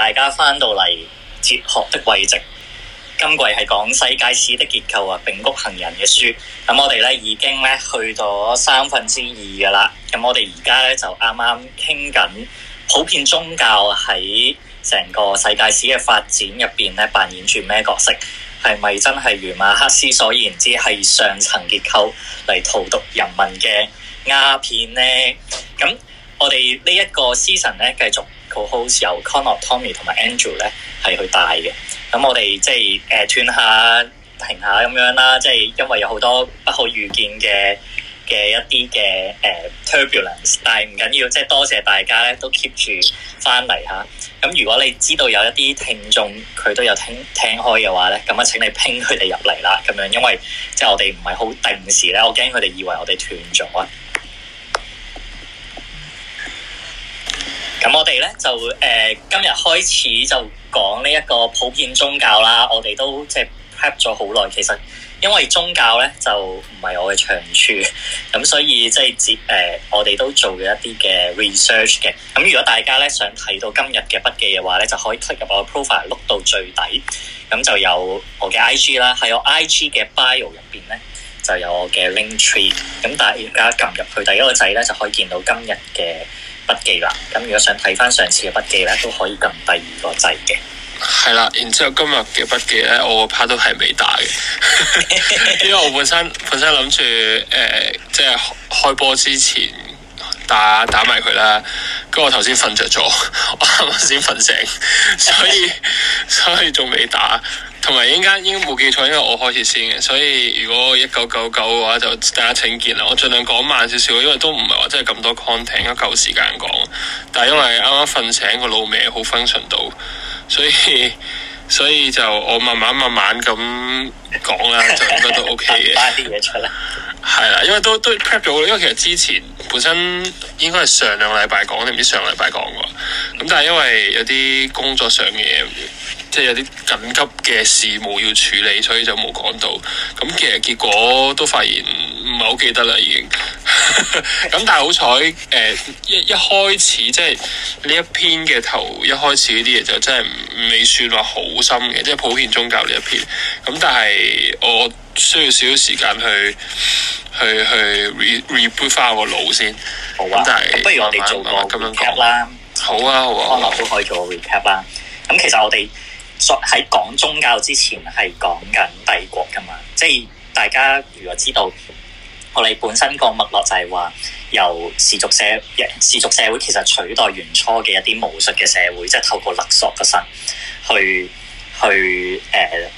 大家翻到嚟《哲學的位置》，今季係講世界史的結構啊，柄谷行人嘅書。咁我哋咧已經咧去咗三分之二噶啦。咁我哋而家咧就啱啱傾緊普遍宗教喺成個世界史嘅發展入邊咧扮演住咩角色？係咪真係如馬克思所言之係上層結構嚟荼毒人民嘅鴉片呢？咁我哋呢一個 season 咧繼續。個 host 由 Connor、Tommy 同埋 Angel 咧係去帶嘅，咁我哋即係誒、呃、斷下停下咁樣啦，即係因為有好多不可預見嘅嘅一啲嘅誒、呃、turbulence，但係唔緊要，即係多謝大家咧都 keep 住翻嚟吓。咁、啊、如果你知道有一啲聽眾佢都有聽聽開嘅話咧，咁啊請你拼佢哋入嚟啦，咁樣因為即係我哋唔係好定時咧，我驚佢哋以為我哋斷咗啊。咁我哋咧就誒、呃、今日開始就講呢一個普遍宗教啦，我哋都即係 prep 咗好耐。其實因為宗教咧就唔係我嘅長處，咁 所以即係接誒我哋都做嘅一啲嘅 research 嘅。咁如果大家咧想睇到今日嘅筆記嘅話咧，就可以 click 入我嘅 profile 碌到最底，咁就有我嘅 IG 啦。喺我 IG 嘅 bio 入邊咧就有我嘅 link tree。咁但係而家撳入去第一個掣咧就可以見到今日嘅筆記啦，咁如果想睇返上次嘅筆記咧，都可以撳第二個掣嘅。係啦，然之後今日嘅筆記咧,我個 part 都係未打嘅， 因為我本身本身諗住誒，即係開波之前。打打埋佢啦，咁我頭先瞓着咗，我啱啱先瞓醒，所以所以仲未打。同埋應該應該冇記錯，因為我開始先嘅，所以如果一九九九嘅話，就大家請見啦。我儘量講慢少少，因為都唔係話真係咁多 content 啊，夠時間講。但係因為啱啱瞓醒，個腦咪好 function 到，所以。所以就我慢慢慢慢咁講啦，就應該都 OK 嘅。發啲嘢出嚟，係啦，因為都都 prep 咗啦。因為其實之前本身應該係上兩禮拜講，定唔知上禮拜講嘅喎。咁但係因為有啲工作上嘅，即係有啲緊急嘅事務要處理，所以就冇講到。咁其實結果都發現。好記得啦，已經咁， 但係好彩誒、呃，一一開始即係呢一篇嘅頭，一開始啲嘢就真係未算話好深嘅，即係普遍宗教呢一篇。咁但係我需要少少時間去去去 rebuild 翻我個腦先。好啊吧，咁但是不如我哋做個咁慢樣 recap 啦。好啊，好啊，可能都可以做個 recap 啦。咁其實我哋在喺講宗教之前係講緊帝國噶嘛，即係大家如果知道。我哋本身個脈絡就係話，由氏族社氏族社會其實取代原初嘅一啲巫術嘅社會，即係透過勒索個神去去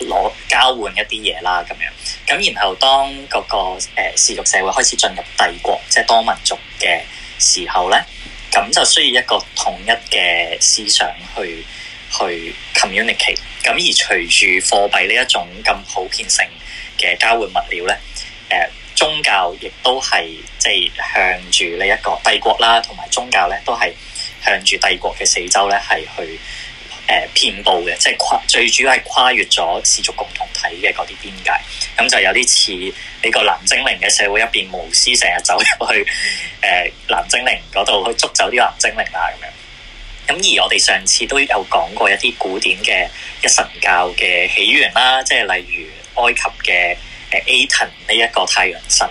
誒攞、呃、交換一啲嘢啦咁樣。咁然後當嗰、那個誒、呃、氏族社會開始進入帝國，即係多民族嘅時候咧，咁就需要一個統一嘅思想去去 communicate。咁而隨住貨幣呢一種咁普遍性嘅交換物料咧，誒、呃。宗教亦都係即係向住呢一個帝國啦，同埋宗教咧都係向住帝國嘅四周咧係去誒、呃、遍佈嘅，即係跨最主要係跨越咗氏族共同體嘅嗰啲邊界，咁就有啲似呢個藍精靈嘅社會入邊巫師成日走入去誒藍、呃、精靈嗰度去捉走啲藍精靈啊咁樣。咁而我哋上次都有講過一啲古典嘅一神教嘅起源啦，即係例如埃及嘅。Aton 呢一個太陽神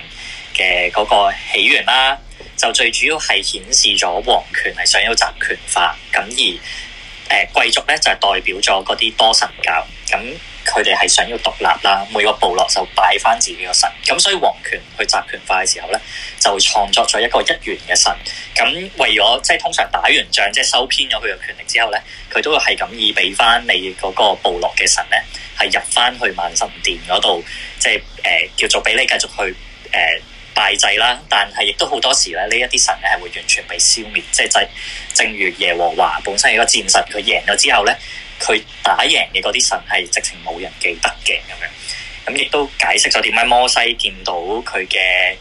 嘅嗰個起源啦，就最主要係顯示咗皇權係想要集權化，咁而。誒、呃、貴族咧就係、是、代表咗嗰啲多神教，咁佢哋係想要獨立啦，每個部落就擺翻自己個神，咁、嗯、所以皇權去集權化嘅時候咧，就創作咗一個一元嘅神，咁、嗯、為咗即係通常打完仗，即係收編咗佢嘅權力之後咧，佢都會係咁以俾翻你嗰個部落嘅神咧，係入翻去萬神殿嗰度，即係誒、呃、叫做俾你繼續去誒。呃拜祭啦，但係亦都好多時咧，呢一啲神咧係會完全被消滅，即係就正如耶和華本身係一個戰神，佢贏咗之後咧，佢打贏嘅嗰啲神係直情冇人記得嘅咁樣，咁亦都解釋咗點解摩西見到佢嘅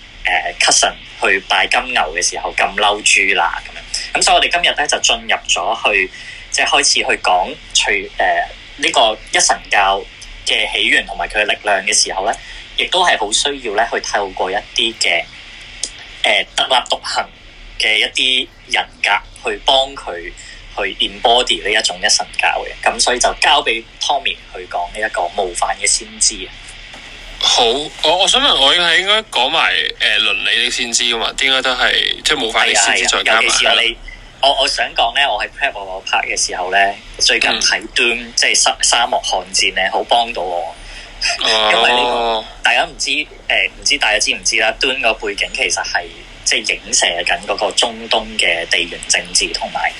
誒 c u s 去拜金牛嘅時候咁嬲豬啦咁樣，咁所以我哋今日咧就進入咗去，即係開始去講除誒呢個一神教嘅起源同埋佢嘅力量嘅時候咧。亦都係好需要咧，去透過一啲嘅誒特立獨行嘅一啲人格，去幫佢去 embody 呢一種一神教嘅。咁所以就交俾 Tommy 去講呢一個模範嘅先知啊。好，我我想問，我應係應該講埋誒倫理啲先知噶嘛，點解都係即係模範先知再加埋，尤其是你，我我想講咧，我係 prep 我 part 嘅時候咧，最近睇《端即係沙沙漠旱戰咧，好幫到我。 因為呢、這個大家唔知誒，唔、呃、知大家知唔知啦？Dune 個背景其實係即係影射緊嗰個中東嘅地緣政治，同埋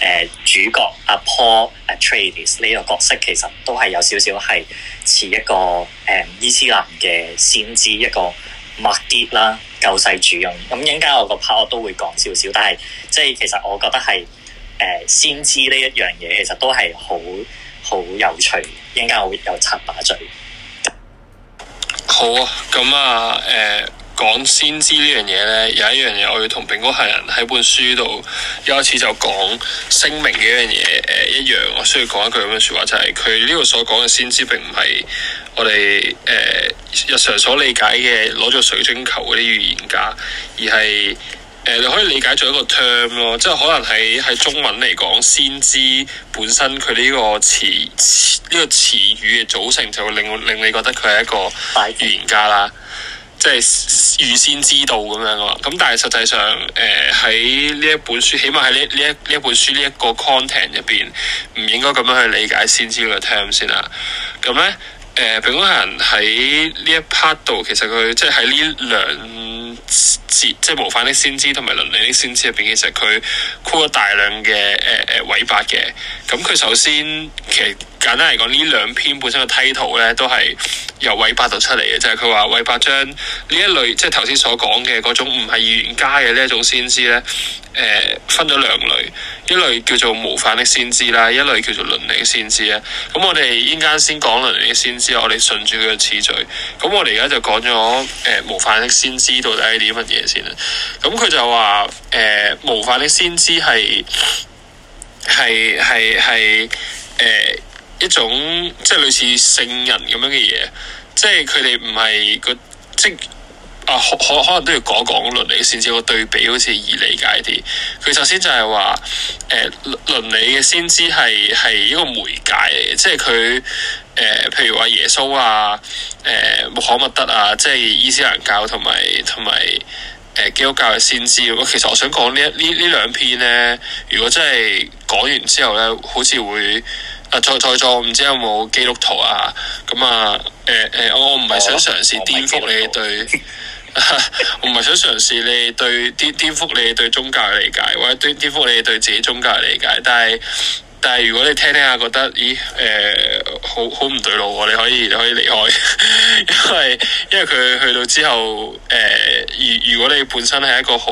誒主角阿、啊、Paul 誒 Atreides 呢個角色其實都係有少少係似一個誒、呃、伊斯蘭嘅先知一個麥迪啦，救世主咁。咁陣間我個 part 我都會講少少，但係即係其實我覺得係誒、呃、先知呢一樣嘢，其實都係好好有趣，陣間會我會有插把嘴。好啊，咁啊，誒、呃、講先知呢樣嘢呢，有一樣嘢我要同蘋果客人喺本書度一開始就講聲明嘅一樣嘢誒一樣，我需要講一句咁嘅説話，就係佢呢度所講嘅先知並唔係我哋誒、呃、日常所理解嘅攞咗水晶球嗰啲預言家，而係。誒、呃，你可以理解做一個 term 咯，即係可能喺喺中文嚟講先知本身佢呢個詞呢、呢個詞語嘅組成，就會令令你覺得佢係一個語言家啦，即係預先知道咁樣咯。咁但係實際上，誒喺呢一本書，起碼喺呢呢一呢一本書呢一個 content 入邊，唔應該咁樣去理解先知個 term 先啦。咁咧。誒《冰火、呃、人》喺呢一 part 度，其實佢即係喺呢兩節，即係模範的先知同埋倫理的先知入邊，其實佢箍咗大量嘅誒誒偉伯嘅。咁、呃、佢、呃、首先其實。簡單嚟講，呢兩篇本身嘅梯圖咧，都係由韋伯讀出嚟嘅，就係佢話韋伯將呢一類，即係頭先所講嘅嗰種唔係預言家嘅呢一種先知咧，誒、呃、分咗兩類，一類叫做模範的先知啦，一類叫做倫理先知啦。咁我哋依間先講倫理先知，我哋順住佢嘅次序，咁我哋而家就講咗誒模範的先知到底係啲乜嘢先啦。咁佢就話，誒模範的先知係係係係誒。一種，即係類似聖人咁樣嘅嘢，即係佢哋唔係個即啊，可可，可能都要講一講倫理先知個對比，好似易理解啲。佢首先就係話誒倫理嘅先知係係一個媒介，即係佢誒，譬如話耶穌啊，誒穆罕默德啊，即係伊斯蘭教同埋同埋誒基督教嘅先知。其實我想講呢一呢呢兩篇咧，如果真係講完之後咧，好似會。啊，在在座唔知有冇基督徒啊？咁啊誒誒、呃呃、我唔係想嘗試顛覆你對，我唔係 想嘗試你對顛顛覆你對宗教嘅理解，或者對顛覆你對自己宗教嘅理解，但係。但係如果你聽聽下覺得，咦誒、呃、好好唔對路，哦、你可以你可以離開 因，因為因為佢去到之後誒如、呃、如果你本身係一個好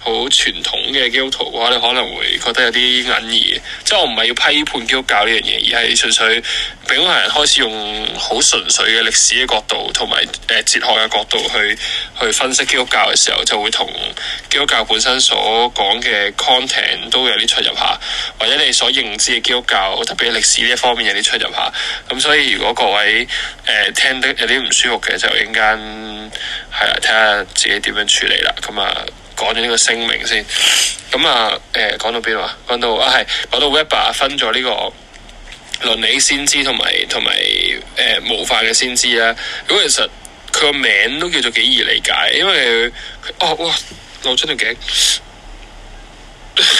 好傳統嘅基督徒嘅話，你可能會覺得有啲隱異，即係我唔係要批判基督教呢樣嘢，而係純粹，俾一個人開始用好純粹嘅歷史嘅角度同埋誒哲學嘅角度去去分析基督教嘅時候，就會同基督教本身所講嘅 content 都有啲出入下，或者你所我認知嘅基督教，特別歷史呢一方面有啲出入下，咁所以如果各位誒、呃、聽得有啲唔舒服嘅，就陣間係睇下自己點樣處理啦。咁啊，講咗呢個聲明先。咁啊，誒講到邊啊？講到,講到啊，係講到 Weber 分咗呢個倫理先知同埋同埋誒模範嘅先知啊。咁其實佢個名都叫做幾易理解，因為佢哦哇露出條頸。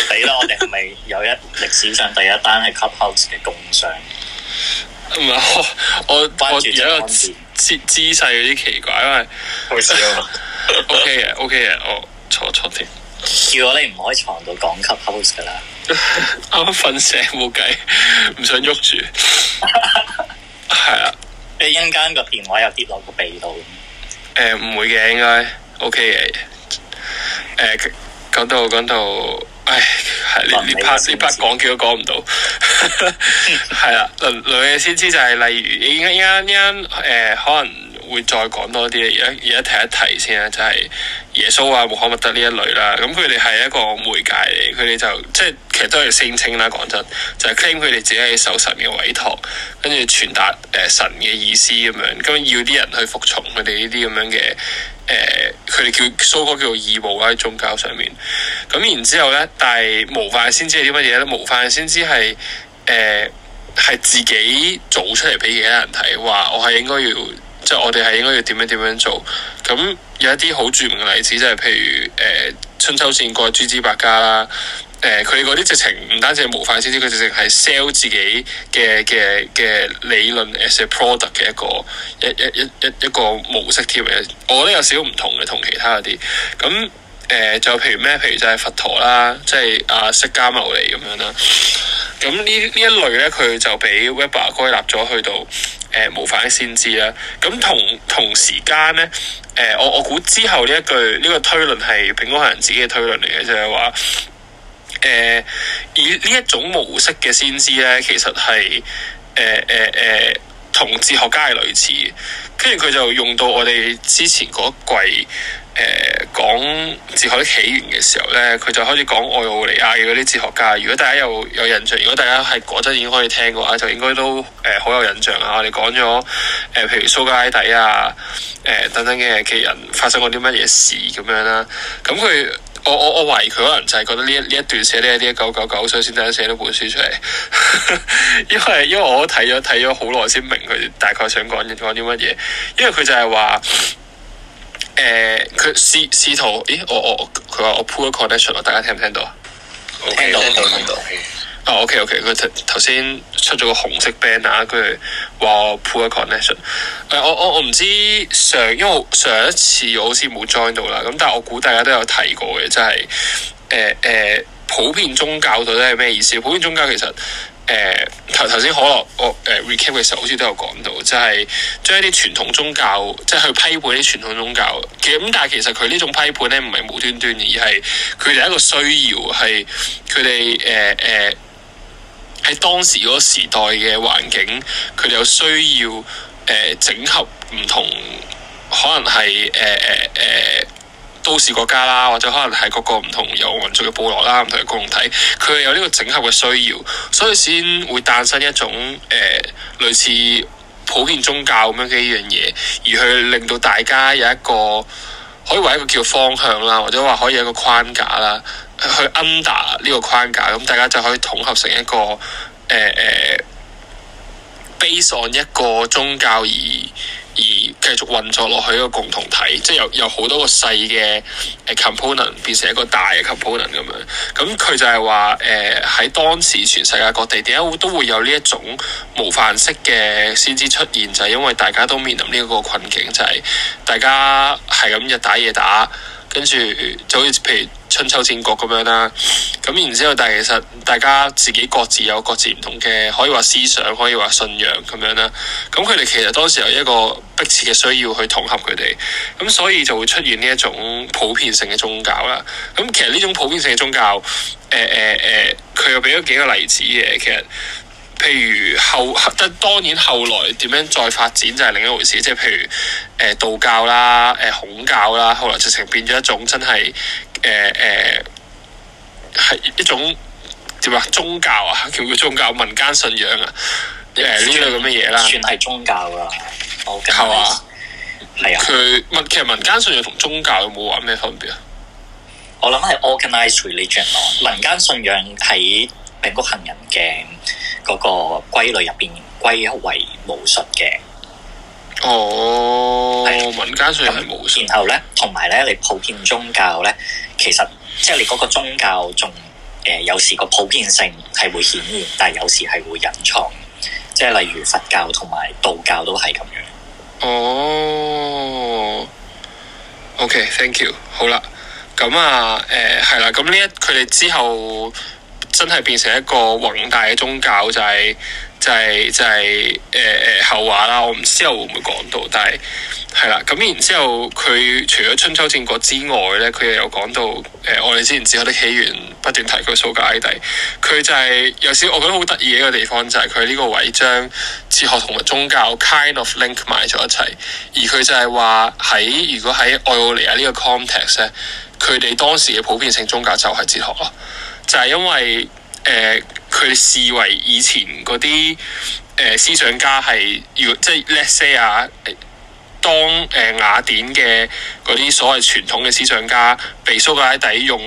俾啦！ 我哋係咪有一歷史上第一單係 cup house 嘅共商？唔係，我我咗個姿天姿勢有啲奇怪，因為好笑。O K 嘅，O K 嘅，我坐坐啲。 如果你唔可以床度講 cup house 噶啦，啱啱瞓醒冇計，唔想喐住。係 啊 了，你一陣間個電話又跌落個鼻度。誒，唔會嘅，應該 O K 嘅。誒，講到講到。講到講到。唉，係呢呢 part 呢 part，講幾都講唔到，係啦、 嗯嗯，兩兩嘢先知，就係，例如依家依家依家，誒可能會再講多啲，而家而家提一提先啦，就係、是。耶穌啊，穆罕默德呢一類啦，咁佢哋係一個媒介嚟，佢哋就即係其實都係聲稱啦，講真就係、是、claim 佢哋自己係受神嘅委託，跟住傳達誒、呃、神嘅意思咁樣，咁要啲人去服從佢哋呢啲咁樣嘅誒，佢、呃、哋叫蘇哥叫做義務啦，喺宗教上面。咁然之後咧，但係模範先知係啲乜嘢咧？模範先知係誒係自己做出嚟俾其他人睇，話我係應該要。即就我哋係應該要點樣點樣做，咁有一啲好著名嘅例子，即、就、係、是、譬如誒、呃、春秋戰國諸子百家啦，誒佢嗰啲直情唔單止係模範先知，佢直情係 sell 自己嘅嘅嘅理論 as a product 嘅一個一一一一一個模式添嘅，我覺得有少少唔同嘅同其他嗰啲咁。誒就、呃、譬如咩？譬如就係佛陀啦，即係阿釋迦牟尼咁樣啦。咁呢呢一類咧，佢就俾 Weber 歸納咗去到模、呃、模範先知啦。咁、啊、同同時間咧，誒、呃、我我估之後呢一句呢、這個推論係《瓶中人》自己嘅推論嚟嘅，就係話誒以呢一種模式嘅先知咧，其實係誒誒誒。呃呃呃呃同哲學家係類似，跟住佢就用到我哋之前嗰季誒、呃、講哲學起源嘅時候呢，佢就開始講愛奧尼亞嘅嗰啲哲學家。如果大家有有印象，如果大家係嗰陣已經可以聽嘅話，就應該都好、呃、有印象啊！我哋講咗譬、呃、如蘇格拉底啊、呃、等等嘅嘅人發生過啲乜嘢事咁樣啦，咁佢。我我我懷疑佢可能就係覺得呢一呢一段寫呢一啲一九九九，所以先得寫到本書出嚟。 因為因為我睇咗睇咗好耐先明佢大概想講講啲乜嘢。因為佢就係話，誒佢試試圖，咦我我佢話我 pull a connection，大家聽唔聽到？聽到，聽到。哦、oh, OK OK 佢頭頭先出咗個紅色 band 啊、呃，佢話 pull a connection。誒我我我唔知上因為上一次我好似冇 join 到啦。咁但係我估大家都有提過嘅，就係誒誒普遍宗教到底係咩意思？普遍宗教其實誒頭頭先可樂我誒、呃、recap 嘅時候好似都有講到，就係、是、將一啲傳統宗教即係去批判啲傳統宗教。咁、就是、但係其實佢呢種批判咧唔係無端端而係佢哋一個需要係佢哋誒誒。喺當時嗰個時代嘅環境，佢哋有需要誒、呃、整合唔同，可能係誒誒誒都市國家啦，或者可能係各個唔同有民族嘅部落啦，唔同嘅共同體，佢哋有呢個整合嘅需要，所以先會誕生一種誒、呃、類似普遍宗教咁樣嘅一樣嘢，而去令到大家有一個可以話一個叫方向啦，或者話可以有一個框架啦。去 under 呢個框架，咁大家就可以統合成一個誒誒 base on 一個宗教而而繼續運作落去一個共同體，即係由由好多個細嘅誒 component 變成一個大嘅 component 咁樣。咁佢就係話誒喺當時全世界各地點解會都會有呢一種模範式嘅先知出現，就係因為大家都面臨呢一個困境，就係大家係咁日打夜打。跟住就好似譬如春秋戰國咁樣啦，咁然之後，但係其實大家自己各自有各自唔同嘅，可以話思想，可以話信仰咁樣啦。咁佢哋其實當時有一個迫切嘅需要去統合佢哋，咁所以就會出現呢一種普遍性嘅宗教啦。咁其實呢種普遍性嘅宗教，誒誒誒，佢又俾咗幾個例子嘅，其實。譬如後，但當然後來點樣再發展就係另一回事。即係譬如誒、呃、道教啦、誒、呃、孔教啦，後來直情變咗一種真係誒誒係一種點話宗教啊？叫佢宗教、民間信仰啊？誒呢類咁嘅嘢啦，算係宗教㗎，係嘛？係啊。佢唔係其實民間信仰同宗教有冇話咩分別啊？我諗係 organized religion，、really、民間信仰喺並谷行人嘅。嗰個歸類入邊，歸為巫數嘅。哦，民的家瑞係無數。然後咧，同埋咧，你普遍宗教咧，其實即係你嗰個宗教仲誒、呃，有時個普遍性係會顯現，但係有時係會隱藏。即係例如佛教同埋道教都係咁樣。哦。OK，thank、okay, you 好。好啦，咁啊，誒、呃，係啦，咁呢一佢哋之後。真係變成一個宏大嘅宗教，就係、是、就係、是、就係誒誒後話啦。我唔知我會唔會講到，但係係啦。咁然之後，佢除咗春秋戰國之外咧，佢又有講到誒、呃。我哋之前哲學的起源不斷提及蘇格拉底。佢就係有少，我覺得好得意嘅一個地方就係佢呢個位將哲學同埋宗教 kind of link 埋咗一齊。而佢就係話喺如果喺愛奧尼亞呢個 context 咧，佢哋當時嘅普遍性宗教就係哲學咯。就係因為誒佢視為以前嗰啲誒思想家係，如果即係 let's say 啊，當誒雅典嘅嗰啲所謂傳統嘅思想家被蘇格拉底用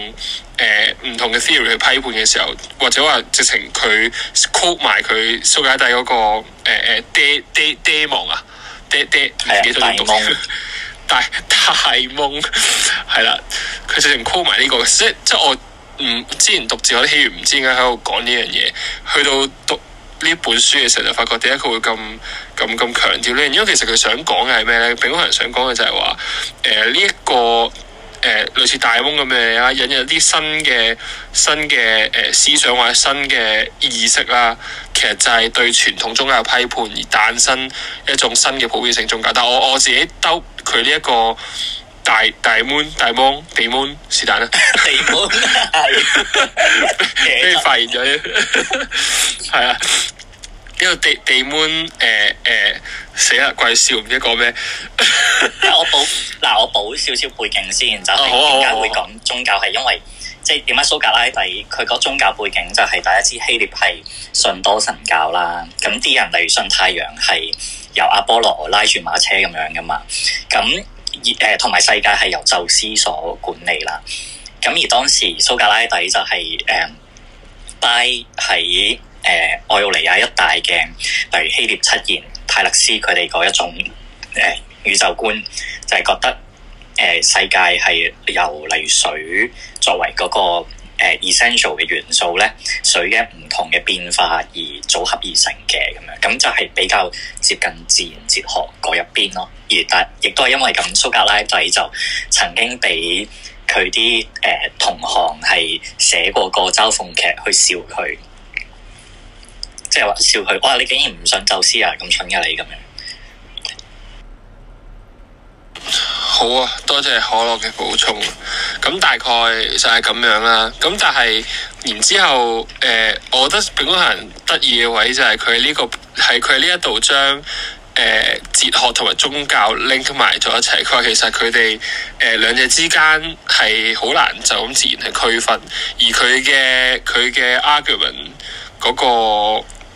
誒唔同嘅 theory 去批判嘅時候，或者話直情佢 call 埋佢蘇格拉底嗰個誒爹爹爹王啊，爹爹唔記得點讀，但係太蒙係啦，佢直情 call 埋呢個，即即係我。嗯，之前讀字海起源唔知點解喺度講呢樣嘢，去到讀呢本書嘅時候就發覺點解佢會咁咁咁強調呢。因為其實佢想講嘅係咩呢？佢可能想講嘅就係話，誒呢一個誒、呃、類似大翁咁嘅嘢啦，引入啲新嘅新嘅誒、呃、思想或者新嘅意識啦，其實就係對傳統宗教批判而誕生一種新嘅普遍性宗教。但係我我自己兜佢呢一個。大大 m o n 大 m o n 地 m o n 是但啦，地 moon，發現咗，係啊，呢個地地 moon，誒誒，死乞鬼笑唔知講咩？我補嗱，我補少少背景先，就係點解會講宗教？係因為即係點解蘇格拉底佢個宗教背景就係大家知希臘係信多神教啦。咁啲人例如信太陽係由阿波羅拉住馬車咁樣噶嘛，咁。誒同埋世界係由宙斯所管理啦。咁而當時蘇格拉底就係、是、誒、呃，帶喺誒、呃、愛奧尼亞一帶嘅，例如希臘七賢泰勒斯佢哋嗰一種誒、呃、宇宙觀，就係、是、覺得誒、呃、世界係由例如水作為嗰、那個。誒 essential 嘅元素咧，水嘅唔同嘅變化而組合而成嘅咁樣，咁就係比較接近自然哲學嗰一邊咯。而但亦都係因為咁，蘇格拉底就曾經俾佢啲誒同行係寫過個嘲諷劇去笑佢，即係話笑佢，哇，你竟然唔信宙斯啊，咁蠢嘅你咁樣。好啊，多謝可樂嘅補充。咁大概就係咁樣啦、啊。咁但係然之後，誒、呃，我覺得本光行得意嘅位就係佢呢個，係佢呢一度將誒哲學同埋宗教 link 埋咗一齊。佢話其實佢哋誒兩者之間係好難就咁自然去區分。而佢嘅佢嘅 argument 嗰、嗰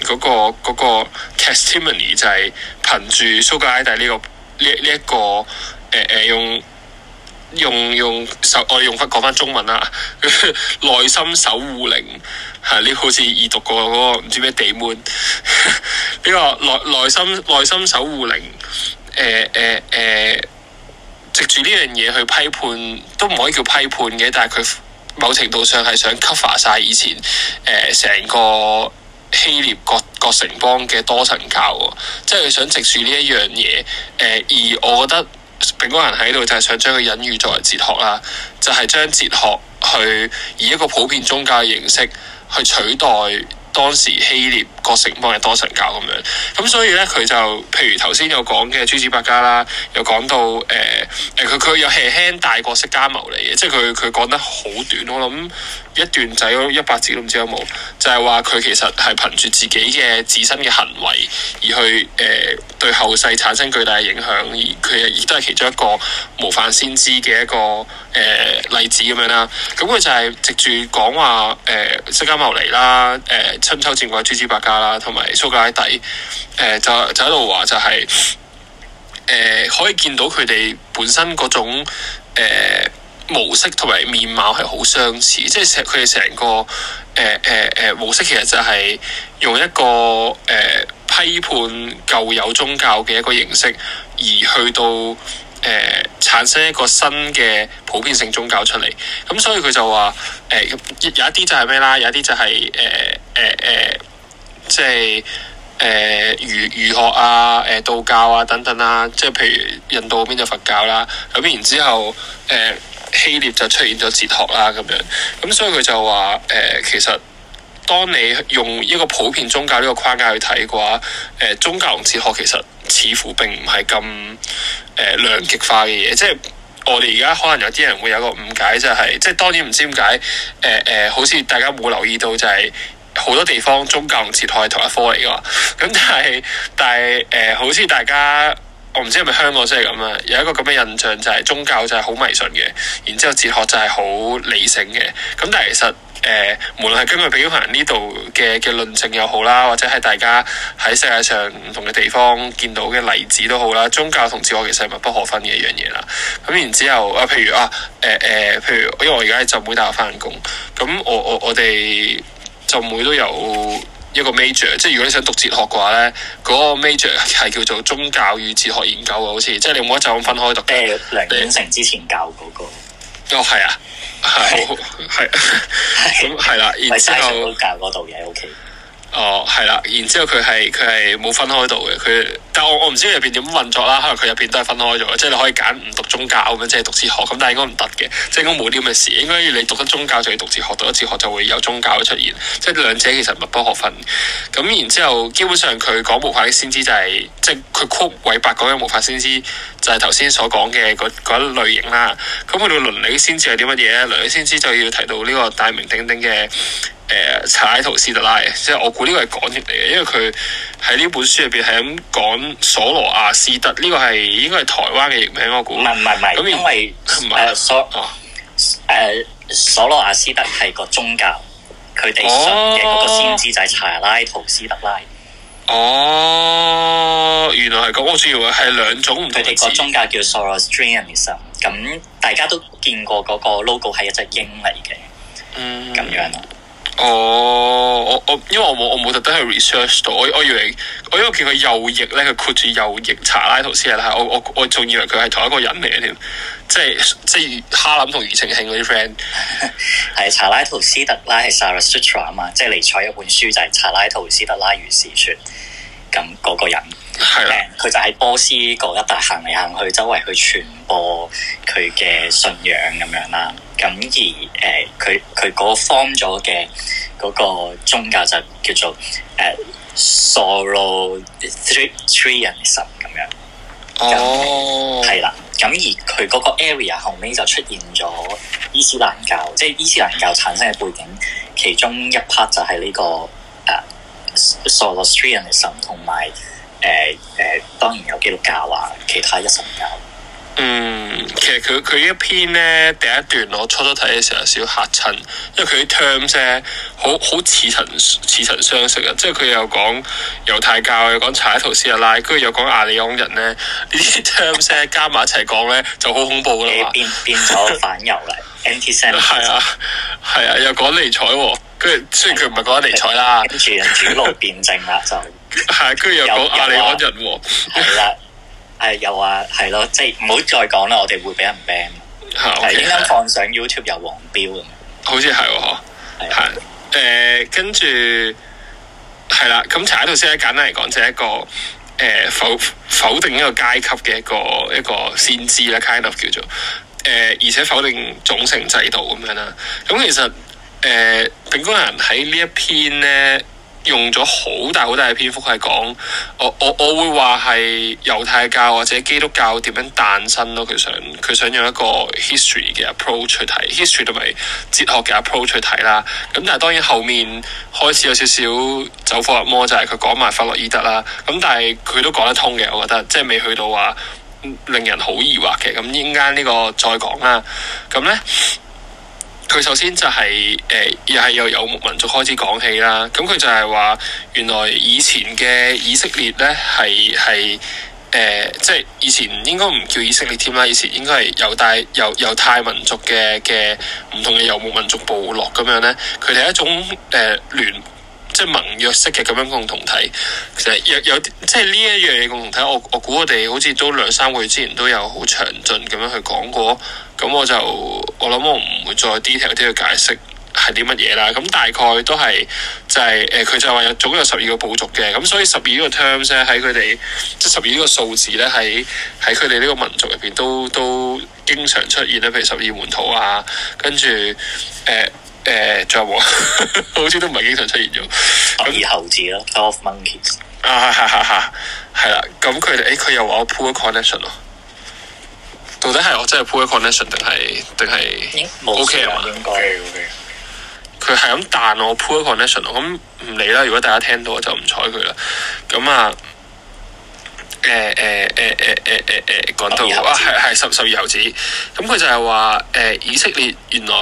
個嗰、嗰個嗰、嗰個 testimony、嗰個、就係憑住蘇格拉底呢個呢呢一個。呢個呢個誒誒、呃，用用用守，我用法講翻中文啦。內 心守護靈，係、啊、呢好似已讀過嗰、這個唔知咩地門呢個內內心內心守護靈。誒誒誒，藉住呢樣嘢去批判，都唔可以叫批判嘅。但係佢某程度上係想 cover 晒以前誒成、呃、個希臘各各城邦嘅多神教，即係佢想藉住呢一樣嘢。誒、呃，而我覺得。丙古人喺度就係想將佢隱喻作為哲學啦，就係、是、將哲學去以一個普遍宗教嘅形式去取代當時希臘各城邦嘅多神教咁樣。咁所以咧，佢就譬如頭先有講嘅諸子百家啦，又講到誒誒，佢佢又輕輕帶過釋迦牟尼嚟嘅，即係佢佢講得好短，我諗。一段仔，一百字都唔知有冇，就係話佢其實係憑住自己嘅自身嘅行為而去誒、呃、對後世產生巨大嘅影響，而佢亦都係其中一個模範先知嘅一個誒、呃、例子咁樣啦。咁、嗯、佢就係藉住講話誒蘇格拉底啦，釋迦牟尼、誒春秋戰國諸子百家啦，同埋蘇格拉底誒就就喺度話就係、是、誒、呃、可以見到佢哋本身嗰種、呃模式同埋面貌係好相似，即係佢哋成個誒誒誒模式，其實就係用一個誒、呃、批判舊有宗教嘅一個形式，而去到誒、呃、產生一個新嘅普遍性宗教出嚟。咁、嗯、所以佢就話誒有一啲就係咩啦，有一啲就係誒誒誒，即係誒、呃、儒儒學啊、誒、呃、道教啊等等啦、啊。即係譬如印度嗰邊就佛教啦、啊，咁然之後誒。呃希臘就出現咗哲學啦，咁樣咁所以佢就話誒、呃，其實當你用一個普遍宗教呢個框架去睇嘅話，誒、呃、宗教同哲學其實似乎並唔係咁誒兩極化嘅嘢，即係我哋而家可能有啲人會有個誤解，就係、是、即係當然唔知點解誒誒，好似大家冇留意到就係好多地方宗教同哲學係同一科嚟噶，咁但係但係誒、呃、好似大家。我唔知係咪香港先係咁啊，有一個咁嘅印象就係宗教就係好迷信嘅，然之後哲學就係好理性嘅。咁但係其實誒、呃，無論係根據李嘉誠呢度嘅嘅論證又好啦，或者係大家喺世界上唔同嘅地方見到嘅例子都好啦，宗教同哲學其實係密不可分嘅一樣嘢啦。咁然之後啊，譬如啊，誒、呃、誒，譬如，因為我而家喺浸會大學返工，咁我我我哋浸會都有。一個 major，即係如果你想讀哲學嘅話咧，嗰、嗰個 major 係叫做宗教與哲學研究啊，好似即係你冇得就咁分開讀，即誒，梁永成之前教嗰、嗰個，哦係啊，係係是，咁係啦，然之後 k、okay. 哦，係啦，然之後佢係佢係冇分開到嘅，佢，但我我唔知入邊點運作啦，可能佢入邊都係分開咗，即係你可以揀唔讀宗教咁樣，即係讀哲學，咁但係應該唔得嘅，即係應該冇啲咁嘅事，應該要你讀得宗教，就要讀哲學，讀得哲學就會有宗教嘅出現，即係兩者其實密不可分。咁然之後，基本上佢講無法先知就係、是，即係佢曲韋伯講嘅無法先知就係頭先所講嘅嗰嗰一類型啦。咁佢嘅倫理先知係啲乜嘢咧？倫理先知就要提到呢個大名鼎鼎嘅。誒，查拉圖斯特拉即係我估呢個係講出嚟嘅，因為佢喺呢本書入邊係咁講索羅亞斯德，呢個係應該係台灣嘅譯名，我估唔係唔係唔係，因為誒索誒索羅亞斯德係個宗教，佢哋信嘅嗰個先知就係查拉圖斯特拉。哦，原來係咁，我知喎，係兩種唔同嘅。佢哋個宗教叫 Zoroastrianism，咁大家都見過嗰個 logo 係一隻鷹嚟嘅，嗯，咁樣。哦，oh，我我，因為我冇我冇特登去 research 到，我我，though，我，我以為我因為見佢右翼咧，佢括住右翼查拉圖斯特拉，我我我仲以為佢係同一個人嚟嘅添，即係即係哈林同庾澄慶啲 friend。係 查拉圖斯特拉係 Sara Sutra 啊嘛，即係尼采一本書就係查拉圖斯特拉如是說，咁、嗰個人。係啦，佢、啊、就喺波斯嗰一笪行嚟行去，周圍去傳播佢嘅信仰咁樣啦。咁而誒，佢佢方咗嘅嗰個宗教就叫做誒、呃、Zoroastrianism 咁樣。哦、oh.，係啦。咁而佢嗰個 area 後尾就出現咗伊斯蘭教，即係伊斯蘭教產生嘅背景，其中一 part 就係呢、這個誒 Zoroastrianism 同埋。呃誒誒，當然有基督教啊，其他一神教。嗯，其實佢佢一篇呢，第一段我初初睇嘅時候少吓親，因為佢啲 terms 好好似曾似曾相識啊，即係佢又講猶太教，又講查圖斯阿拉，跟住又講亞利盎人呢。呢啲 terms 加埋一齊講呢，就好恐怖噶啦， 變變咗反猶啦 anti-Semite 係啊係啊，又講尼采，跟住雖然佢唔係講尼采啦，跟住轉入辯證啦就。係，跟住又講雅利安人喎，係啦，係又話係咯，即係唔好再講啦，我哋會俾人 ban，係啱放上 YouTube 有黃標咁，好似係嗬，係誒，跟住係啦，咁查一套先，簡單嚟講，就係一個誒否否定一個階級嘅一個一個先知啦，kind of 叫做誒，而且否定種姓制度咁樣啦，咁其實誒，炳哥喺呢一篇咧。用咗好大好大嘅篇幅係講，我我我會話係猶太教或者基督教點樣誕生咯。佢想佢想用一個 hist、嗯、history 嘅 approach 去睇，history 同埋哲學嘅 approach 去睇啦。咁但係當然後面開始有少少走火入魔，就係佢講埋弗洛伊德啦。咁但係佢都講得通嘅，我覺得即係未去到話令人好疑惑嘅。咁陣間呢個再講啦。咁咧？佢首先就係、是、誒、呃、又係由游牧民族開始講起啦。咁、嗯、佢就係話，原來以前嘅以色列咧，係係誒即係以前應該唔叫以色列添啦。以前應該係猶大、猶猶太民族嘅嘅唔同嘅游牧民族部落咁樣咧，佢哋係一種誒聯。呃即係盟約式嘅咁樣共同體，其實有有啲即係呢一樣嘢共同體，我我估我哋好似都兩三個月之前都有好詳盡咁樣去講過，咁我就我諗我唔會再 detail 啲去解釋係啲乜嘢啦。咁大概都係就係、是、誒，佢、呃、就話有總有十二個部族嘅，咁所以十二個 terms 咧喺佢哋即係十二呢個數字咧喺喺佢哋呢個民族入邊都都經常出現啦，譬如十二門徒啊，跟住誒。呃誒，再冇，好似都唔係經常出現咗十二猴子咯，twelve monkeys 啊，係係啦，咁佢哋，誒，佢又話我 pull a connection 咯，到底係我真係 pull a connection 定係定係 OK 啊嘛？佢係咁彈我 pull a connection 咯，咁唔理啦，如果大家聽到我就唔睬佢啦，咁啊，誒誒誒誒誒誒誒，講到啊，係係十十二猴子，咁佢就係話，誒，以色列原來。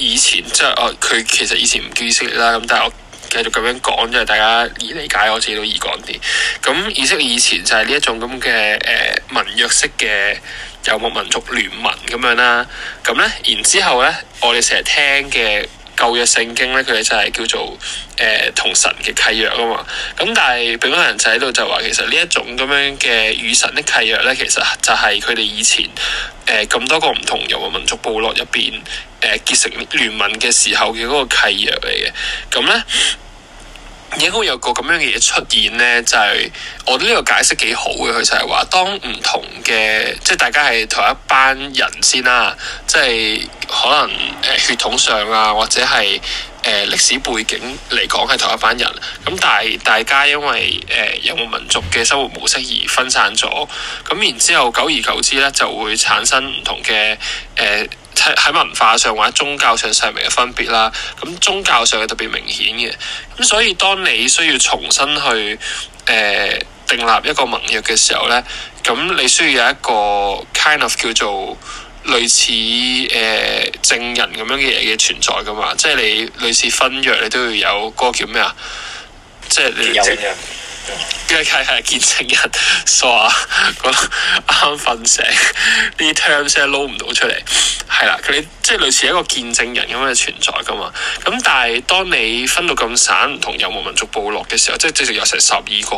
以前即係我佢其實以前唔意識啦，咁但係我繼續咁樣講，就係大家易理解，我自己都易講啲。咁意識以前就係呢一種咁嘅誒民約式嘅遊牧民族聯盟咁樣啦。咁咧然之後咧，我哋成日聽嘅。舊約聖經咧，佢哋就係叫做誒同、呃、神嘅契約啊嘛。咁但係北方人就喺度就話，其實呢一種咁樣嘅與神的契約咧，其實就係佢哋以前誒咁、呃、多個唔同遊牧民族部落入邊誒結成聯盟嘅時候嘅嗰個契約嚟嘅。咁咧。應該會有個咁樣嘅嘢出現呢，就係我覺得呢個解釋幾好嘅，佢就係話，當唔同嘅即係大家係同一班人先啦，即係可能誒血統上啊，或者係誒歷史背景嚟講係同一班人，咁但係大家因為誒遊牧民族嘅生活模式而分散咗，咁然之後久而久之呢，就會產生唔同嘅誒，呃喺文化上或者宗教上上面嘅分別啦，咁宗教上係特別明顯嘅，咁所以當你需要重新去誒訂立一個盟約嘅時候咧，咁你需要有一個 kind of 叫做類似誒證人咁樣嘅嘢嘅存在噶嘛，即係你類似婚約你都要有個叫咩啊？即係你證有佢係係見證人，傻啊，咁啱瞓醒啲 term 聲撈唔到出嚟，係啦佢哋，即係類似一個見證人咁嘅存在噶嘛。咁但係當你分到咁散，唔同游牧民族部落嘅時候，即係直直有成十二個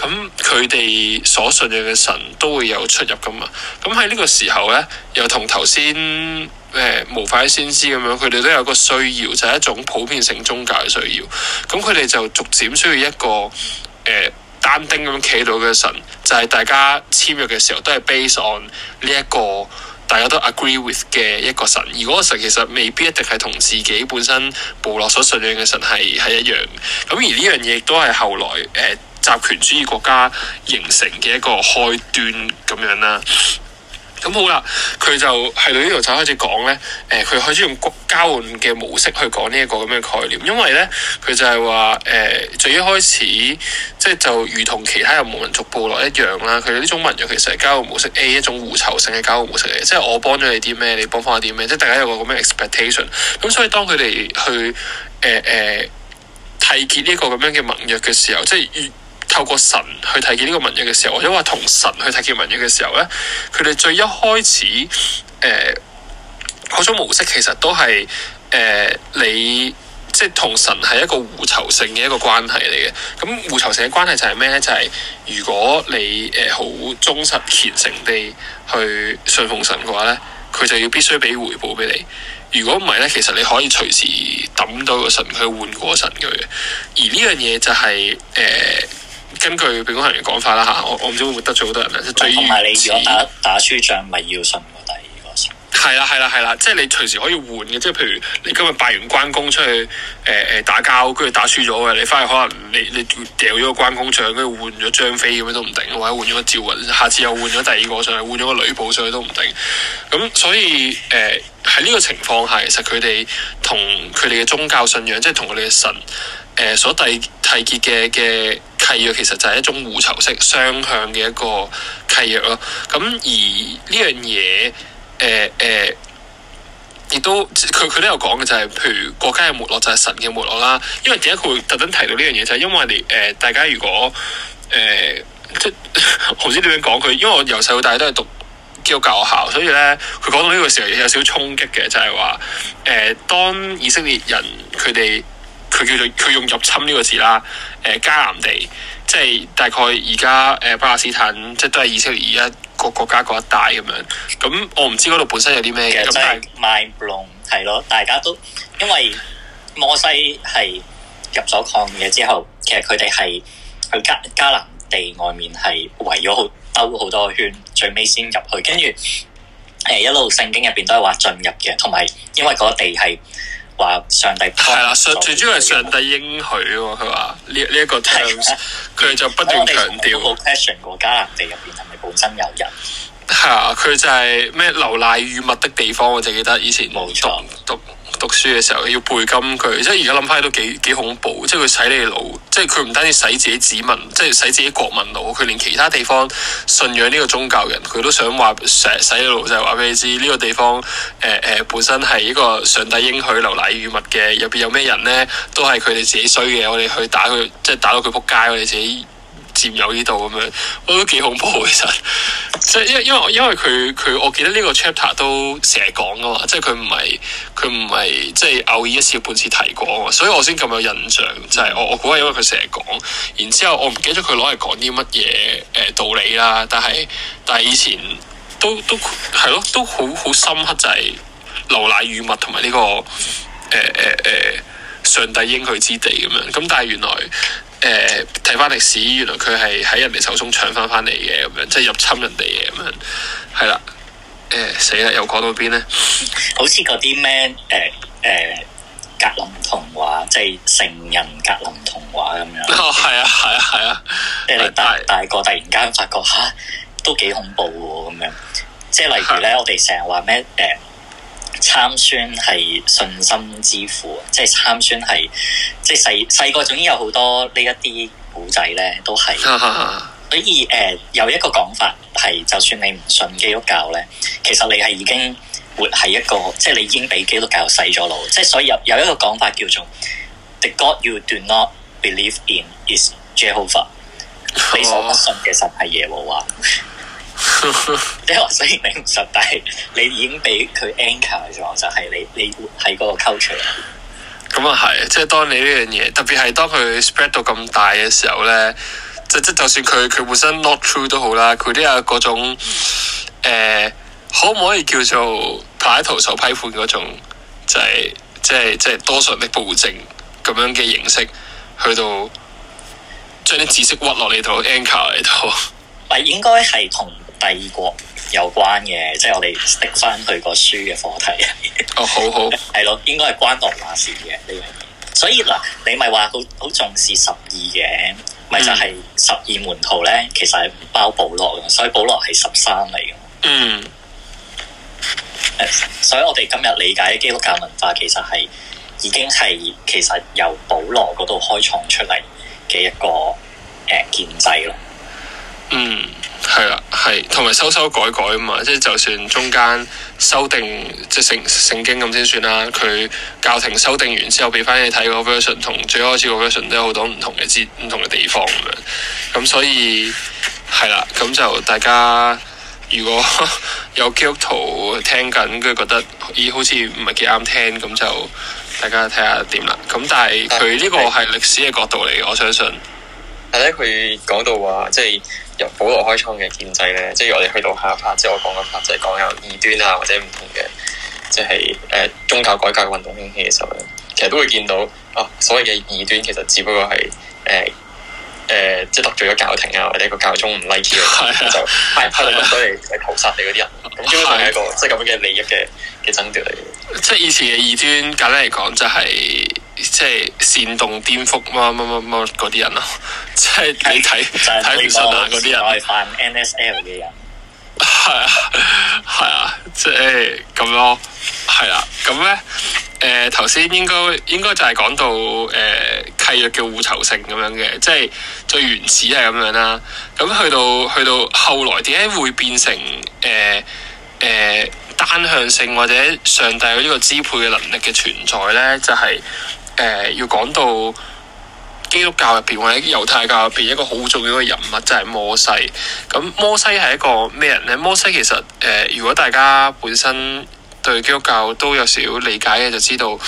咁，佢哋所信仰嘅神都會有出入噶嘛。咁喺呢個時候咧，又同頭先誒無法先知咁樣，佢哋都有個需要，就係一種普遍性宗教嘅需要。咁佢哋就逐漸需要一個。誒、呃、單丁咁企到嘅神，就係、是、大家簽約嘅時候都係 base on 呢一個大家都 agree with 嘅一個神。而嗰個神其實未必一定係同自己本身部落所信仰嘅神係係一樣。咁而呢樣嘢亦都係後來誒集、呃、權主義國家形成嘅一個開端咁樣啦。咁好啦，佢就到呢度就開始講咧，誒、呃，佢開始用交換嘅模式去講呢一個咁嘅概念，因為咧佢就係話，誒、呃，最一開始即係就如同其他人文明族部落一樣啦，佢呢種盟約其實係交換模式 A 一種互酬性嘅交換模式嚟，嘅。即係我幫咗你啲咩，你幫翻我啲咩，即係大家有個咁嘅 expectation，咁、嗯、所以當佢哋去，誒、呃、誒，締結呢個咁樣嘅盟約嘅時候，即係。透過神去睇見呢個文約嘅時候，或者話同神去睇見文約嘅時候咧，佢哋最一開始誒嗰、呃、種模式，其實都係誒、呃、你即係同神係一個互酬性嘅一個關係嚟嘅。咁互酬性嘅關係就係咩咧？就係、是、如果你誒好、呃、忠實虔誠地去信奉神嘅話咧，佢就要必須俾回報俾你。如果唔係咧，其實你可以隨時抌到個神去換過神佢。嘅。而呢樣嘢就係、是、誒。呃根據廟公人嘅講法啦嚇，我我唔知會唔會得罪好多人啊！同埋你如果打打輸仗，咪要信第二個神。係啦係啦係啦，即係你隨時可以換嘅。即係譬如你今日拜完關公出去誒誒、呃、打交，跟住打輸咗嘅，你翻去可能你你掉咗個關公像，跟住換咗張飛咁樣都唔定，或者換咗個趙雲，下次又換咗第二個上去，換咗個呂布上去都唔定。咁所以誒喺呢個情況下，其實佢哋同佢哋嘅宗教信仰，即係同佢哋嘅神。誒、呃、所締結嘅嘅契約其實就係一種互酬式雙向嘅一個契約咯。咁、啊、而呢樣嘢，誒、呃、誒，亦、呃、都佢佢都有講嘅就係、是，譬如國家嘅沒落就係神嘅沒落啦。因為點解佢會特登提到呢樣嘢就係、是、因為你、呃、大家如果誒、呃、即係唔知點樣講佢，因為我由細到大都係讀基督教學校，所以咧佢講到呢個時候有少少衝擊嘅，就係話誒當以色列人佢哋。他們他們佢叫做佢用入侵呢個字啦，誒、呃、迦南地，即係大概而家誒巴勒斯坦，即係都係以色列而家個國家嗰一帶咁樣。咁我唔知嗰度本身有啲咩嘅。即係 mind blown，係咯，大家都因為摩西係入咗礦嘅之後，其實佢哋係去迦迦南地外面係圍咗好兜好多圈，最尾先入去，跟住誒一路聖經入邊都係話進入嘅，同埋因為嗰個地係。話上帝係啦的，最以主要係上帝應許喎。佢話呢呢一個 terms，佢的就不斷強調。嗯、我 question 過迦南地入邊係咪本身有人？係啊，佢就係咩流奶與蜜的地方，我記記得以前。冇錯。讀書嘅時候要背金句，即係而家諗翻都幾幾恐怖，即係佢洗你腦，即係佢唔單止洗自己子民，即係洗自己國民腦，佢連其他地方信仰呢個宗教人，佢都想話洗洗腦，就係話俾你知呢個地方誒誒、呃呃、本身係一個上帝應許流奶與蜜嘅，入邊有咩人呢？都係佢哋自己衰嘅，我哋去打佢，即係打到佢仆街，我哋自己。佔有呢度咁樣，我都幾恐怖其實。即係因因為因為佢佢，我記得呢個 chapter 都成日講㗎嘛。即係佢唔係佢唔係即係偶爾一次半次提過，所以我先咁有印象。就係、是、我我估係因為佢成日講，然之後我唔記得佢攞嚟講啲乜嘢誒道理啦。但係但係以前都都係咯，都好好深刻就係、是、牛奶與蜜同埋呢個誒誒誒上帝應許之地咁樣。咁但係原來。誒睇翻歷史，原來佢係喺人哋手中搶翻翻嚟嘅，咁樣即係入侵人哋嘅。咁樣，係啦。誒死啦！又講到邊咧？好似嗰啲咩誒誒格林童話，即係成人格林童話咁樣。 哦，係啊，係啊，係啊！誒你哋大大個突然間發覺吓，都幾恐怖喎，咁樣。即係例如咧，是啊、我哋成日話咩誒？呃參孫係信心之父，即係參孫係，即係細細個，總之有好多呢一啲古仔咧，都係， 所以誒、uh, 有一個講法係，就算你唔信基督教咧，其實你係已經活喺一個， 即係你已經俾基督教洗咗腦，即係所以有有一個講法叫做 The God you do not believe in is Jehovah，你所不信嘅神係耶和華。 即係話雖然你唔實，但係你已經俾佢 anchor 咗，就係你你活喺個 culture 啦，咁啊係，即係當你呢樣嘢，特別係當佢 spread 到咁大嘅時候咧，即即就算佢佢本身 not true 都好啦，佢都有嗰種誒，可唔可以叫做批徒手批判嗰種，就係即係即係多數人的暴政咁樣嘅形式，去到將啲知識屈落你度 anchor 嚟到，唔應該係同。帝國有關嘅，即係我哋食翻去個書嘅課題。哦，好好，係咯， 應該係關羅馬事嘅呢樣嘢。所以嗱，你咪話好好重視十二嘅，咪、嗯、就係十二門徒咧。其實係包保羅嘅，所以保羅係十三嚟嘅。嗯。所以我哋今日理解基督教文化其，其實係已經係其實由保羅嗰度開創出嚟嘅一個誒建制咯。嗯，係啦，係，同埋修修改改啊嘛，即係就算中間修訂，即係聖聖經咁先算啦。佢教廷修訂完之後，俾翻你睇個 version，同最開始個 version 都有好多唔同嘅字，唔同嘅地方咁樣。咁所以係啦，咁就大家如果 有基督徒聽緊，跟住覺得咦好似唔係幾啱聽，咁就大家睇下點啦。咁但係佢呢個係歷史嘅角度嚟，嘅，我相信。但係咧，佢講到話即係。就是保羅開創嘅建制咧，即係我哋去到下一 part，即係我講嘅 part 就係講有異端啊，或者唔同嘅，即係誒、呃、宗教改革嘅運動興起嘅時候咧，其實都會見到啊，所謂嘅異端其實只不過係誒。呃誒，即係得罪咗教廷啊，或者個教宗唔 like 佢，咁、啊、就係攞嚟嚟屠殺你嗰啲人。咁主要係一個即係咁樣嘅利益嘅嘅爭奪嚟。嘅。即係以前嘅異端，簡單嚟講、就係，就係即係煽動顛覆乜乜乜乜嗰啲人咯。即係你睇睇唔順眼嗰啲人。 這係 啊，係啊，即係咁咯，係啦。咁咧，誒，頭、呃、先應該應該就係講到誒契約嘅互酬性咁樣嘅，即係最原始係咁樣啦。咁、啊、去到去到後來，點解會變成誒誒、呃呃、單向性或者上帝有呢個支配嘅能力嘅存在咧？就係、是、誒、呃、要講到。基督教入邊或者猶太教入邊一個好重要嘅人物就係、是、摩西。咁摩西係一個咩人咧？摩西其實誒、呃，如果大家本身。對基督教都有少理解嘅，就知道，誒、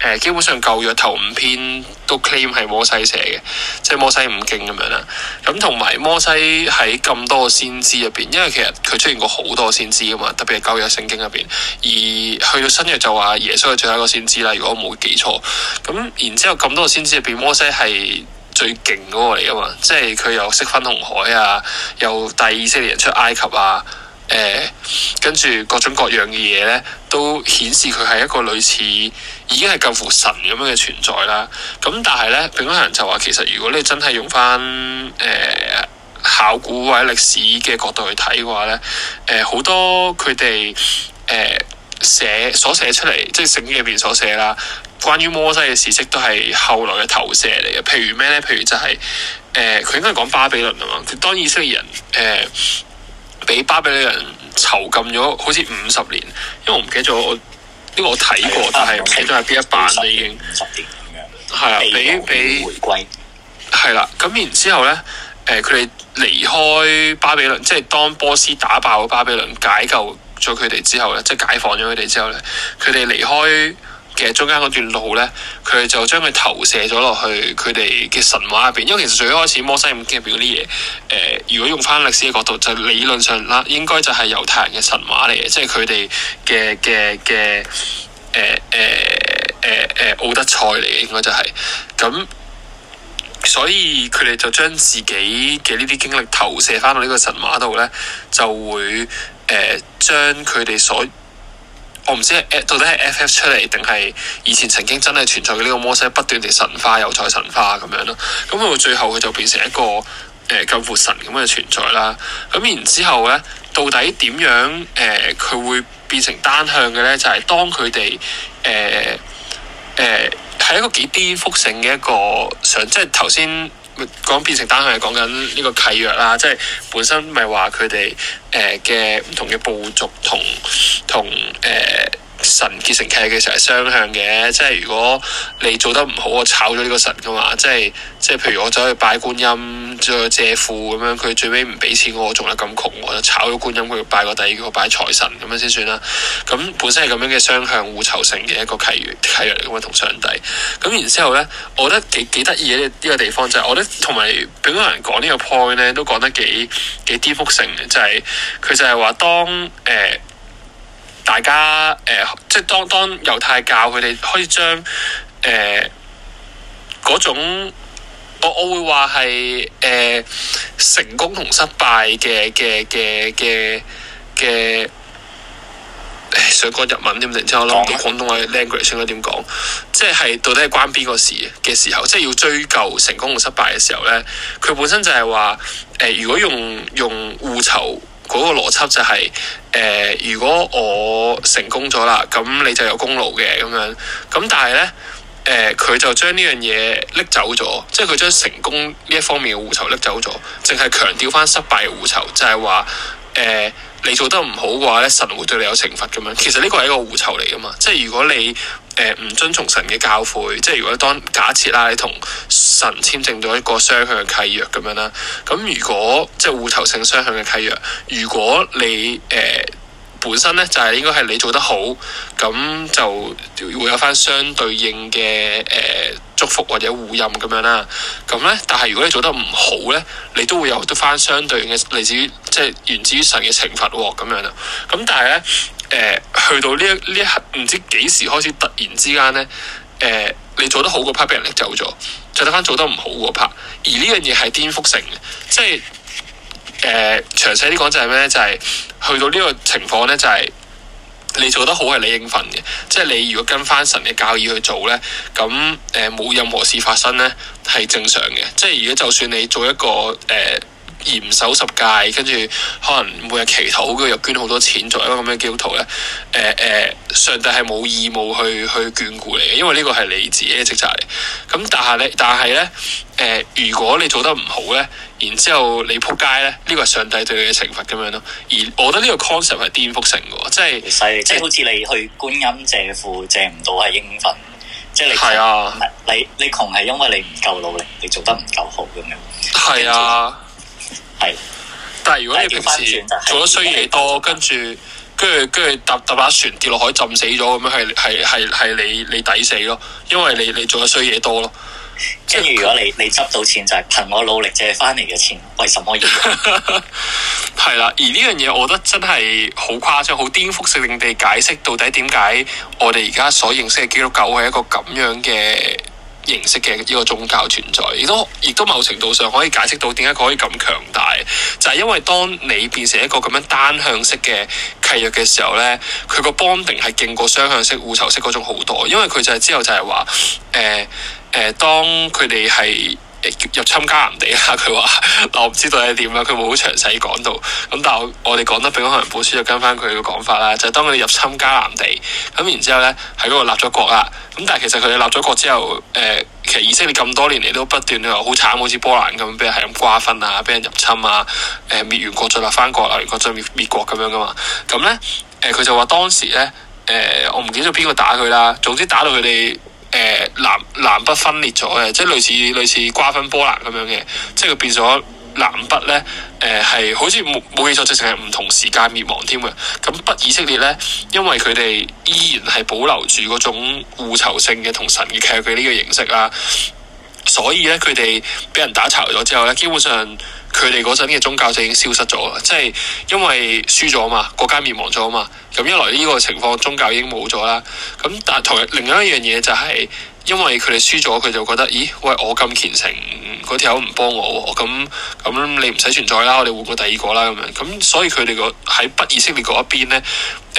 呃，基本上舊約頭五篇都 claim 係摩西寫嘅，即係摩西五經咁樣啦。咁同埋摩西喺咁多個先知入邊，因為其實佢出現過好多先知噶嘛，特別係舊約聖經入邊。而去到新約就話耶穌係最後一個先知啦，如果我冇記錯。咁然之後咁多個先知入邊，摩西係最勁嗰個嚟噶嘛，即係佢又識分紅海啊，又帶以色列人出埃及啊。誒、呃，跟住各種各樣嘅嘢咧，都顯示佢係一個類似已經係近乎神咁樣嘅存在啦。咁但係咧，佢可能就話其實如果你真係用翻誒考古或者歷史嘅角度去睇嘅話咧，誒、呃、好多佢哋誒寫所寫出嚟，即係聖經入面所寫啦，關於摩西嘅事蹟都係後來嘅投射嚟嘅。譬如咩咧？譬如就係、是、誒，佢、呃、應該係講巴比倫啊嘛。當以色列人誒。呃俾巴比倫人囚禁咗，好似五十年。因為我唔記得咗我呢個我睇過，但係唔記得係邊一版啦。已經五十年係啊，俾俾回歸係啦。咁然之後咧，誒、呃，佢哋離開巴比倫，即係當波斯打爆巴比倫，解救咗佢哋之後咧，即係解放咗佢哋之後咧，佢哋離開。嘅中間嗰段路咧，佢就將佢投射咗落去佢哋嘅神話入邊。因為其實最一開始摩西五經入邊嗰啲嘢，誒、呃，如果用翻歷史嘅角度，就理論上啦，應該就係猶太人嘅神話嚟嘅，即係佢哋嘅嘅嘅誒誒誒誒奧德賽嚟嘅，應該就係、是、咁。所以佢哋就將自己嘅呢啲經歷投射翻到呢個神話度咧，就會誒、欸、將佢哋所。我唔知係到底係 F F 出嚟，定係以前曾經真係存在嘅呢個摩西不斷地神化又再神化咁樣咯。咁到最後佢就變成一個誒近乎神咁嘅存在啦。咁、啊、然之後咧，到底點樣誒佢、呃、會變成單向嘅咧？就係、是、當佢哋誒誒係一個幾顛覆性嘅一個想，即係頭先。講變成單向係講緊呢個契約啦，即係本身咪話佢哋誒嘅唔同嘅部族同同誒。呃神結成契嘅時候係雙向嘅，即係如果你做得唔好，我炒咗呢個神噶嘛，即係即係譬如我走去拜觀音，再借庫咁樣，佢最尾唔俾錢我，仲係咁窮，我就炒咗觀音，佢拜個第二個拜財神咁樣先算啦。咁本身係咁樣嘅雙向互酬性嘅一個契約契約嚟嘅，同上帝。咁然之後咧，我覺得幾幾得意嘅呢個地方就係、是，我覺得同埋畀多人講呢個 point 咧，都講得幾幾顛覆性嘅，就係、是、佢就係話當誒。呃大家誒、呃，即係當當猶太教佢哋可以將誒嗰、呃、種，我我會話係誒成功同失敗嘅嘅嘅嘅嘅誒。想講日文點定之後，知知對我諗到廣東話 language 應該點講？即係到底係關邊個事嘅時候？即係要追究成功同失敗嘅時候咧，佢本身就係話誒，如果用用互酬。嗰個邏輯就係、是，誒、呃，如果我成功咗啦，咁你就有功勞嘅，咁樣，咁但係呢，誒、呃，佢就將呢樣嘢拎走咗，即係佢將成功呢一方面嘅互酬拎走咗，淨係強調翻失敗嘅互酬，就係、是、話，誒、呃，你做得唔好嘅話咧，神會對你有懲罰咁樣，其實呢個係一個互酬嚟噶嘛，即係如果你。誒唔、呃、遵從神嘅教誨，即係如果當假設啦，你同神簽訂咗一個雙向嘅契約咁樣啦，咁如果即係互酬性雙向嘅契約，如果你誒、呃、本身咧就係、是、應該係你做得好，咁就會有返相對應嘅誒、呃、祝福或者互任咁樣啦。咁咧，但係如果你做得唔好咧，你都會有得返相對應嘅嚟自於即係源自於神嘅懲罰喎咁樣啦。咁但係咧。誒、呃，去到呢一呢一刻，唔知幾時開始，突然之間咧，誒、呃，你做得好嗰 part 俾人拎走咗，就得翻做得唔好嗰 part，而呢樣嘢係顛覆性嘅，即係誒，詳細啲講就係咩咧？就係、是、去到呢個情況咧，就係、是、你做得好係你應份嘅，即係你如果跟翻神嘅教義去做咧，咁誒冇任何事發生咧係正常嘅，即係如果就算你做一個誒。呃嚴守十戒，跟住可能每日祈禱，跟住又捐好多錢，做一個咁嘅基督徒咧。誒、呃、誒，上帝係冇義務去去眷顧你，因為呢個係你自己嘅職責嚟。咁但係咧，但係咧，誒、呃，如果你做得唔好咧，然之後你仆街咧，呢、這個係上帝對你嘅懲罰咁樣咯。而我覺得呢個 concept 係顛覆性嘅，是即係，即係好似你去觀音借富借唔到係應份，即係係啊，你你窮係因為你唔夠努力，你做得唔夠好咁樣，係啊。係，但係如果你平時做得衰嘢多，跟住跟住跟住搭搭把船跌落海浸死咗咁樣，係係係係你你抵死咯，因為你你做得衰嘢多咯。即係如果你、就是、如果你執到錢就係憑我努力借翻嚟嘅錢，為什麼要？係啦， 而呢樣嘢我覺得真係好誇張，好顛覆性地解釋到底點解我哋而家所認識嘅基督教係一個咁樣嘅。形式嘅一個宗教存在，亦都亦都某程度上可以解釋到點解佢可以咁強大，就係因為當你變成一個咁樣單向式嘅契約嘅時候呢，佢個 bonding 係勁過雙向式互酬式嗰種好多，因為佢就係之後就係話，誒，呃呃，當佢哋係入侵迦南地啊！佢話： 嗱，我唔知道係點啦，佢冇好詳細講到。咁但係我哋講得《彼得潘》本書就跟翻佢嘅講法啦，就係、是、當佢哋入侵迦南地，咁然之後咧喺嗰度立咗國啦。咁但係其實佢哋立咗國之後，誒、呃、其實以色列咁多年嚟都不斷又好慘，好似波蘭咁俾人係咁瓜分啊，俾人入侵啊，誒、呃、滅完國再立翻國，立完國再滅滅國咁樣噶嘛。咁咧誒佢就話當時咧誒、呃、我唔記得邊個打佢啦，總之打到佢哋。誒、呃、南南北分裂咗嘅，即係類似類似瓜分波蘭咁樣嘅，即佢變咗南北咧誒係好似冇冇嘢直情係唔同時間滅亡添嘅。咁北以色列咧，因為佢哋依然係保留住嗰種互仇性嘅同神嘅劇佢呢個形式啦，所以咧佢哋俾人打巢咗之後咧，基本上。佢哋嗰陣嘅宗教就已經消失咗啦，即係因為輸咗嘛，國家滅亡咗啊嘛，咁一來呢個情況宗教已經冇咗啦，咁但係同另外一樣嘢就係、係。因為佢哋輸咗，佢就覺得，咦，喂，我咁虔誠，嗰條友唔幫我，咁咁你唔使存在啦，我哋換個第二個啦，咁樣，咁所以佢哋個喺北以色列嗰一邊呢，誒、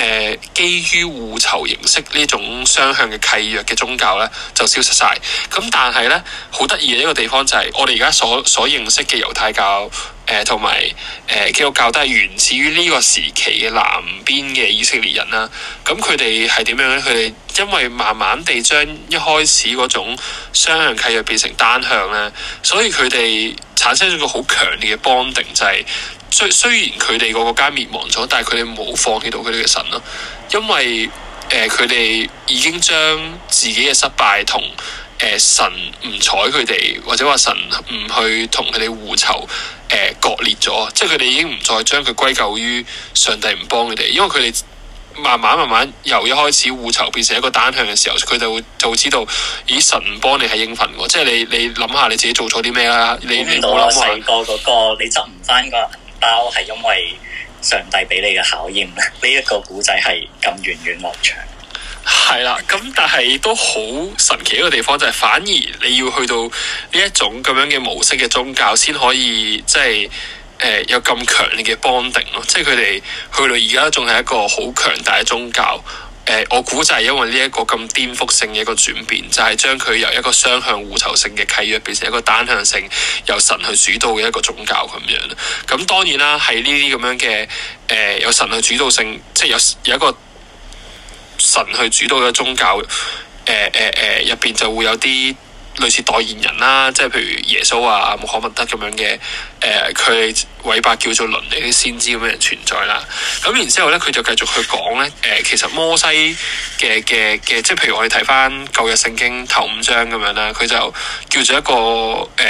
呃，基於互酬形式呢種雙向嘅契約嘅宗教呢，就消失晒。咁但係呢，好得意嘅一個地方就係、是，我哋而家所所認識嘅猶太教。誒同埋誒基督教都係源自於呢個時期嘅南邊嘅以色列人啦。咁佢哋係點樣咧？佢哋因為慢慢地將一開始嗰種雙向契約變成單向咧，所以佢哋產生咗個好強烈嘅 bonding。就係雖雖然佢哋個國家滅亡咗，但係佢哋冇放棄到佢哋嘅神咯。因為誒佢哋已經將自己嘅失敗同，誒、呃，神唔睬佢哋，或者話神唔去同佢哋互酬，誒、呃、割裂咗，即係佢哋已經唔再將佢歸咎於上帝唔幫佢哋，因為佢哋慢慢慢慢由一開始互酬變成一個單向嘅時候，佢就會就知道咦，神唔幫你係應份喎，即係你你諗下你自己做錯啲咩啦，你唔好細個嗰個你執唔翻個銀包係因為上帝俾你嘅考驗，呢、這、一個古仔係咁遠遠漫長。係啦，咁但係都好神奇一個地方就係，反而你要去到呢一種咁樣嘅模式嘅宗教，先可以即係誒有咁強烈嘅綁定咯。即係佢哋去到而家仲係一個好強大嘅宗教。誒、呃，我估就係因為呢一個咁顛覆性嘅一個轉變，就係將佢由一個雙向互酬性嘅契約，變成一個單向性由神去主導嘅一個宗教咁樣。咁當然啦，喺呢啲咁樣嘅誒，由、呃、神去主導性，即係有有一個。神去主導嘅宗教，誒誒誒，入、呃、邊就會有啲類似代言人啦，即係譬如耶穌啊、穆罕默德咁樣嘅，誒、呃，佢韋伯叫做倫理啲先知咁嘅人存在啦。咁然之後咧，佢就繼續去講咧，誒、呃，其實摩西嘅嘅嘅，即係譬如我哋睇翻舊約聖經頭五章咁樣啦，佢就叫做一個誒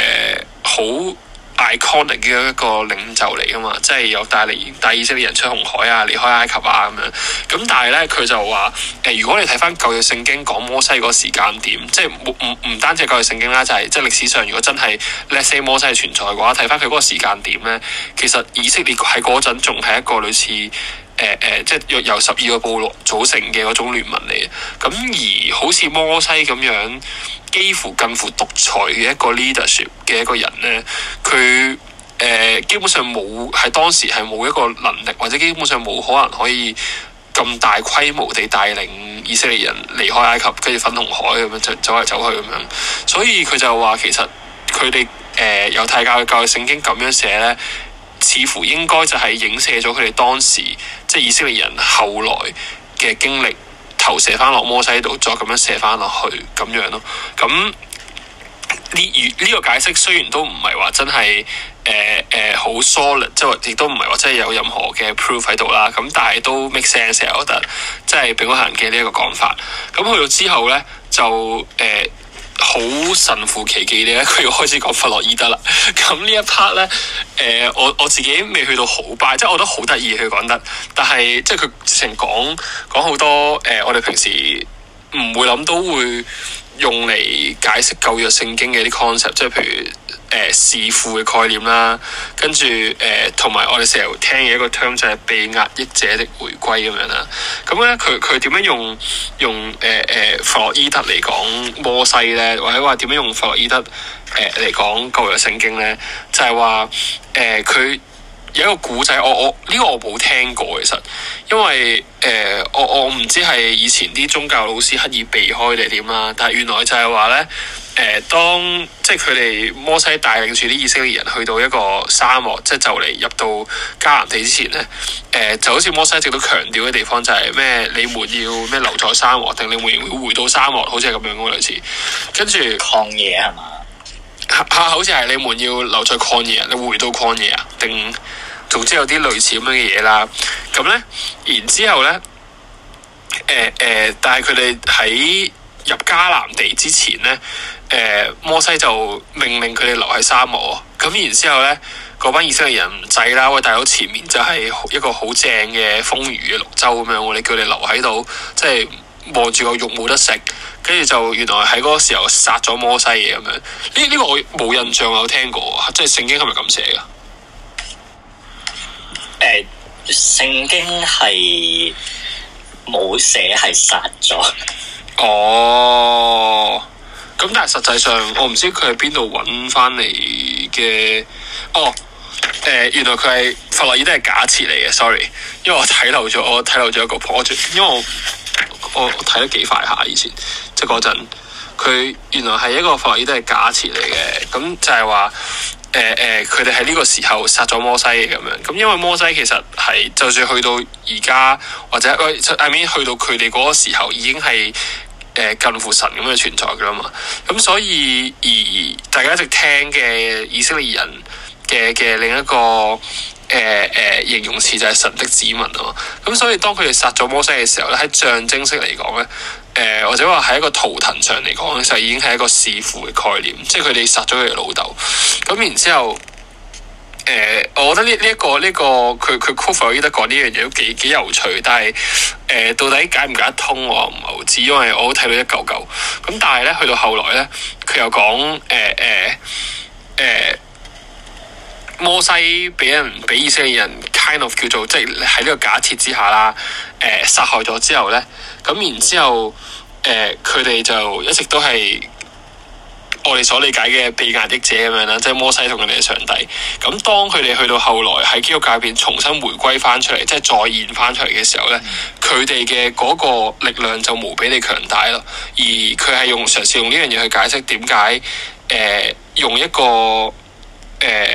好。呃 iconic 嘅一個領袖嚟噶嘛，即係有帶嚟帶以色列人出紅海啊，離開埃及啊咁樣。咁但係咧，佢就話：誒、呃，如果你睇翻舊約聖經講摩西嗰個時間點，即係冇唔唔單止舊約聖經啦，就係、是、即係歷史上如果真係 Let's say，摩西係存在嘅話，睇翻佢嗰個時間點咧，其實以色列喺嗰陣仲係一個類似，誒誒、呃，即係由由十二個部落組成嘅嗰種聯盟嚟嘅。咁而好似摩西咁樣，幾乎近乎獨裁嘅一個 leadership 嘅一個人呢，佢誒、呃、基本上冇喺當時係冇一個能力，或者基本上冇可能可以咁大規模地帶領以色列人離開埃及，跟住粉紅海咁樣就走嚟走去咁樣。所以佢就話其實佢哋誒猶太教嘅教嘅聖經咁樣寫呢。似乎應該就係影射咗佢哋當時即係、就是、以色列人後來嘅經歷，投射翻落摩西度，再咁樣射翻落去咁樣咯。咁呢呢個解釋雖然都唔係話真係誒誒好 solid，即係亦都唔係話真係有任何嘅 proof 喺度啦。咁但係都 make sense，我覺得即係彼我行嘅呢一個講法。咁去到之後咧，就誒。呃好神乎其技咧，佢要開始講弗洛伊德啦。咁呢一 part 咧，誒、呃，我我自己未去到好 buy 即係我覺得好得意佢講得，但係即係佢直情講講好多誒、呃，我哋平時唔會諗到會用嚟解釋舊約聖經嘅啲 concept，即係譬如。誒弒父嘅概念啦，跟住誒同埋我哋成日聽嘅一個 theme 就係被壓抑者的回歸咁樣啦。咁咧佢佢點樣用用誒誒、呃、弗洛伊德嚟講摩西咧，或者話點樣用弗洛伊德誒嚟、呃、講舊約聖經咧？就係話誒佢有一個古仔，我我呢、呢個我冇聽過其實，因為誒、呃、我我唔知係以前啲宗教老師刻意避開定係點啦，但係原來就係話咧。誒，當即係佢哋摩西帶領住啲以色列人去到一個沙漠，即係就嚟入到迦南地之前咧，誒、呃、就好似摩西一直都強調嘅地方就係、是、咩，你們要咩留在沙漠，定你們要回到沙漠，好似係咁樣咯，類似。跟住曠野係嘛？嚇、啊、好似係你們要留在曠野啊，你回到曠野啊，定總之有啲類似咁樣嘅嘢啦。咁咧，然之後咧，誒、呃、誒、呃，但係佢哋喺入迦南地之前咧。誒、呃，摩西就命令佢哋留喺沙漠，咁然之後咧，嗰班以色列人唔制啦，喂，大佬，前面就係一個好正嘅豐腴嘅綠洲咁樣，我哋叫你留喺度，即係望住個肉冇得食，跟住就原來喺嗰個時候殺咗摩西嘅咁樣，呢、這、呢、個這個我冇印象有聽過，即係聖經係咪咁寫噶？誒、呃，聖經係冇寫係殺咗，哦。咁但係實際上，我唔知佢喺邊度揾翻嚟嘅。哦，誒、呃，原來佢係弗洛伊德都係假設嚟嘅。Sorry，因為我睇漏咗，我睇漏咗一個 project 因為我我睇得幾快下以前，即係嗰陣，佢原來係一個弗洛伊德都係假設嚟嘅。咁就係、是、話，誒、呃、誒，佢哋喺呢個時候殺咗摩西咁樣。咁因為摩西其實係，就算去到而家或者，I mean, e 去到佢哋嗰個時候已經係。誒近乎神咁嘅存在㗎啦嘛，咁所以而大家一直聽嘅以色列人嘅嘅另一個誒誒、呃呃、形容詞就係神的子民啊嘛，咁所以當佢哋殺咗摩西嘅時候咧，喺象徵式嚟講咧，誒、呃、或者話喺一個圖騰上嚟講咧，就已經係一個弑父嘅概念，即係佢哋殺咗佢老豆，咁然之後。誒、呃，我覺得呢呢一個呢、呢個佢佢 cover 得講呢樣嘢都幾幾有趣，但係誒、呃、到底解唔解得通，我唔係好知，因為我都睇到一嚿嚿。咁但係咧，去到後來咧，佢又講誒誒誒摩西俾人俾以色列人 kind of 叫做即係喺呢個假設之下啦，誒、呃、殺害咗之後咧，咁然之後誒佢哋就一直都係。我哋所理解嘅被壓抑者咁樣啦，即係摩西同佢哋嘅上帝。咁當佢哋去到後來喺基督教入邊重新回歸翻出嚟，即係再現翻出嚟嘅時候咧，佢哋嘅嗰個力量就無比你強大咯。而佢係用嘗試用呢樣嘢去解釋點解，誒、呃，用一個誒、呃、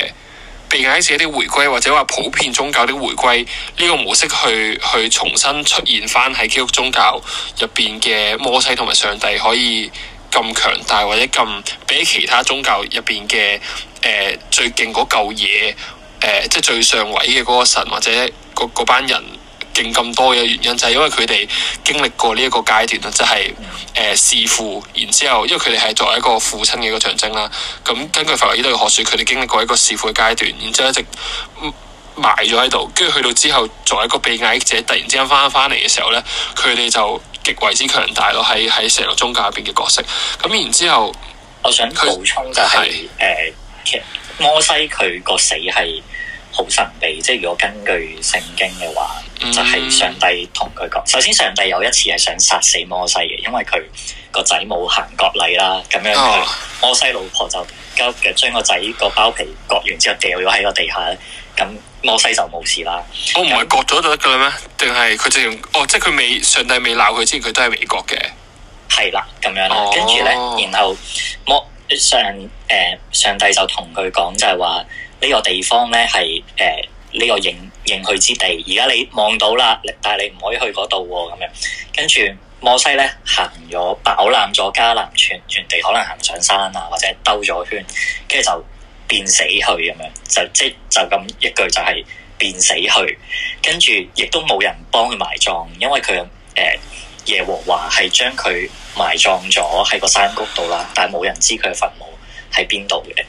被壓抑者啲回歸，或者話普遍宗教啲回歸呢、呢個模式去去重新出現翻喺基督宗教入邊嘅摩西同埋上帝可以。咁強大，或者咁比其他宗教入邊嘅誒最勁嗰嚿嘢誒，即、呃、係最上位嘅嗰個神或者嗰班人勁咁多嘅原因，就係、是、因為佢哋經歷過呢一個階段啦，即係誒弑父，然之後因為佢哋係作為一個父親嘅一個象徵啦，咁、嗯、根據佛洛依德嘅學說，佢哋經歷過一個弑父嘅階段，然之後一直埋咗喺度，跟住去到之後作為一個被壓抑者，突然之間翻返嚟嘅時候咧，佢哋就極為之強大咯，喺喺成個宗教入邊嘅角色。咁然之後，我想佢補充就係、是、誒，呃、其實摩西佢個死係好神秘。即係如果根據聖經嘅話，嗯、就係上帝同佢講。首先，上帝有一次係想殺死摩西嘅，因為佢個仔冇行割禮啦。咁樣，Oh. 摩西老婆就將將個仔個包皮割完之後，掉咗喺個地下。咁摩西就冇事啦。我唔係割咗就得噶啦咩？定係佢就淨哦，即係佢未上帝未鬧佢之前，佢都係未割嘅。係啦，咁樣。Oh. 跟住咧，然後摩上誒、呃、上帝就同佢講，就係話呢個地方咧係誒呢、呃這個應、應許之地。而家你望到啦，但係你唔可以去嗰度咁樣。跟住摩西咧行咗飽覽咗迦南全全地，可能行上山啊，或者兜咗圈，跟住就。變死去咁樣，就即係就咁一句就係變死去，跟住亦都冇人幫佢埋葬，因為佢誒、呃、耶和華係將佢埋葬咗喺個山谷度啦，但係冇人知佢嘅墳墓喺邊度嘅。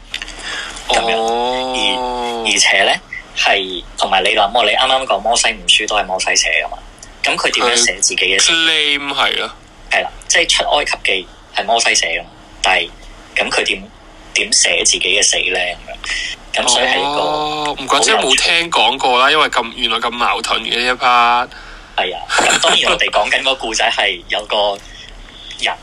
咁、oh. 樣而而且咧係同埋你諗我你啱啱講摩西五書都係摩西寫噶嘛？咁佢點樣寫自己嘅？claim 係啦，係啦，即係出埃及記係摩西寫噶，但係咁佢點？點寫自己嘅死咧咁樣？咁、oh, 所以係一個唔怪，之係冇聽講過啦。因為咁原來咁矛盾嘅呢一 part。係啊， 咁當然我哋講緊個故仔係有個人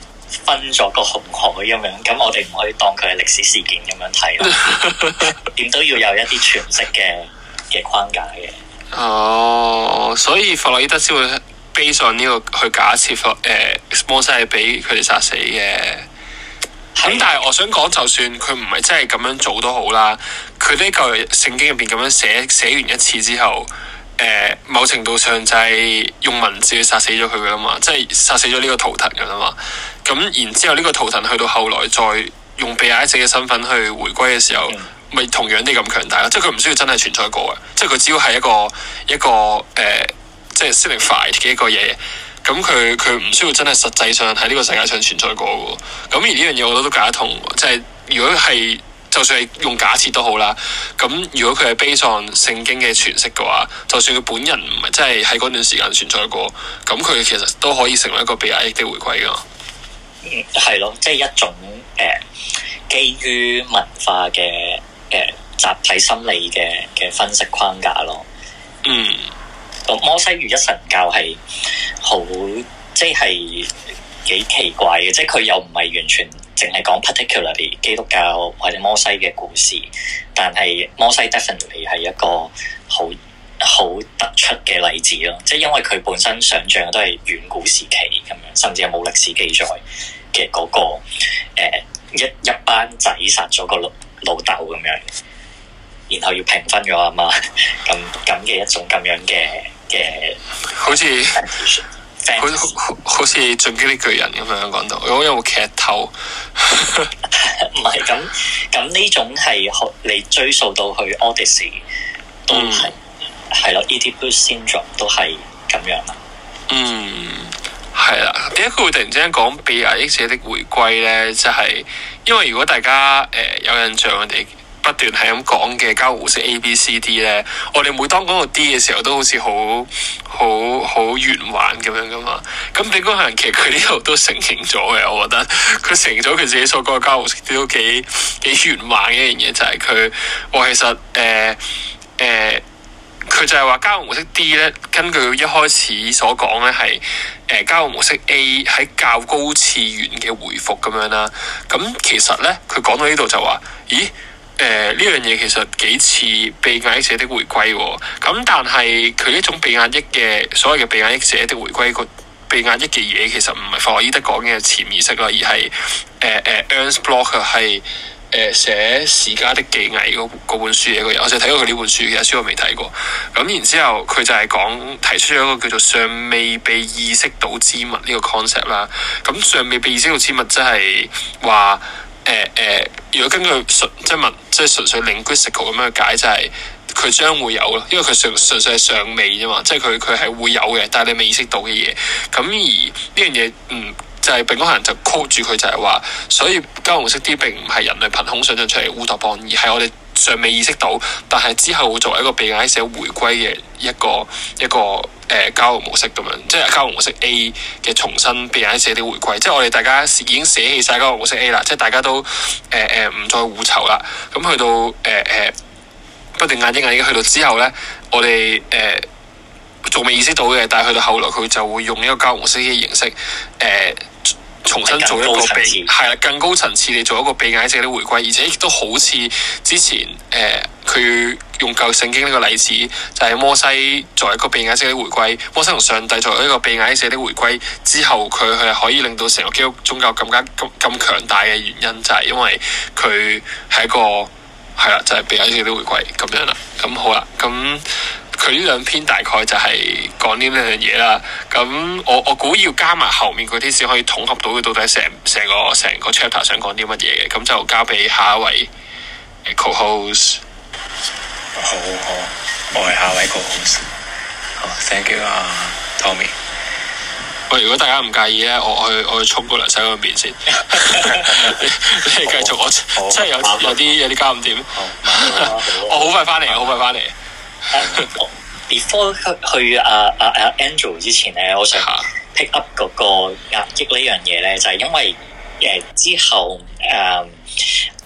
分咗個紅海咁樣。咁我哋唔可以當佢係歷史事件咁樣睇。點 都要有一啲詮釋嘅嘅框架嘅。哦，oh, 所以弗洛伊德先會 based on 呢個去假設，誒、呃，摩西係俾佢哋殺死嘅。咁、嗯、但係我想講，就算佢唔係真係咁樣做都好啦，佢呢個聖經入邊咁樣寫寫完一次之後，誒、呃，某程度上就係用文字去殺死咗佢噶嘛，即係殺死咗呢個圖騰噶啦嘛。咁然之後呢個圖騰去到後來再用被亞瑟嘅身份去回歸嘅時候，咪 Yeah. 同樣啲咁強大咯，即係佢唔需要真係存在過嘅，即係佢只要係一個一個誒、呃，即係 s p i 嘅一個嘢。咁佢佢唔需要真係實際上喺呢個世界上存在過嘅喎，咁而呢樣嘢我覺得都解得通，即係如果係就算係用假設都好啦。咁如果佢係《悲壯聖經》嘅詮釋嘅話，就算佢本人唔係真係喺嗰段時間存在過，咁佢其實都可以成為一個被壓抑嘅回歸嘅。嗯，係咯，即係一種誒，基於文化嘅誒集體心理嘅嘅分析框架咯。嗯。摩西與一神教係好即係幾奇怪嘅，即係佢又唔係完全淨係講 particularly 基督教或者摩西嘅故事，但係摩西 definitely 係一個好好突出嘅例子咯。即係因為佢本身想象都係遠古時期咁樣，甚至係冇歷史記載嘅嗰個誒、呃，一一班仔殺咗個老老豆咁樣，然後要平分咗阿媽咁咁嘅一種咁樣嘅。嘅好似，好似好似《進擊的巨人》咁樣講到，如果有冇有冇劇透？唔係咁咁呢種係，你追溯到去 Odyssey 都係係咯 Oedipus Syndrome 都係咁樣。嗯，係啦。點解佢會突然之間講被壓抑者的回歸咧？就係、是、因為如果大家誒、呃、有印象我，我哋。.不斷係咁講嘅交互式 A、B、C、D 呢，我哋每當講個 D 嘅時候，都好似好好好玄幻咁樣噶嘛。咁李光賢其實佢呢度都承認咗嘅，我覺得佢承認咗佢自己所講嘅交互式都幾幾玄幻嘅一樣嘢，就係佢話其實誒誒，佢就係話交互模式 D 呢，就是呃呃、D，根據一開始所講呢係誒交互模式 A 喺較高次元嘅回復咁樣啦。咁其實呢，佢講到呢度就話、是、咦？誒呢樣嘢其實幾似被壓抑者的回歸喎，咁但係佢呢種被壓抑嘅所謂嘅被壓抑者的回歸個被壓抑嘅嘢其實唔係弗洛伊德講嘅潛意識咯，而係誒誒、呃、Ernst Block 係誒、呃、寫史家的技藝嗰本書嘅個人，我就睇過佢呢本書其實書我未睇過。咁然之後佢就係講提出咗一個叫做尚未被意識到之物呢、這個 concept 啦。咁尚未被意識到之物即係話。誒誒、呃，如果根據純即係文即係純粹 linguistical 咁樣解，就係佢將會有咯，因為佢純，純粹係尚未啫嘛，即係佢佢係會有嘅，但係你未意識到嘅嘢。咁而呢樣嘢，嗯，就係並邦行就 call 住佢，就係話，所以交紅色啲並唔係人類憑空想像出嚟烏托邦，而係我哋。尚未意識到，但係之後會作為一個備眼寫回歸嘅一個一個誒、呃、交流模式咁樣，即係交流模式 A 嘅重新備眼寫啲回歸，即係我哋大家已經捨棄晒交流模式 A 啦，即係大家都誒誒唔再互酬啦，咁去到誒誒、呃呃、不斷眼一眼已經去到之後咧，我哋誒仲未意識到嘅，但係去到後來佢就會用一個交流模式嘅形式誒。呃重新做一個被，係啦，更高層次你做一個彌賽亞的回歸，而且亦都好似之前誒佢、呃、用舊聖經呢、這個例子，就係、是、摩西作為一個彌賽亞的回歸，摩西同上帝作為一個彌賽亞的回歸之後，佢係可以令到成個基督宗教更加咁強大嘅原因，就係、是、因為佢係一個。係啦，就係俾啲嘢啲回饋咁樣啦。咁好啦，咁佢呢兩篇大概就係講呢兩樣嘢啦。咁我我估要加埋後面嗰啲先可以統合到佢到底成成個成個 chapter 想講啲乜嘢嘅。咁就交俾下一位、呃、Co-host 好，好，好，我我係下一位 Co-host 好，thank you 啊、uh,，Tommy。喂，如果大家唔介意咧，我去我去衝個涼洗個面先。 你你繼續，我真係有好有啲有啲搞唔掂。我好快翻嚟，好，好，好，好快翻嚟。 uh, before 去阿阿阿 Angel 之前咧， uh, 我想 pick up 嗰、那個壓抑呢樣嘢咧，就係、是、因為誒、呃、之後誒。Um,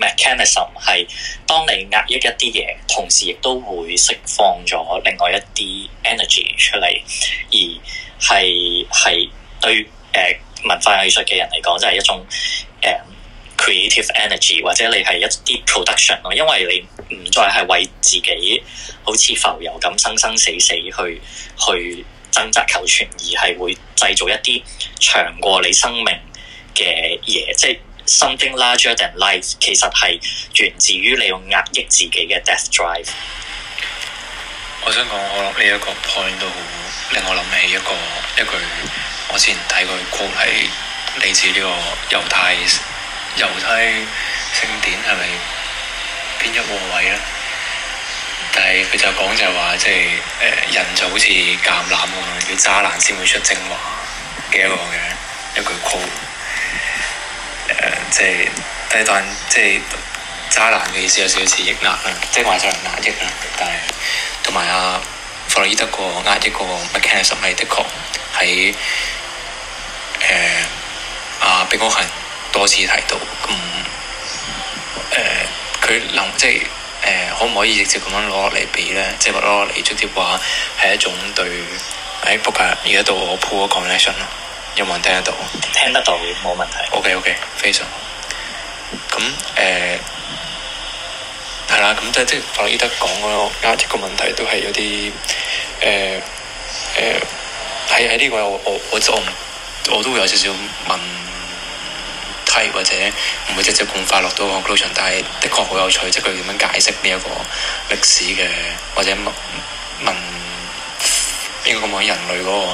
Mechanism 係當你壓抑一啲嘢，同時亦都會釋放咗另外一啲 energy 出嚟，而係係對誒文化藝術嘅人嚟講真係一種誒 creative energy，或者你係一啲 production 咯，因為你唔再係為自己好似浮游咁生生死死去去掙扎求存，而係會製造一啲長過你生命嘅嘢，即係。Something larger than life 其實係源自於你要壓抑自己嘅 death drive。我想講，我落呢一個 point 都令我諗起一個一句，我之前睇過嘅 quote 係嚟自呢個猶太猶太聖典係咪邊一個位咧？但係佢就講就係話，即係誒人就好似橄欖㗎嘛，要渣男先會出精華嘅一個嘅一句 quote。誒，即係低檔，即係渣男嘅意思有少少似抑壓啦，即係外在嚟壓抑啦。但係同埋啊，弗洛伊德個壓抑個 mechanism，係的，的 ism, 確喺誒阿比哥行多次提到咁誒，佢、呃、能即係誒、呃、可唔可以直接咁樣攞落嚟俾咧？即係攞落嚟直接話係一種對誒 b o 而家到我鋪個 connection 啦。哎有冇人聽得到？聽得到，冇問題。OK OK，非常好。咁誒，係、呃、啦，咁即係即係法律依家講嗰個啊，一個問題都係有啲誒誒，喺喺呢個我我我我，我都會有少少問題或者唔會直接咁快落到 conclusion，但係的確好有趣，即係佢點樣解釋呢一個歷史嘅或者問問呢個咁樣人類嗰個。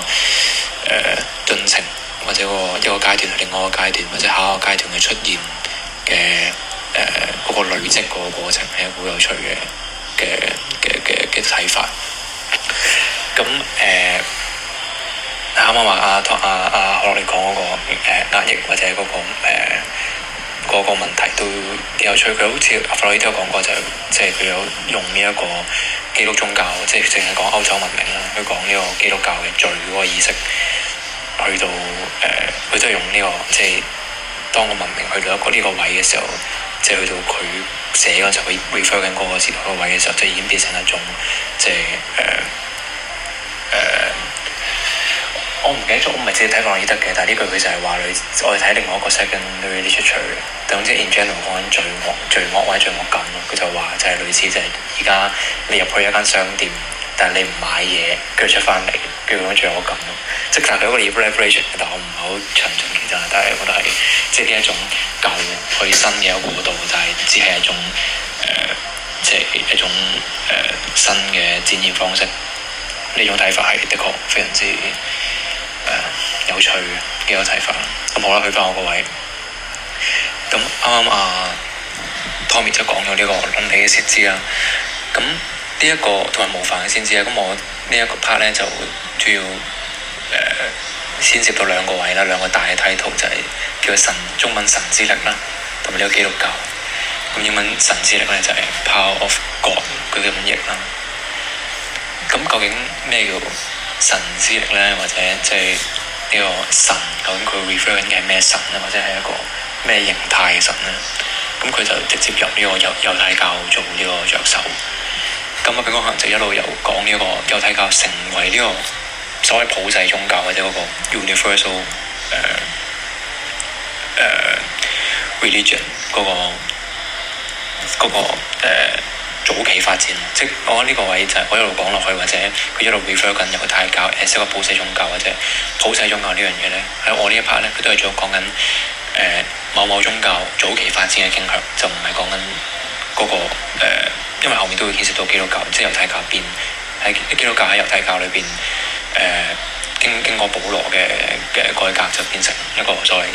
誒、嗯、進程，或者個一個階段去另外一個階段，或者下一個階段嘅出現嘅誒嗰個累積嗰個過程係好有趣嘅嘅嘅嘅嘅睇法。咁誒啱啱話阿阿阿可樂你講嗰個誒壓抑或者嗰個誒。呃個個問題都幾有趣，佢好似阿弗洛伊德有講過、就是，就係即係佢有用呢一個基督宗教，即係淨係講歐洲文明啦。佢講呢個基督教嘅罪嗰、那個、意識，去到誒，佢、呃、都係用呢、這個即係、就是、當個文明去到一個呢個位嘅時候，即、就、係、是、去到佢寫嗰時候，佢 refer 緊嗰個時代個位嘅時候，即係已經變成一種即係誒誒。就是呃呃我唔記得咗，我唔係直接睇《愛爾得嘅，但係呢句佢就係話我哋睇另外一個 second lady 出場嘅。總之 in general 講緊罪惡、罪惡或者罪惡感咯，佢就話就係、是、類似，就係而家你入去一間商店，但係你唔買嘢，佢出翻嚟，佢講罪惡感咯。即係但係佢嗰個 reflection 但我唔係好詳盡其實，但係我覺得係即係呢一種舊去新嘅一個過渡，就係只係一種誒、呃，即係一種誒、呃、新嘅展現方式。呢種睇法係的確非常之。嗯、有趣嘅幾多睇法，咁、啊、好啦，去翻我個位剛剛、啊這個位。咁啱啱啊 Tommy 即係講咗呢個諗起嘅設置啦。咁呢一個同埋模範嘅先知啊。咁我呢一個 part 咧就主要誒、呃、先接到兩個位啦，兩個大體圖就係、是、叫神中文神之力啦，同埋呢個基督教。咁英文神之力咧就係、是、Power of God，佢嘅譯啦。咁究竟咩叫？神之力呢，或者即係呢個神究竟佢 refer 緊嘅係咩神呢？或者係一個咩形態嘅神呢？咁佢就直接由呢個猶猶太教做呢個着手。咁佢可能就一路由講呢個猶太教成為呢個所謂普世宗教或者嗰個 universal 誒、呃、誒、呃、religion 嗰個嗰個誒。呃早期發展即係我呢個位就係我一路講落去，或者佢一路 refer 緊一個太教，誒一個普世宗教或者普世宗教呢樣嘢咧，喺我呢一 part 咧，佢都係做講緊誒某某宗教早期發展嘅傾向，就唔係講緊嗰個因為後面都會牽涉到基督教，即係猶太教入邊，喺基督教喺猶太教裏邊誒。呃經經過保羅嘅嘅改革，就變成一個所謂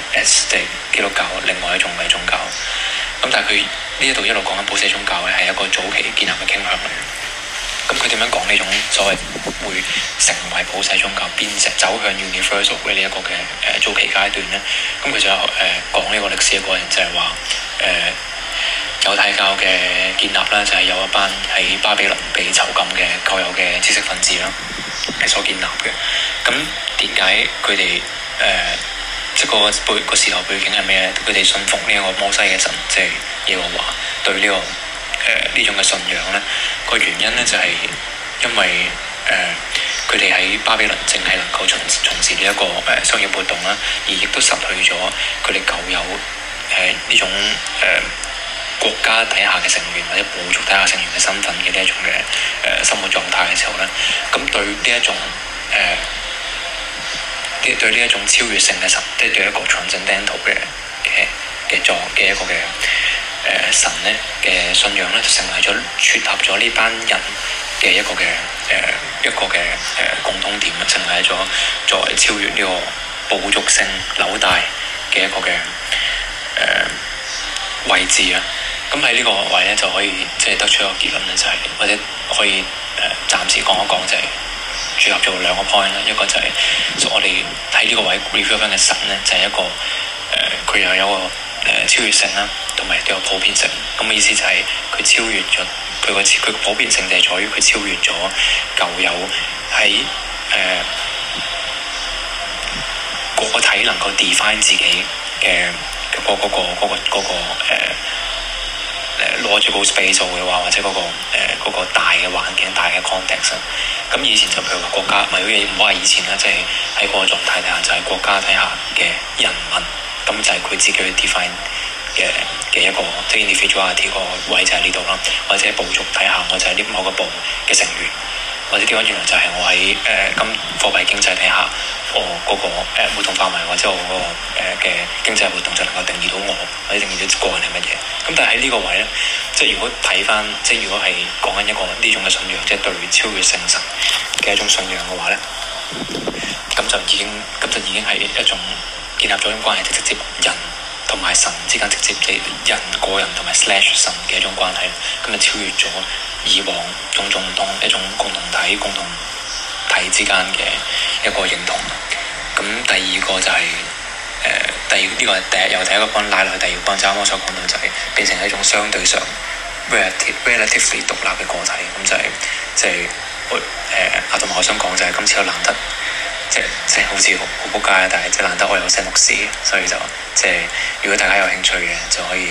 即係基督教，另外一種禮宗教。咁但係佢呢一度一路講緊普世宗教咧，係一個早期建立嘅傾向。嚟。咁佢點樣講呢種所謂會成為普世宗教，變成走向 universal 嘅呢一個嘅誒早期階段咧？咁佢就誒、呃、講呢個歷史嘅過程，就係話誒。呃猶太教嘅建立啦，就係、是、有一班喺巴比倫被囚禁嘅舊有嘅知識分子啦，係所建立嘅。咁點解佢哋誒即係個背個時代背景係咩咧？佢哋信奉呢個摩西嘅神，即、就、係、是、耶和華對呢、這個誒呢、呃、種嘅信仰咧。個原因咧就係因為誒佢哋喺巴比倫淨係能夠從從事呢一個誒商業活動啦，而亦都失去咗佢哋舊有誒呢、呃、種誒。呃國家底下嘅成員或者部族底下成員嘅身份嘅呢一種嘅誒、呃、生活狀態嘅時候咧，咁對呢一種誒啲、呃、對呢一種超越性嘅神，即係對一個 Transcendental 嘅嘅嘅作嘅一個嘅誒神咧嘅信仰咧，就成為咗撮合咗呢班人嘅一個嘅誒一個嘅誒共通點啊，成為咗、呃、作為超越呢個部族性紐帶嘅一個嘅誒、呃、位置啊！咁喺呢個位咧就可以即係得出一個結論咧，就係、是、或者可以誒、呃、暫時講一講就係組合做兩個 point 啦，一個就係、是、我哋睇呢個位 review 翻嘅神咧，就係、是、一個誒佢又有個誒、呃、超越性啦，同埋都有普遍性。咁、那、嘅、個、意思就係佢超越咗佢個佢普遍性，就係在於佢超越咗舊有喺誒、呃、個體能夠 define 自己嘅、那個嗰、那個嗰、那個嗰、那個、呃攞住個 space 做嘅話，或者嗰、那個誒、呃、大嘅環境、大嘅 context，咁、啊、以前就譬如話國家，唔係好似唔好話以前啦，即係喺個狀態底下，就係、是、國家底下嘅人民，咁就係佢自己去 define 嘅嘅一個，即係 individuality 個位就喺呢度啦，或者部族底下我就係呢某個部嘅成員。或者點講？原來就係我喺誒金貨幣經濟底下，我嗰個、呃、活動範圍，或者我個誒嘅經濟活動，就能夠定義到我，或者定義到個人係乜嘢。咁但係喺呢個位咧，即係如果睇翻，即係如果係講緊一個呢種嘅信仰，即係對超越性神嘅一種信仰嘅話咧，咁就已經，咁就已經係一種建立咗種關係，直直接人。同埋神之間直接嘅人個人同埋 slash 神嘅一種關係，咁就超越咗以往種種當一種共同體共同體之間嘅一個認同。咁第二個就係、是、誒、呃、第二呢、這個係由第一個班拉落去第二個班，就啱啱所講到就係變成一種相對上 relative, relatively 獨立嘅個體，咁就係即係誒阿同埋我想講就係今次都難得。即即好似好好仆街，但係即難得我有識牧師，所以就即如果大家有興趣嘅，就可以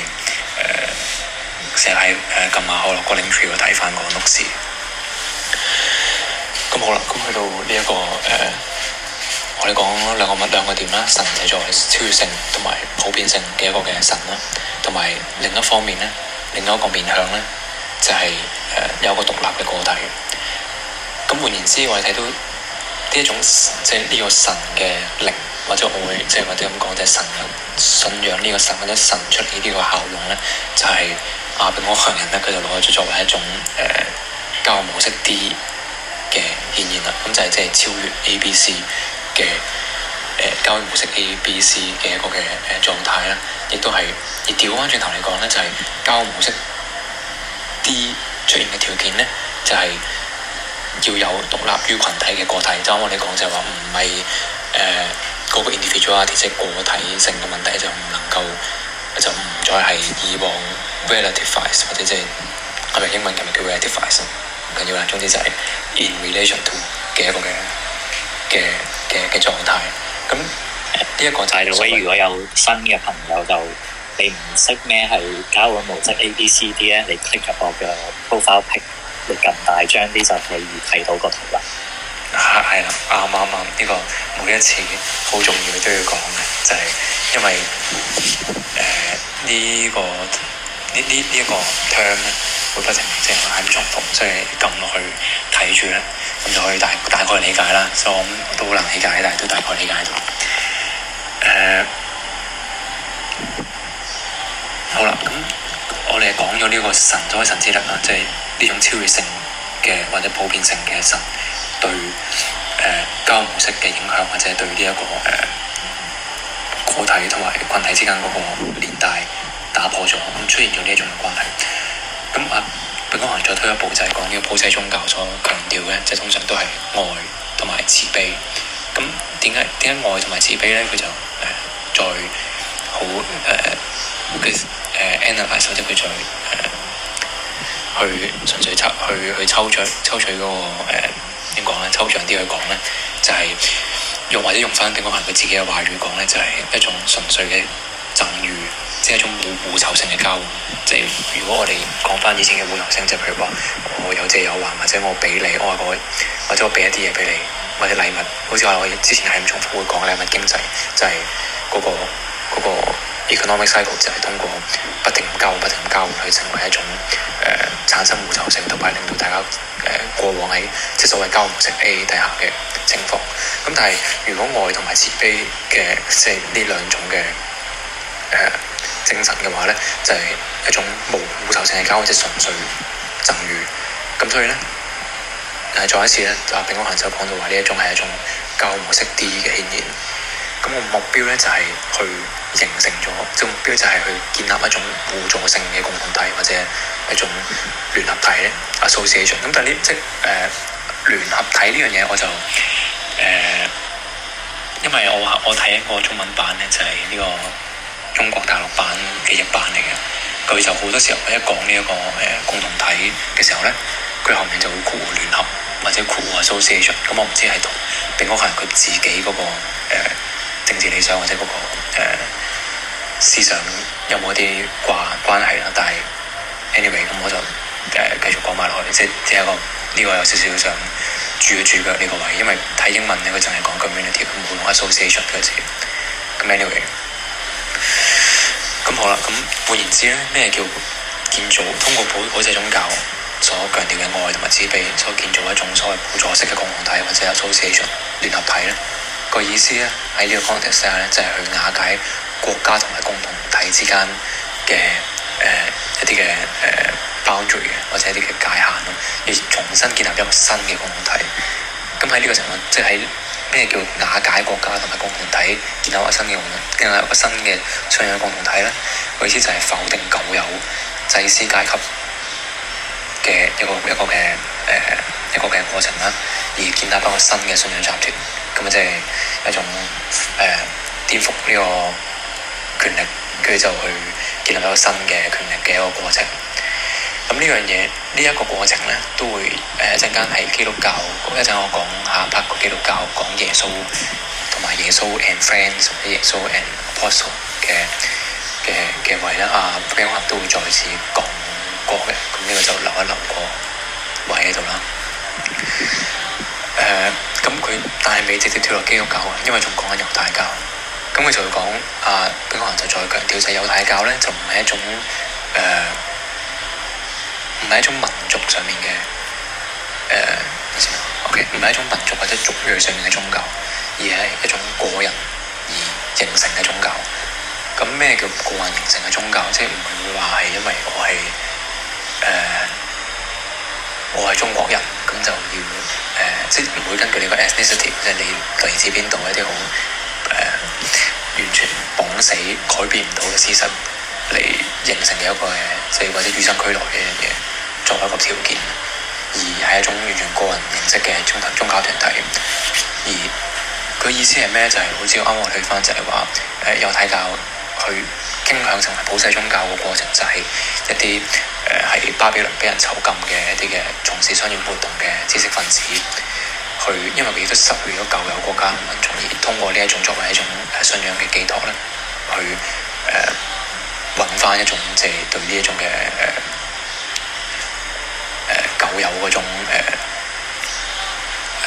誒成日喺誒撳下可樂哥領取個睇翻個牧師。咁好啦，咁去到呢一個誒，我哋講兩個物兩個點啦。神就作為超越性同埋普遍性嘅一個嘅神啦，同埋另一方面咧，另一個面向咧，就係誒有個獨立嘅個體。咁換言之，我哋睇到。呢一種即係呢個神嘅靈或者我會，即係我哋咁講，就係神信仰呢個神或者神出嚟呢啲個效用咧，就係亞伯拉罕人咧，佢就攞咗作為一種誒、呃、交模式 D 嘅現現啦。咁就係即係超越 A B C 嘅誒、呃、交模式 A B C 嘅一個嘅誒狀態啦。亦、呃、都係而調翻轉頭嚟講咧，就係、是、交模式 D 出現嘅條件咧，就係、是。要有獨立於群體嘅個體，就啱、是、我哋講就係話唔係誒嗰個 individuality 即係個體性嘅問題，就唔能夠就唔再係以往 relative size，或者即係係咪英文？係咪叫 relative？size，唔緊要啦，總之就係 in relation to 嘅一個嘅嘅嘅嘅狀態。咁呢一個制度咧，如果有新嘅朋友就你唔識咩係交換模式 A B C D 咧、mm hmm. 你 tick 嘅 profile pic。你更大張啲就可以睇到、 啊剛剛這個圖啦。嚇、這個，係啦，啱啱啱，呢個每一次好重要都要講嘅，就係因為誒呢個呢呢呢一個 term 咧，會不停即係咁重複，即係撳落去睇住咧，咁、嗯、就可以大大概理解啦。所以我都好難理解，但係都大概理解到。誒、呃，好啦，咁我哋講咗呢個神在神之力啦，即係。呢種超越性嘅或者普遍性嘅神對誒、呃、交流式嘅影響，或者對呢、這、一個誒、呃、個體同埋群體之間嗰個連帶打破咗，咁出現咗呢一種嘅關係。咁啊，本哋講再推一步就係講呢個普世宗教所強調嘅，即、就、係、是、通常都係愛同埋慈悲。咁點解點解愛同埋慈悲咧？佢就誒在、呃、好誒佢誒安娜艾佢在誒。呃去純粹抽去去抽取抽取嗰個誒點講咧？抽象啲，那個呃，去講咧，就係、是、用或者用翻點講？係佢自己嘅話語講咧，就係、是、一種純粹嘅贈與，即、就、係、是、一種互互酬性嘅交換。即、就、係、是、如果我哋講翻以前嘅互酬性，即係譬如話我有借有還，或者我俾你，我話我，或者我俾一啲嘢俾你，或者禮物，好似話我之前係咁重複會講禮物經濟，就係嗰個嗰個。那個 Economic cycle 就係通過不停交換、不停交換去成為一種誒、呃、產生互酬性，同埋令到大家誒、呃、過往喺即係所謂交換模式 A 底下嘅情況。咁、嗯、但係如果愛同埋慈悲嘅即係呢兩種嘅誒、呃、精神嘅話咧，就係、是、一種無互酬性嘅交換，即係純粹贈與。咁所以咧，誒再一次咧，柄谷行人就講到話呢一種係一種交換模式 D 嘅顯現。咁我目標咧就係去形成咗，即係目標就係去建立一種互助性嘅共同體或者一種聯合體咧啊，association。咁但係呢，即係誒、呃、聯合體呢樣嘢，我就誒、呃，因為我我睇一個中文版咧，就係、是、呢個中國大陸版嘅譯版嚟嘅。佢就好多時候一講呢一個誒、呃、共同體嘅時候咧，佢後面就會括號聯合或者括號 association。咁、嗯、我唔知係同定唔係佢自己嗰、那個、呃政治理想或者嗰個思想有冇啲掛關係啦？但係 anyway 咁我就誒繼續講埋落去，即係即係一個呢個有少少想註一註腳呢個位，因為睇英文咧，佢淨係講 community，冇用 association 嗰啲字。咁 anyway，咁好啦，咁換言之咧，咩叫建造？通過普普世宗教所強調嘅愛同埋慈悲，所建造一種所謂互助式嘅共融體或者 association 聯合體咧？個意思咧，喺呢個 context 下咧，就係、是、去瓦解國家同埋共同體之間嘅誒、呃、一啲嘅誒 boundary 或者一啲嘅界限咯，而重新建立一個新嘅共同體。咁喺呢個情況，即係喺咩叫瓦解國家同埋共同體建，建立一個新嘅共同，建立一個新嘅信仰共同體咧？個意思就係否定舊有祭司階級嘅一個一個嘅誒一個嘅過程啦，而建立一個新嘅信仰集團。咁即係一種誒，顛、呃、覆呢個權力，佢就去建立一個新嘅權力嘅一個過程。咁呢樣嘢，呢、這、一個過程咧，都會誒一陣間喺基督教。講一陣我講下拍個基督教講耶穌，同埋耶穌 and friends，或者耶穌 and apostle 嘅嘅嘅位啦。啊，北京克都會再次講過嘅，咁呢個就留一留個位喺度啦。誒咁佢但係未直接跳落基督教啊，因為仲講緊猶太教。咁佢就會講啊，邊、呃嗰個人就再強調就係猶太教咧，就唔係一種誒，唔、呃、係一種民族上面嘅誒，OK，唔係一種民族或者族裔上面嘅宗教，而係一種個人而形成嘅宗教。咁咩叫個人形成嘅宗教？即係唔係會話係因為我係誒？呃我係中國人，咁就要誒、呃，即係唔會根據你個 ethnicity，即係你嚟自邊度一啲好誒，完全綁死改變唔到嘅事實，嚟形成嘅一個誒，即係或者與生俱來嘅一樣嘢作為一個條件，而係一種完全個人認識嘅宗團宗教團體，而佢意思係咩？就係、是、好似啱我去翻就係話誒有睇教。去傾向成為普世宗教嘅過程，就係、是、一啲誒喺巴比倫俾人囚禁嘅一啲嘅從事商業活動嘅知識分子，去因為佢都失去咗舊有國家，噉樣從而、嗯、通過呢一種作為一種信仰嘅寄託咧，去誒搵返一種即係、就是、對呢一種嘅誒誒舊有嗰種、呃、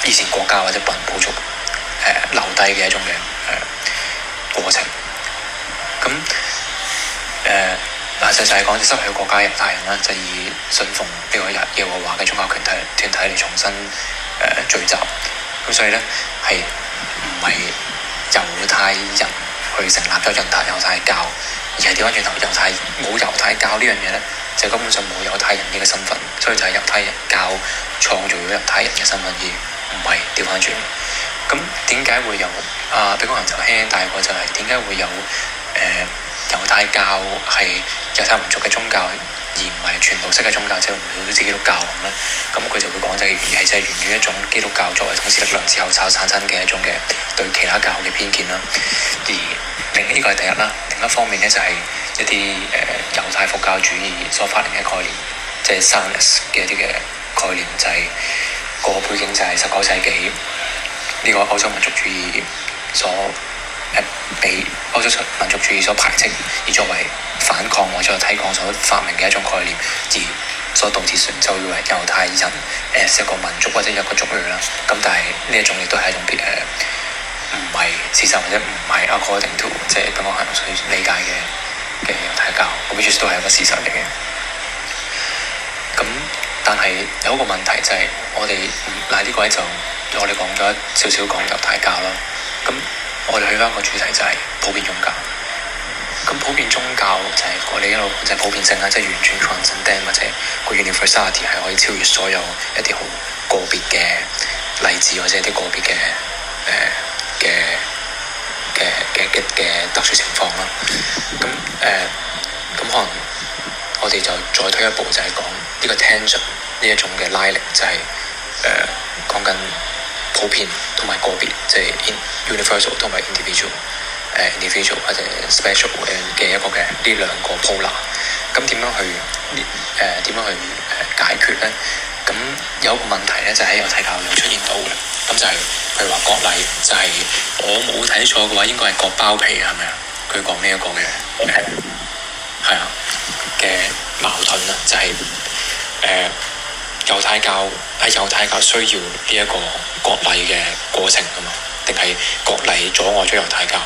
以前國家或者不能補足、呃、留低嘅一種嘅誒、呃、過程。咁誒、呃，實際上嚟講，就失去國家人、猶太人啦，就以信奉呢個耶和華嘅宗教團體團體嚟重新誒、呃、聚集。咁所以咧，係唔係猶太人去成立咗一陣猶太教，而係調翻轉頭，猶太冇猶太教呢樣嘢咧，就根本上冇猶太人呢個身份。所以就係猶太人教創造咗猶太人嘅身份，而唔係調翻轉。咁點解會有啊？比較難就輕輕帶過就係點解會有？誒猶太教係猶太民族嘅宗教，而唔係全部式嘅宗教，即係唔係基督教咁咧。咁佢就會講就係、是、源，係真係源於一種基督教作為統治力量之後產生嘅一種嘅對其他教嘅偏見啦。而呢個係第一啦，另一方面咧就係一啲誒猶太復國主義所發明嘅概念，即係三 S 嘅一啲嘅概念，就係、是就是、個背景就係十九世紀呢、這個歐洲民族主義所。被歐洲民族主義所排斥，而作為反抗或者係抵抗所發明嘅一種概念，而所導致説就以為猶太人誒係一個民族或者一個族類啦。咁但係呢一種亦都係一種別誒唔係事實或者唔係 according to 即係我係所理解嘅嘅猶太教，咁其實都係一個事實嚟嘅。咁但係有一個問題就係我哋嗱呢個咧就我哋講咗少少講猶太教啦，咁。我哋去翻個主題就係、是、普，普遍宗教。咁、就是就是、普遍宗教就係我哋一路即係普遍性啊，即係完全放展定或者個 universality 係可以超越所有一啲好個別嘅例子，或者一啲個別嘅誒嘅嘅嘅嘅特殊情況啦。咁誒咁可能我哋就再推一步，就係講呢個 tension 呢一種嘅拉力，就係、是、誒、呃、講緊。普遍同埋個別，即、就、係、是、universal 同埋 individual，誒、呃、individual 或者 special 嘅、呃、一個嘅呢兩個 polar，咁點、嗯、樣去誒點、呃、樣去解決咧？咁、嗯、有一個問題咧，就喺猶太教有又出現到嘅，咁就係、是、譬如話割禮，就係、是、我冇睇錯嘅話，應該係割包皮係咪啊？佢講呢一個嘅係係啊嘅矛盾啦，就係、是、誒。呃猶太教係猶太教需要呢一個國禮嘅過程啊嘛，定係國禮阻礙咗猶太教？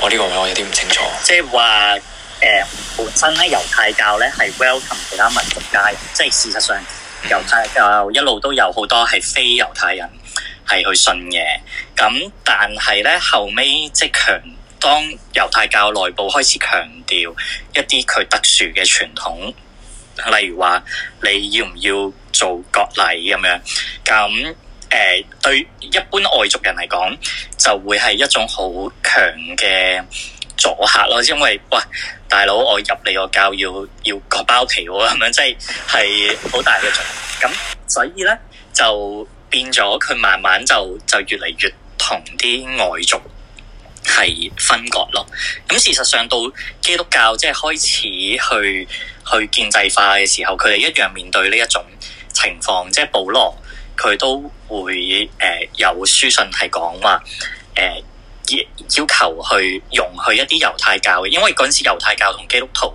我呢個位我有啲唔清楚。即係話誒本身咧，猶太教咧係 welcome 其他民族加即係事實上、嗯、猶太教一路都有好多係非猶太人係去信嘅。咁但係咧後尾，即係強當猶太教內部開始強調一啲佢特殊嘅傳統。例如話你要唔要做割禮咁樣，咁誒、呃、對一般外族人嚟講，就會係一種好強嘅阻嚇咯，因為喂，大佬，我入你個教要要割包皮咁樣，即係係好大嘅阻嚇咁，所以咧就變咗佢慢慢就就越嚟越同啲外族。係分割咯，咁事實上到基督教即係開始去去建制化嘅時候，佢哋一樣面對呢一種情況，即係保羅，佢都會誒、呃、有書信係講話誒要求去容許一啲猶太教嘅，因為嗰陣時猶太教同基督徒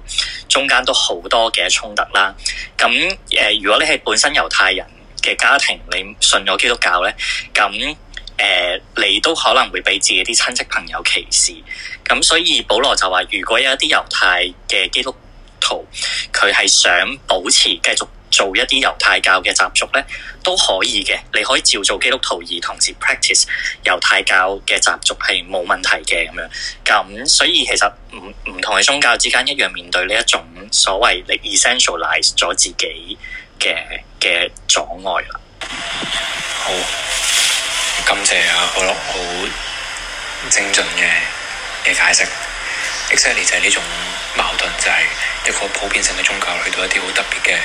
中間都好多嘅衝突啦。咁誒、呃，如果你係本身猶太人嘅家庭，你信咗基督教咧，咁。誒、呃，你都可能會俾自己啲親戚朋友歧視，咁所以保羅就話：如果有一啲猶太嘅基督徒，佢係想保持繼續做一啲猶太教嘅習俗咧，都可以嘅。你可以照做基督徒而同時 practice 猶太教嘅習俗係冇問題嘅咁樣。咁所以其實唔唔同嘅宗教之間一樣面對呢一種所謂你 essentialize 咗自己嘅嘅阻礙啦。好。感謝啊，好咯，好精準嘅嘅解釋。exactly 就係呢種矛盾，就係、是、一個普遍性嘅宗教去到一啲好特別嘅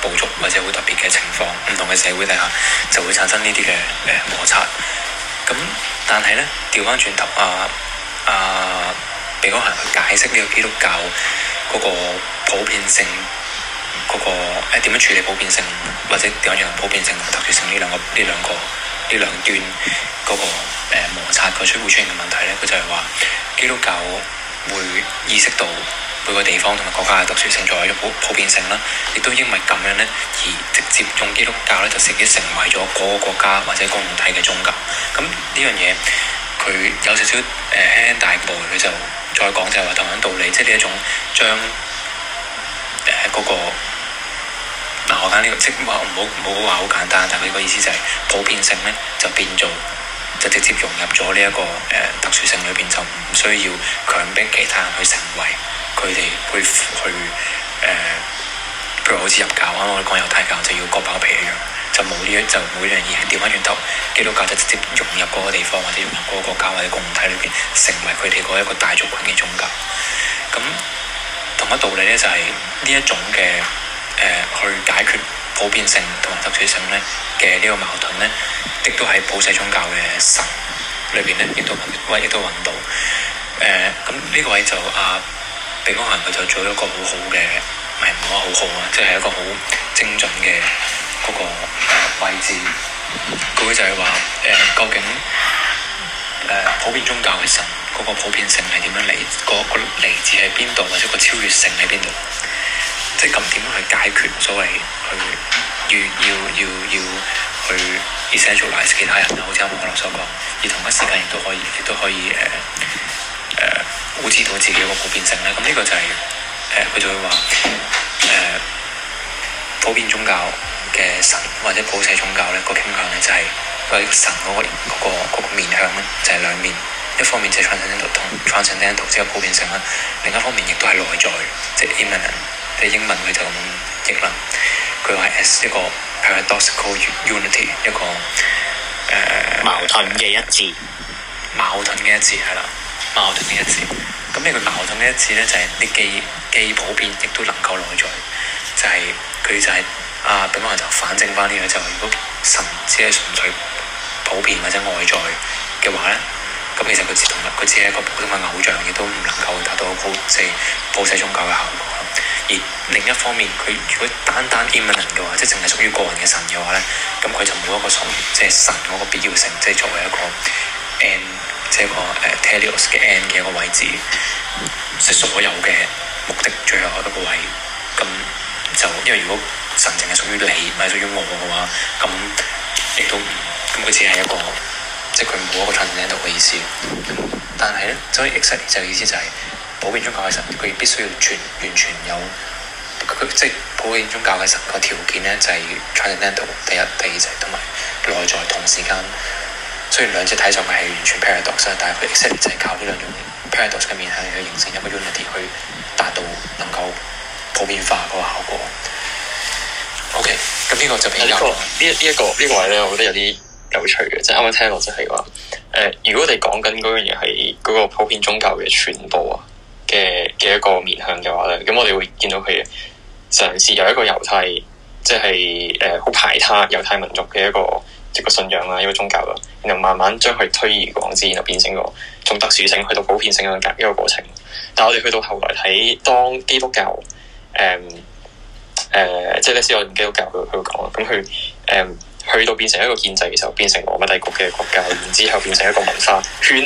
部族或者好特別嘅情況、唔同嘅社會底下就會產生呢啲嘅誒摩擦。咁但係咧調翻轉頭啊啊，比較難去解釋呢個基督教嗰個普遍性嗰、那個誒點、哎、樣處理普遍性或者點樣樣普遍性同特殊性呢兩個呢兩個。呢兩段嗰個摩擦，佢出會出現嘅問題咧，佢就係話基督教會意識到每個地方同埋國家嘅特殊性作為普普遍性啦，亦都因為咁樣咧而直接用基督教咧就直接成為咗嗰個國家或者個體嘅宗教。咁呢樣嘢佢有少少誒輕輕帶過，佢就再講就係話同樣道理，即係呢一種將誒嗰個。嗱，我講呢、這個即唔好唔好話好簡單，但係佢個意思就係、是、普遍性咧就變做就直接融入咗呢一個誒、呃、特殊性裏邊，就唔需要強迫其他人去成為佢哋去去誒、呃，譬如好似入教啊，我哋講猶太教就要割包皮一樣，就冇呢樣就每樣嘢係調翻轉頭，基督教就直接融入嗰個地方或者融入嗰個國家或者共體裏邊，成為佢哋嗰一個大族群嘅宗教。咁同一道理咧就係、是、呢一種嘅。誒、呃、去解決普遍性同埋特殊性咧嘅呢個矛盾咧，亦都喺普世宗教嘅神裏邊咧，亦都搵，亦都搵到。誒咁呢個位就阿李、啊、光行，佢就做咗一個好好嘅，唔係唔好話好好啊，即係一個好精準嘅嗰個位置。佢、嗯、就係話誒，究竟誒、呃、普遍宗教嘅神嗰、那個普遍性係點樣嚟？嗰、那個嚟自喺邊度，或者個超越性喺邊度？即係咁點樣去解決所謂去要要要要去、essentialize 其他人，好似阿莫格羅所講，而同一時間亦都可以亦都可以誒誒，感、呃、知、呃、到自己個普遍性咧。咁呢個就係誒佢就會話誒、呃、普遍宗教嘅神或者普世宗教咧、個傾向咧就係佢神嗰個嗰、嗰個面向咧就係兩面，一方面即係 transcendental 同 transcendental 即係普遍性啦，另一方面亦都係內在即係、就是、immanent 啲英文佢就咁譯啦，佢話係 as 一個係個 paradoxical unity 一個誒、呃、矛盾嘅一致。矛盾嘅一致係啦，矛盾嘅一致。咁呢個矛盾嘅一致咧，就係、是、你既既普遍，亦都能夠內在，就係、是、佢就係、是、啊，並可、這個、就反證翻呢嘢就係，如果神只係純粹普遍或者外在嘅話咧。咁其實佢自動啦，佢只係一個普通嘅偶像，亦都唔能夠達到好即係普世宗教嘅效果。而另一方面，佢如果單單 immanent 嘅話，即係淨係屬於個人嘅神嘅話咧，咁佢就冇一個神，即係神嗰個必要性，即係作為一個 end 即係個誒 telios 嘅 end 嘅一個位置，即係所有嘅目的最後一個位。咁就因為如果神淨係屬於你，唔係屬於我嘅話，咁亦都咁佢只係一個。即係佢冇一個 transcendental 嘅意思，但係咧，所以 excellence 意思就係、是、普遍宗教嘅神，佢必須要全完全有，即係普遍宗教嘅神個條件咧就係 transcendental 第一、第二就係同埋內在同時間。雖然兩者睇上去係完全 paradox，但係佢 excellence 就係靠呢兩種 paradox 嘅面向去形成一個 unity 去達到能夠普遍化個效果。OK，咁呢個就比較呢呢一個呢、呢個位咧，呢個呢個、我覺得有啲有趣嘅，即係啱啱聽落，就是，就係話，誒，如果我哋講緊嗰樣嘢係嗰個普遍宗教嘅傳播啊嘅嘅一個面向嘅話咧，咁我哋會見到佢嘗試有一個猶太，即係誒，好、呃、排他猶太民族嘅一個一個信仰啦，一個宗教啦，然後慢慢將佢推而廣之，然後變成個從特殊性去到普遍性嘅一個過程。但係我哋去到後來睇，當基督教，誒、嗯，誒、呃，即係咧先用基督教佢，去講啦，咁佢，誒、嗯。去到變成一個建制嘅時候，變成羅馬帝國嘅國教，然之後變成一個文化圈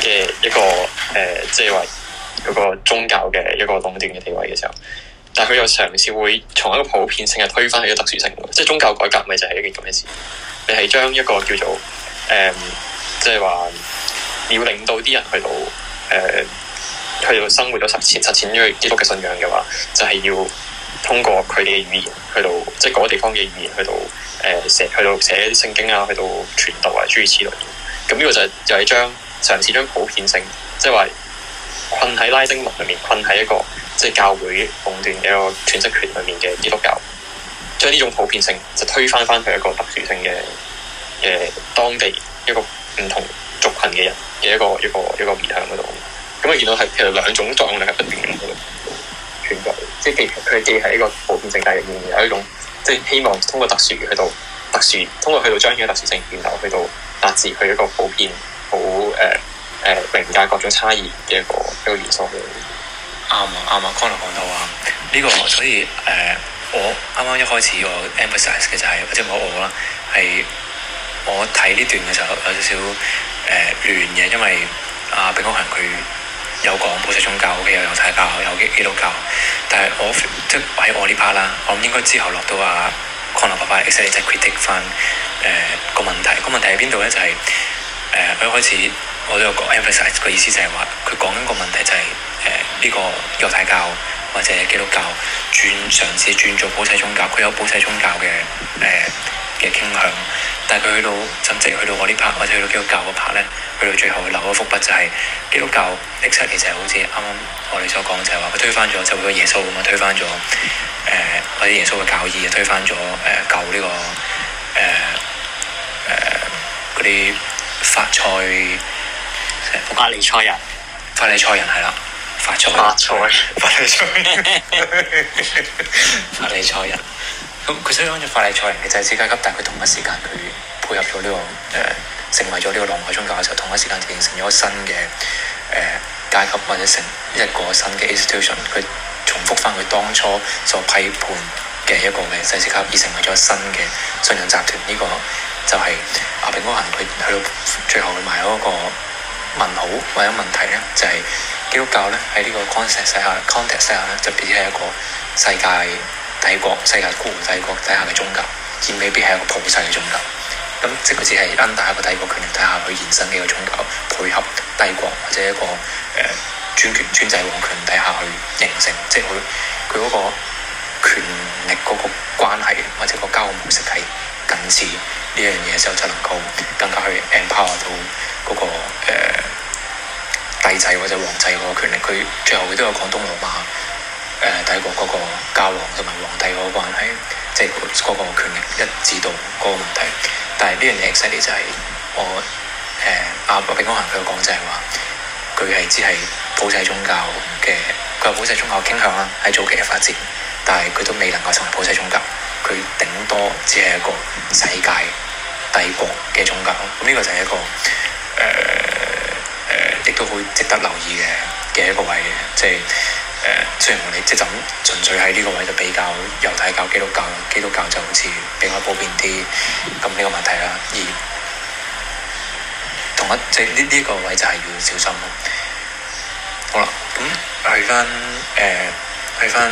嘅一個誒、呃，即係話嗰個宗教嘅一個壟斷嘅地位嘅時候，但係佢又嘗試會從一個普遍性嘅推翻去一個特殊性，即係宗教改革咪就係一件咁嘅事，你係將一個叫做誒、呃，即係話要令到啲人去到誒、呃、去到生活咗實踐實踐呢個基督嘅信仰嘅話，就係要。通過佢哋嘅語言，去到即係嗰個地方嘅語言，去到誒、呃、寫，去到寫啲聖經啊，去到傳道啊，諸如此類。咁呢個就係、是、就係、是、將嘗試將普遍性，即係話困喺拉丁文裏面，困喺一個即係教會壟斷嘅一個詮釋權裏面嘅基督教，將呢種普遍性就推翻翻去一個特殊性嘅誒當地一個唔同族群嘅人嘅一個一個一個,一個面向嗰度。咁我見到係其實兩種作用力喺度變動。即係其實佢係寄喺一個普遍性，但係仍然有一種，即係希望通過特殊去到特殊，通過去到彰顯嘅特殊性，然後去到達至佢一個普遍好誒誒明解各種差異嘅一個一個元素去。啱啊啱啊，Conor 講到啊，呢、這個，所以誒、呃，我啱啱一開始我 emphasize 嘅就係、是，即係我我啦，係我睇呢段嘅時候有少少誒亂嘅，因為啊，比方佢。有講普世宗教，佢又有猶太教，有基督教。但係我即喺我呢 part 啦，我諗應該之後落到阿康納爸爸，其、exactly, 實就 critic 翻誒、呃、個問題。個問題喺邊度咧？就係誒一開始我都有講 emphasize 個意思就，就係話佢講緊個問題就係誒呢個猶太教或者基督教轉嘗試轉做普世宗教，佢有普世宗教嘅誒。呃嘅傾向，但係佢去到甚至去到我呢 part，或者去到基督教嗰 part 咧，去到最後留嗰幅筆就係基督教歷史，其實係好似啱啱我哋所講，就係話佢推翻咗，就好似耶穌咁啊，推翻咗誒嗰啲耶穌嘅教義，推翻咗誒舊呢個誒誒嗰啲法賽、呃，法利賽人，法，菜 法利賽人係啦，法賽，法賽，法利賽人。 佢佢想講住法理賽人嘅祭祀階級，但係佢同一時間佢配合咗呢、這個誒 Yeah.、呃，成為咗呢個羅馬宗教嘅時候，同一時間就形成咗新嘅誒、呃、階級，或者成一個新嘅 institution。佢重複翻佢當初所批判嘅一個嘅祭祀階級，而成為咗新嘅信仰集團。呢、這個就係阿平哥行，佢去到最後佢埋咗一個問號或者問題咧，就係、是、基督教咧喺呢個 context 下，context 下咧就變咗一個世界。帝國、世界孤帝國底下嘅宗教，而未必係一個普世嘅宗教。咁即佢只係 under 一個帝國權力底下去延伸嘅一個宗教，配合帝國或者一個誒、呃、專權專制王權底下去形成，即係佢佢嗰個權力嗰個關係或者個交往模式係近似呢樣嘢，之後就能夠更加去 empower 到嗰、那個誒、呃、帝制或者皇制嗰個權力。佢最後佢都有廣東老馬。誒、呃、帝國嗰個教皇同埋皇帝嗰個關係，即係嗰個權力一致度嗰個問題。但係呢樣嘢犀利就係我誒、阿伯平光行佢講就係話，佢係只係普世宗教嘅，佢話普世宗教傾向啦，喺早期嘅發展，但係佢都未能夠成為普世宗教，佢頂多只係一個世界帝國嘅宗教。咁呢個就係一個誒誒、，亦、呃呃、都好值得留意嘅嘅一個位，即、就、係、是。誒，雖然我哋即係純粹喺呢個位度比較猶太教、基督教，基督教就好似比較普遍啲，咁呢個問題啦。而同一即呢呢個位就係要小心咯。好啦，咁去返誒、呃，去返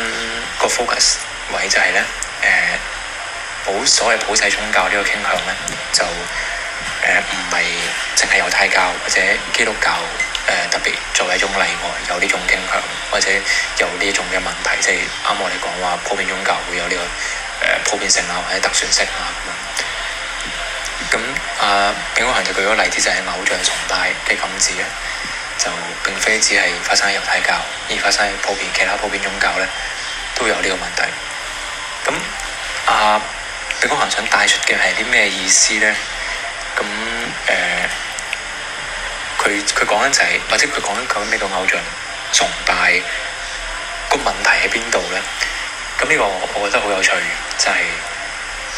個 focus 位就係、是、咧，誒、呃、普所謂普世宗教呢個傾向咧，就誒唔係淨係猶太教或者基督教。誒特別作為一種例外，有呢種傾向，或者有呢種嘅問題，即係啱我哋講話普遍宗教會有呢個誒普遍性啊，或者特殊性啊咁樣。咁阿炳哥行就舉個例子，就係偶像崇拜嘅禁止咧，就並非只係發生喺猶太教，而發生喺普遍其他普遍宗教咧都有呢個問題。咁啊，炳哥行想帶出嘅係啲咩意思咧？咁誒、呃佢佢講緊就係或者佢講緊講緊咩叫偶像崇拜個問題喺邊度咧？咁呢個我覺得好有趣，就係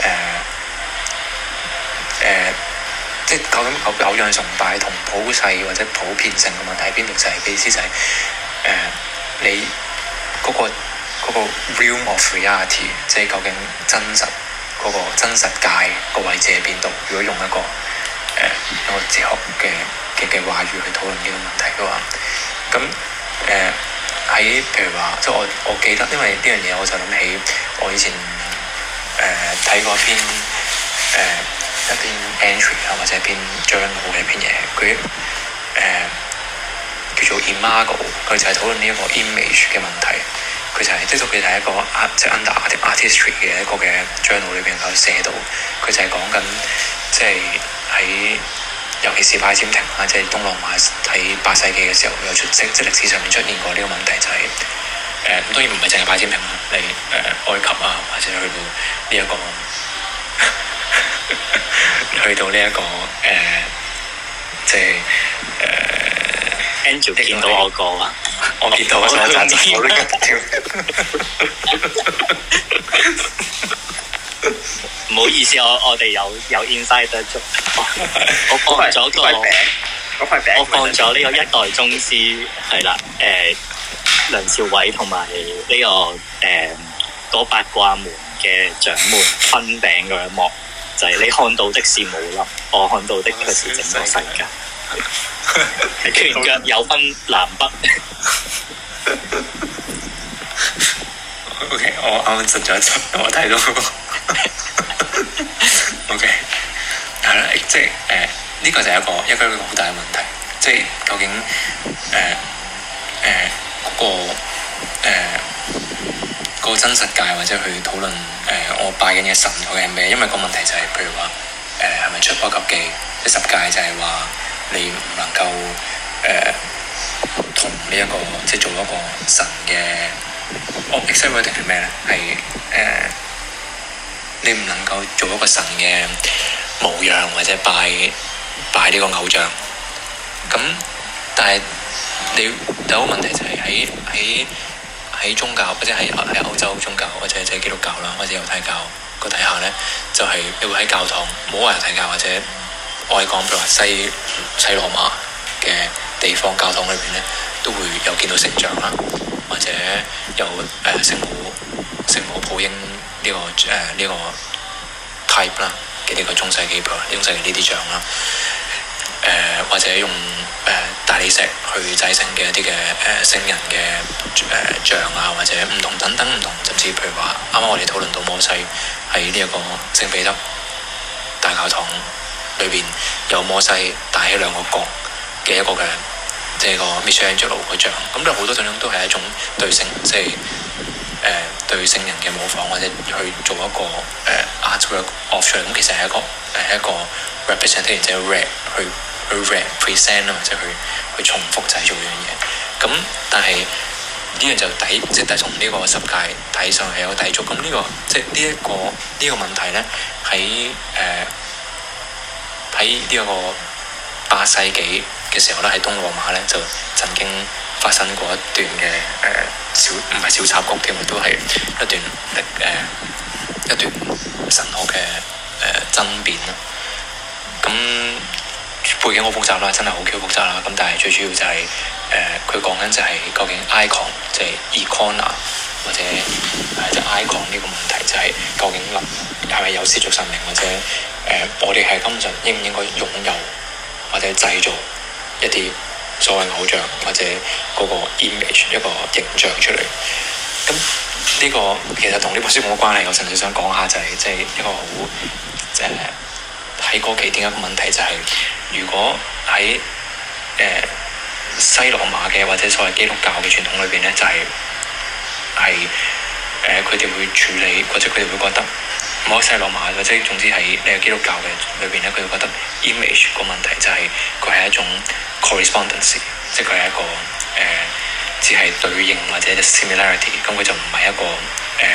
誒誒即係究竟偶像崇拜同普世或者普遍性嘅問題喺邊度？就係意思就係、是、誒、呃、你、嗰個嗰個 realm of reality，即係究竟真實、嗰個真實界個位置喺邊度？如果用一個。我哲學嘅嘅嘅話語去討論呢個問題嘅話，咁誒喺譬如話，即係我我記得，因為呢樣嘢，我就諗起我以前誒睇、呃、過一篇誒、呃、一篇 entry 啊，或者一篇 journal 嘅篇嘢，佢誒、呃、叫做 Imago，佢就係討論呢一個 image 嘅問題。佢就係、是、即係佢係一個、就是、under artistry 嘅一個嘅 journal 裏邊有寫到，佢就係講緊即係。就是喺尤其是拜占庭啊，即係東羅馬喺八世紀嘅時候有出即即歷史上面出現過呢個問題，就係誒咁當然唔係淨係拜占庭啦，例如誒埃及啊，或者去到呢、這、一個 去到呢、這、一個誒，即係誒。就是呃、Angel Andrew 見到我個，我見到我個單唔好意思，我我哋有有 insider 足，我放咗個我放咗呢個，個一代宗師係啦，誒、 呃，梁朝偉同埋呢個誒，呃、八卦門嘅掌門分餅嘅一幕，就係、是、你看到的是冇粒，我看到的卻是整個世界，拳腳 有分南北。 o、okay, K，我啱啱執咗出，我睇到。 O K，係啦，即係誒呢個就係一個一個好大嘅問題，即係究竟誒誒嗰個誒、呃這個、真實界或者去討論誒我拜緊嘅神佢係咩？因為個問題就係、是、譬如話誒係咪出埃及記？即十誡就，就係話你唔能夠誒、呃、同呢一個即係做一個神嘅，我 except 掉係咩咧？係誒。你唔能夠做一個神嘅模樣，或者拜拜呢個偶像。咁，但係你第一個問題就係喺喺喺宗教，或者喺喺歐洲宗教，或者即係基督教啦，或者猶太教個底下咧，就係、是、你會喺教堂，唔好話猶太教或者外國譬如話西西羅馬嘅地方教堂裏邊咧，都會有見到聖像啦，或者有誒聖母。哎冇鋪應呢個誒呢、呃這個 type 啦，佢哋個中世紀部、中世紀呢啲像啦，誒、呃、或者用誒、呃、大理石去製成嘅一啲嘅誒聖人嘅誒像啊，或者唔同等等唔同，甚至譬如話啱啱我哋討論到摩西喺呢一個聖彼得大教堂裏邊有摩西戴起兩個角嘅一個嘅即係個 Michelangelo 嘅像，咁都好多種種都係一種對稱，即、就、係、是。誒、呃、對聖人嘅模仿，或者去做一個誒、呃、art work off 出嚟，咁其實係一個誒、呃、一個 representation 即係 rap 去去 rap present 啊，即係去去重複就造做樣嘢。咁但係呢樣就抵，即係從呢個十界睇上係有抵觸。咁呢、這個即係呢一個呢、這個問題咧，喺誒喺呢個。八世紀嘅時候咧，喺東羅馬咧就曾經發生過一段嘅誒、呃、小唔係小插曲添，都係一段誒、呃、一段神學嘅誒、呃、爭辯啦。咁背景好複雜啦，真係好 Q 複雜啦。咁但係最主要就係誒佢講緊就係究竟 icon 即係 e c o n 啊，或者係即、呃、係、就是、icon 呢個問題，就係、是、究竟林係咪有司著神靈，或者誒、呃、我哋係今世應唔應該擁有？或者製造一啲所謂偶像或者嗰個 image 一個形象出嚟，咁呢、這個其實同呢本書冇關係。我純粹想講下就係即係一個好即係喺嗰幾點一個問題就係、是、如果喺誒、呃、西羅馬嘅或者所謂基督教嘅傳統裏邊咧，就係係誒佢哋會處理或者佢哋會覺得。喺西羅馬嘅，即係總之喺呢個基督教嘅裏邊咧，佢會覺得 image 個問題就係佢係一種 correspondence，即係佢係一個誒、呃、只係對應或者 similarity，咁佢就唔係一個誒、呃、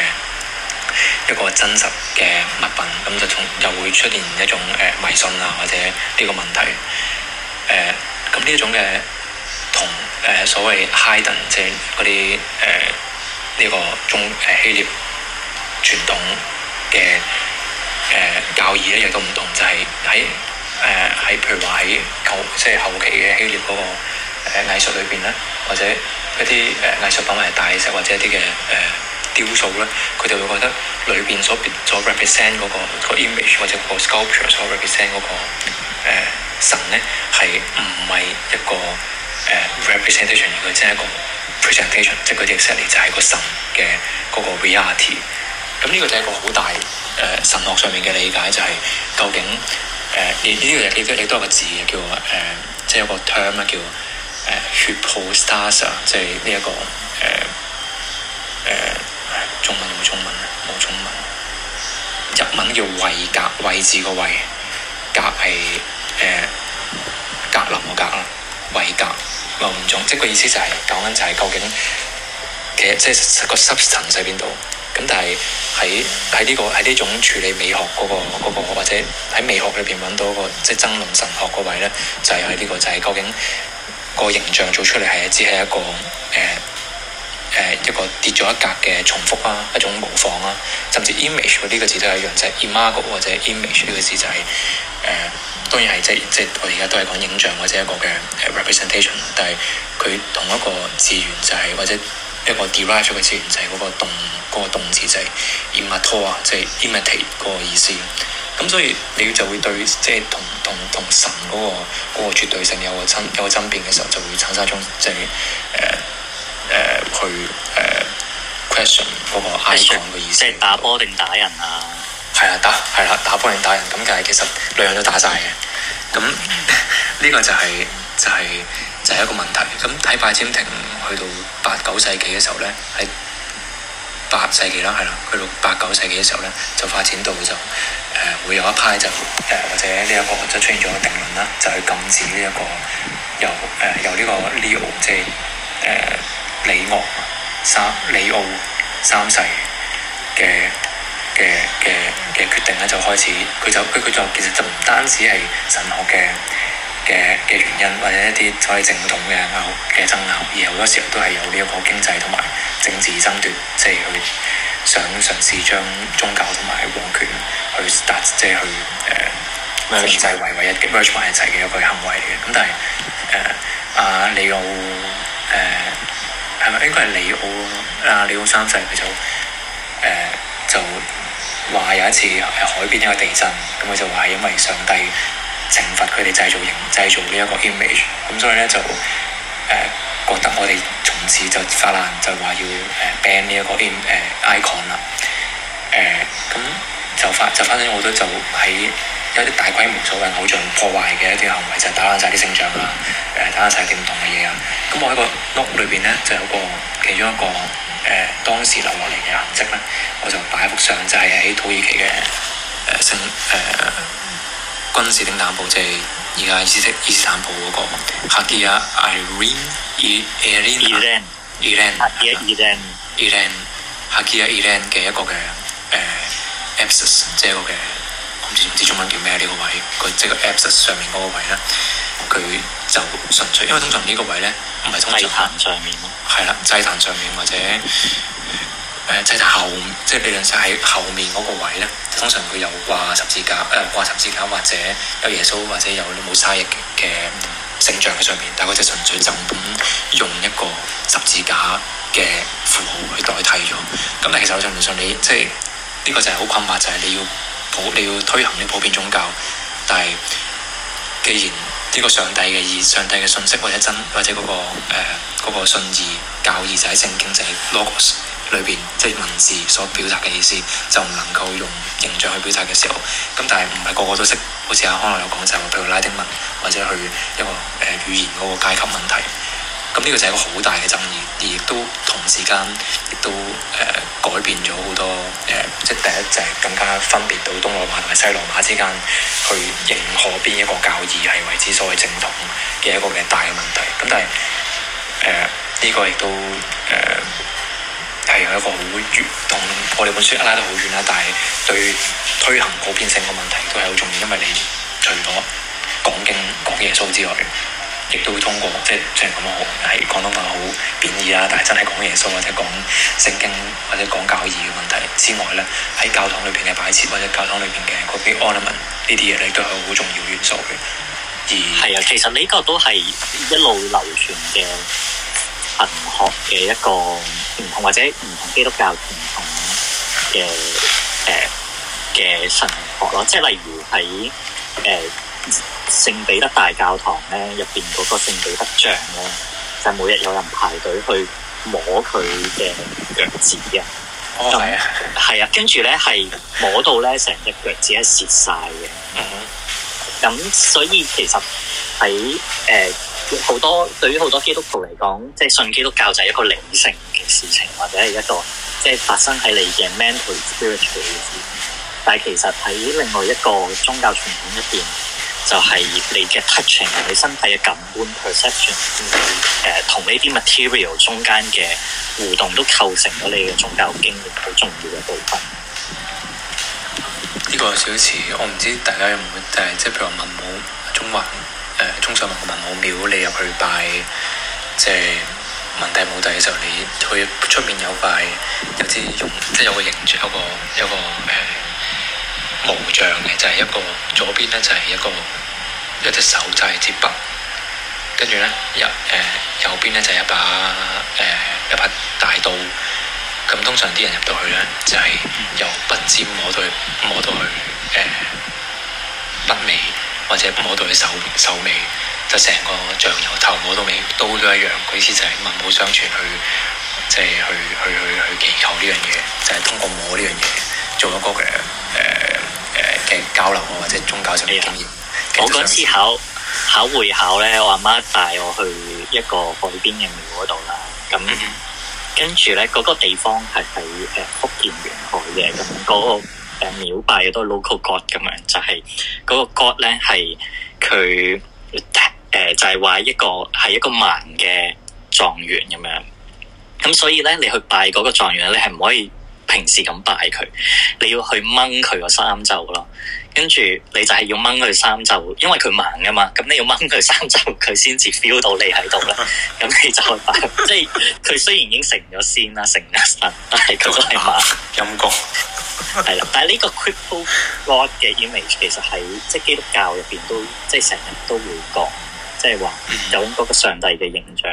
一個真實嘅物品，咁就同又會出現一種誒迷信啊或者呢個問題誒，咁呢一種嘅同誒所謂 Hellen 即係嗰啲誒呢個中誒希臘傳統。嘅誒、呃、教義咧亦都唔同，就係喺誒，喺、呃、譬如話，喺後即係後期嘅希臘個誒藝術裏裏邊咧，或者一啲誒藝術品或者大理石或者一啲嘅誒雕塑咧，佢哋會覺得裏邊所所 represent 嗰、那個個 image 或者個 sculpture 所 represent 嗰、那個誒、呃、神咧係唔係一個誒、呃、representation 而係即係一個 presentation，即係佢哋 directly 就係個神嘅個 reality。咁呢、嗯這個就係一個好大誒、呃、神學上面嘅理解，就係、是、究竟誒你呢個你你都有個字嘅叫誒，即係有個 term 啊，呃，叫誒 hypostasis 即係呢一個誒誒中文冇中文啦，冇中文。日文叫位格，位置個位格係誒格林個格啦，位格胃胃，冇唔、呃、中，即係個意思就係講緊就係究竟其實即係個濕層喺邊度？咁但係喺喺呢個喺呢種處理美學嗰、那個嗰、那個、那個、或者喺美學裏邊揾到一個即係、就是、爭論神學嗰位咧，就係喺呢個就係、是、究竟個形象做出嚟係只係一個誒誒、呃呃、一個跌咗一格嘅重複啊，一種模仿啊，甚至 image 呢個字都係一樣，即、就、係、是、imago 或者 image 呢個字就係、是、誒、呃、當然係即即我而家都係講影像或者一個嘅 representation，但係佢同一個字源就係、是、或者。一個 derive 出嘅源就係、是、嗰個動嗰、那個動詞就係、是、imitate 啊，即係 imitate im 嗰個意思。咁所以你就會對即係、就是、同同同神嗰、那個嗰、那個絕對性有個爭有個爭辯嘅時候，就會產生一種即係誒誒去誒、呃、question 嗰個 icon 嘅意思。即係打波定打人啊？係啊，啊，啊，打係啦，打波定打人咁，但係其實兩樣都打晒嘅。咁呢、這個就係、是、就係、是。第一個問題，咁喺拜占庭去到八九世紀嘅時候咧，喺八世紀啦，係啦，去到八九世紀嘅時候咧，就發展到就誒、呃、會有一派就誒、呃、或者呢、這、一個學者出現咗一個定論啦，就去、是、禁止呢、這、一個由誒由呢個 Leo 即、就、係、是、誒、呃、李奧三李奧三世嘅嘅嘅嘅決定咧，就開始佢就佢佢就其實就唔單止係神學嘅。嘅嘅原因，或者一啲所謂正統嘅嘅爭拗，而好多時候都係有呢一個經濟同埋政治爭奪，即係去想嘗試將宗教同埋皇權去達，即係去誒經濟為唯一嘅 merge 埋一齊嘅一個行為嘅。咁但係誒、uh, 啊，李奧誒係咪應該係李奧啊？李奧三世佢就誒、uh, 就話有一次喺海邊一個地震，咁佢就話係因為上帝，懲罰佢哋製造型製造呢一個 image，咁所以咧就誒、呃、覺得我哋從此就發難，就話要誒 ban 呢一個 in 誒、呃、icon 啦。誒、呃、咁就發就發生好多就喺一啲大規模所謂偶像破壞嘅一啲行為，就是、打爛晒啲聖像啊，誒打爛晒啲唔同嘅嘢啊。咁我喺個屋裏邊咧就有個其中一個誒、呃、當時留落嚟嘅痕跡咧我就擺幅相，就係、是、喺土耳其嘅誒聖誒。呃君士坦丁堡即係而家知識伊斯坦堡嗰、那個，嗯、哈基亞 Irene，伊 Irene，Irene，然、啊、哈基亞 Irene，Irene，、嗯、哈基亞 Irene 嘅一個嘅誒 absis，、呃 e、即係一個嘅，我唔知中文叫咩呢、這個位，佢即係個、e、absis 上面嗰個位啦，佢就純粹，因為通常呢個位咧唔係通常，祭壇上面咯，係啦，祭壇上面或者。誒即係後，即係理論上喺後面嗰個位咧，通常佢有掛十字架，誒、呃、掛十字架或者有耶穌或者有啲冇沙溢嘅聖像喺上面。但係佢就純粹就咁用一個十字架嘅符號去代替咗。咁咧其實我想唔信你，即係呢、這個就係好困惑，就係、是、你要普你要推行啲普遍宗教，但係既然呢個上帝嘅意、上帝嘅信息或者真或者嗰、那個誒、呃那個、信義教義就喺聖經就係、是、Logos。裏邊即文字所表達嘅意思，就唔能夠用形象去表達嘅時候，咁但係唔係個個都識，好似阿康樂有講，就譬如拉丁文或者去一個誒語言嗰個階級問題，咁呢個就係一個好大嘅爭議，亦都同時間亦都誒、呃、改變咗好多誒、呃，即第一隻更加分別到東羅馬同埋西羅馬之間去認可邊一個教義係為之所謂正統嘅一個嘅大嘅問題，咁但係誒呢個亦都誒。呃係有一個好遠，同我哋本書拉得好遠啦。但係對推行普遍性嘅問題都係好重要，因為你除咗講經講耶穌之外，亦都會通過即係雖然咁樣好係廣東話好貶義啦，但係真係講耶穌或者講聖經或者講教義嘅問題之外咧，喺教堂裏邊嘅擺設或者教堂裏邊嘅嗰啲 ornament 呢啲嘢，呢都係好重要元素嘅。而係啊，其實呢個都係一路流傳嘅。神學嘅一個唔同，或者唔同基督教唔同嘅誒嘅神學咯，即係例如喺誒、呃、聖彼得大教堂咧入邊嗰個聖彼得像咧，就是、每日有人排隊去摸佢嘅腳趾嘅。哦，係樣啊，跟住咧係摸到咧成隻腳趾都蝕晒嘅。嗯咁所以其實喺誒好多對於好多基督徒嚟講，即係信基督教就係一個理性嘅事情，或者係一個即係發生喺你嘅 mental spiritual。但係其實喺另外一個宗教傳統入邊，就係、是、你嘅 touching 你身體嘅感官 perception 誒、呃、同呢啲 material 中間嘅互動都構成咗你嘅宗教經驗好重要嘅部分。多小似我唔知大家有冇，但係即係譬如文武中環、呃、中上文，文武廟，你入去拜，即、就、係、是、文帝武帝嘅時候，就你去，出面有拜，有啲用，即係有個形象，有個，有個、呃、一個誒模像嘅，就係一個左邊呢就係一個一隻手就係支筆，跟住呢，右、呃、誒、呃、右邊呢就係一把誒、呃、一把大刀。咁通常啲人入到去咧，就係、是、由筆尖摸到去摸到去誒、呃、筆尾，或者摸到佢手手尾，就成個醬油頭摸到尾，都都一樣。意思就係文武相傳去即係、就是、去去去去祈求呢樣嘢，就係、是、通過摸呢樣嘢做一個嘅誒嘅交流啊，或者宗教上嘅經驗。我嗰次考考會考咧，我阿媽帶我去一個海邊嘅廟嗰度啦，咁。 跟住咧，嗰、那個地方係喺誒福建沿海嘅，咁、那、嗰個誒廟拜嘅都係 local god 咁樣，就係、是、嗰個 god 咧係佢誒就係、是、話一個係一個盲嘅狀元咁樣。咁所以咧，你去拜嗰個狀元咧，你係唔可以平時咁拜佢，你要去掹佢個衫袖咯。跟住你就係要掹佢三袖，因為佢盲㗎嘛，咁你要掹佢三袖，佢先至 feel 到你喺度啦。咁你就 即係佢雖然已經成咗仙啦，成咗神，但係佢都係盲。陰公，係啦，但係呢個 quipod 嘅 image 其實喺即係基督教入邊都即係成日都會講，即係話有嗰個上帝嘅形象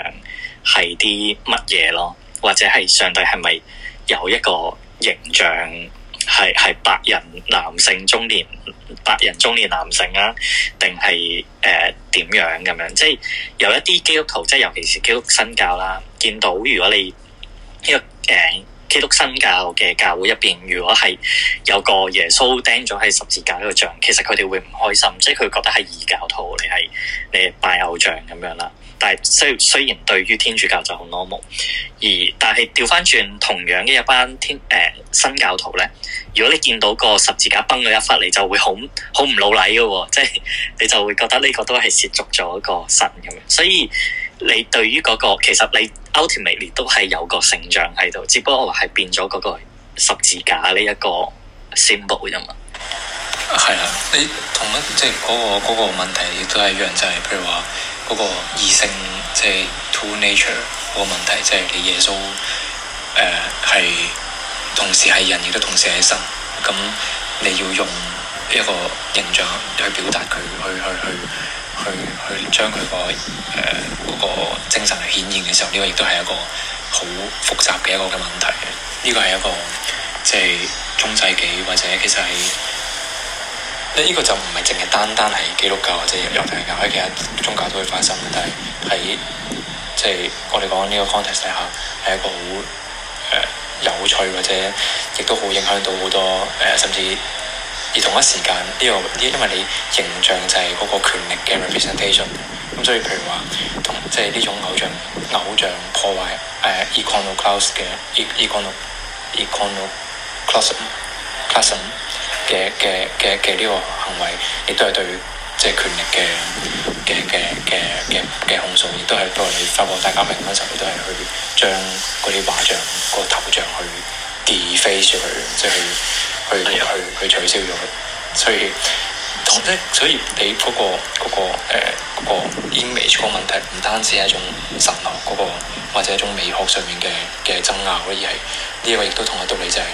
係啲乜嘢咯，或者係上帝係咪有一個形象？係係白人男性中年，白人中年男性啊，定係誒點樣咁樣？即係有一啲基督徒，即係尤其是基督新教啦，見到如果你呢個誒基督新教嘅教會入邊，如果係有個耶穌釘咗喺十字架呢個像，其實佢哋會唔開心，即係佢覺得係異教徒嚟，係嚟拜偶像咁樣啦。但雖雖然對於天主教就好 normal，而但係掉返轉同樣嘅一班天誒、呃、新教徒咧，如果你見到個十字架崩咗一忽，你就會好好唔老禮嘅，即係你就會覺得呢個都係褻瀆咗一個神咁樣。所以你對於嗰、那個其實你 ultimately 都係有個聖像喺度，只不過係變咗嗰個十字架呢一個 symbol 啫嘛。係啊，你同一即係、嗰個、嗰個嗰、嗰個問題亦都係一樣，就係、係、譬如話嗰、嗰個異性即係、即係、two nature 嗰個問題，即係你耶穌誒係、呃、同時係人，亦都同時係神。咁你要用一個形象去表達佢，去去去去去，去，去將佢、呃嗰個誒嗰精神去顯現嘅時候，呢、呢個亦都係一個好複雜嘅一個嘅問題。呢、呢個係一個即係、即係、中世紀或者其實係。即係呢個就唔係淨係單單係基督教或者猶太教，喺其他宗教都會發生嘅。但係喺即係我哋講呢個 context 底下，係一個好誒、呃、有趣或者亦都好影響到好多誒、呃，甚至而同一時間呢、呢個，因為你形象就係嗰個權力嘅 representation、嗯。咁所以譬如話，即係呢種偶像偶像破壞誒 iconoclasm 嘅 icono icono class class。嘅嘅嘅嘅呢個行為亦都係對，即係權力嘅嘅嘅嘅嘅控訴，亦都係希望你發布大家明白嘅時候，亦都係去將嗰啲畫像、嗰、嗰個頭像去 deface 去，即係去去去去取消咗佢，所以。所以你、那個，你、那、嗰個嗰、呃那個 image 個問題，唔單止係一種神學嗰、那個，或者一種美學上面嘅嘅爭拗而係呢個亦都同一道理，就係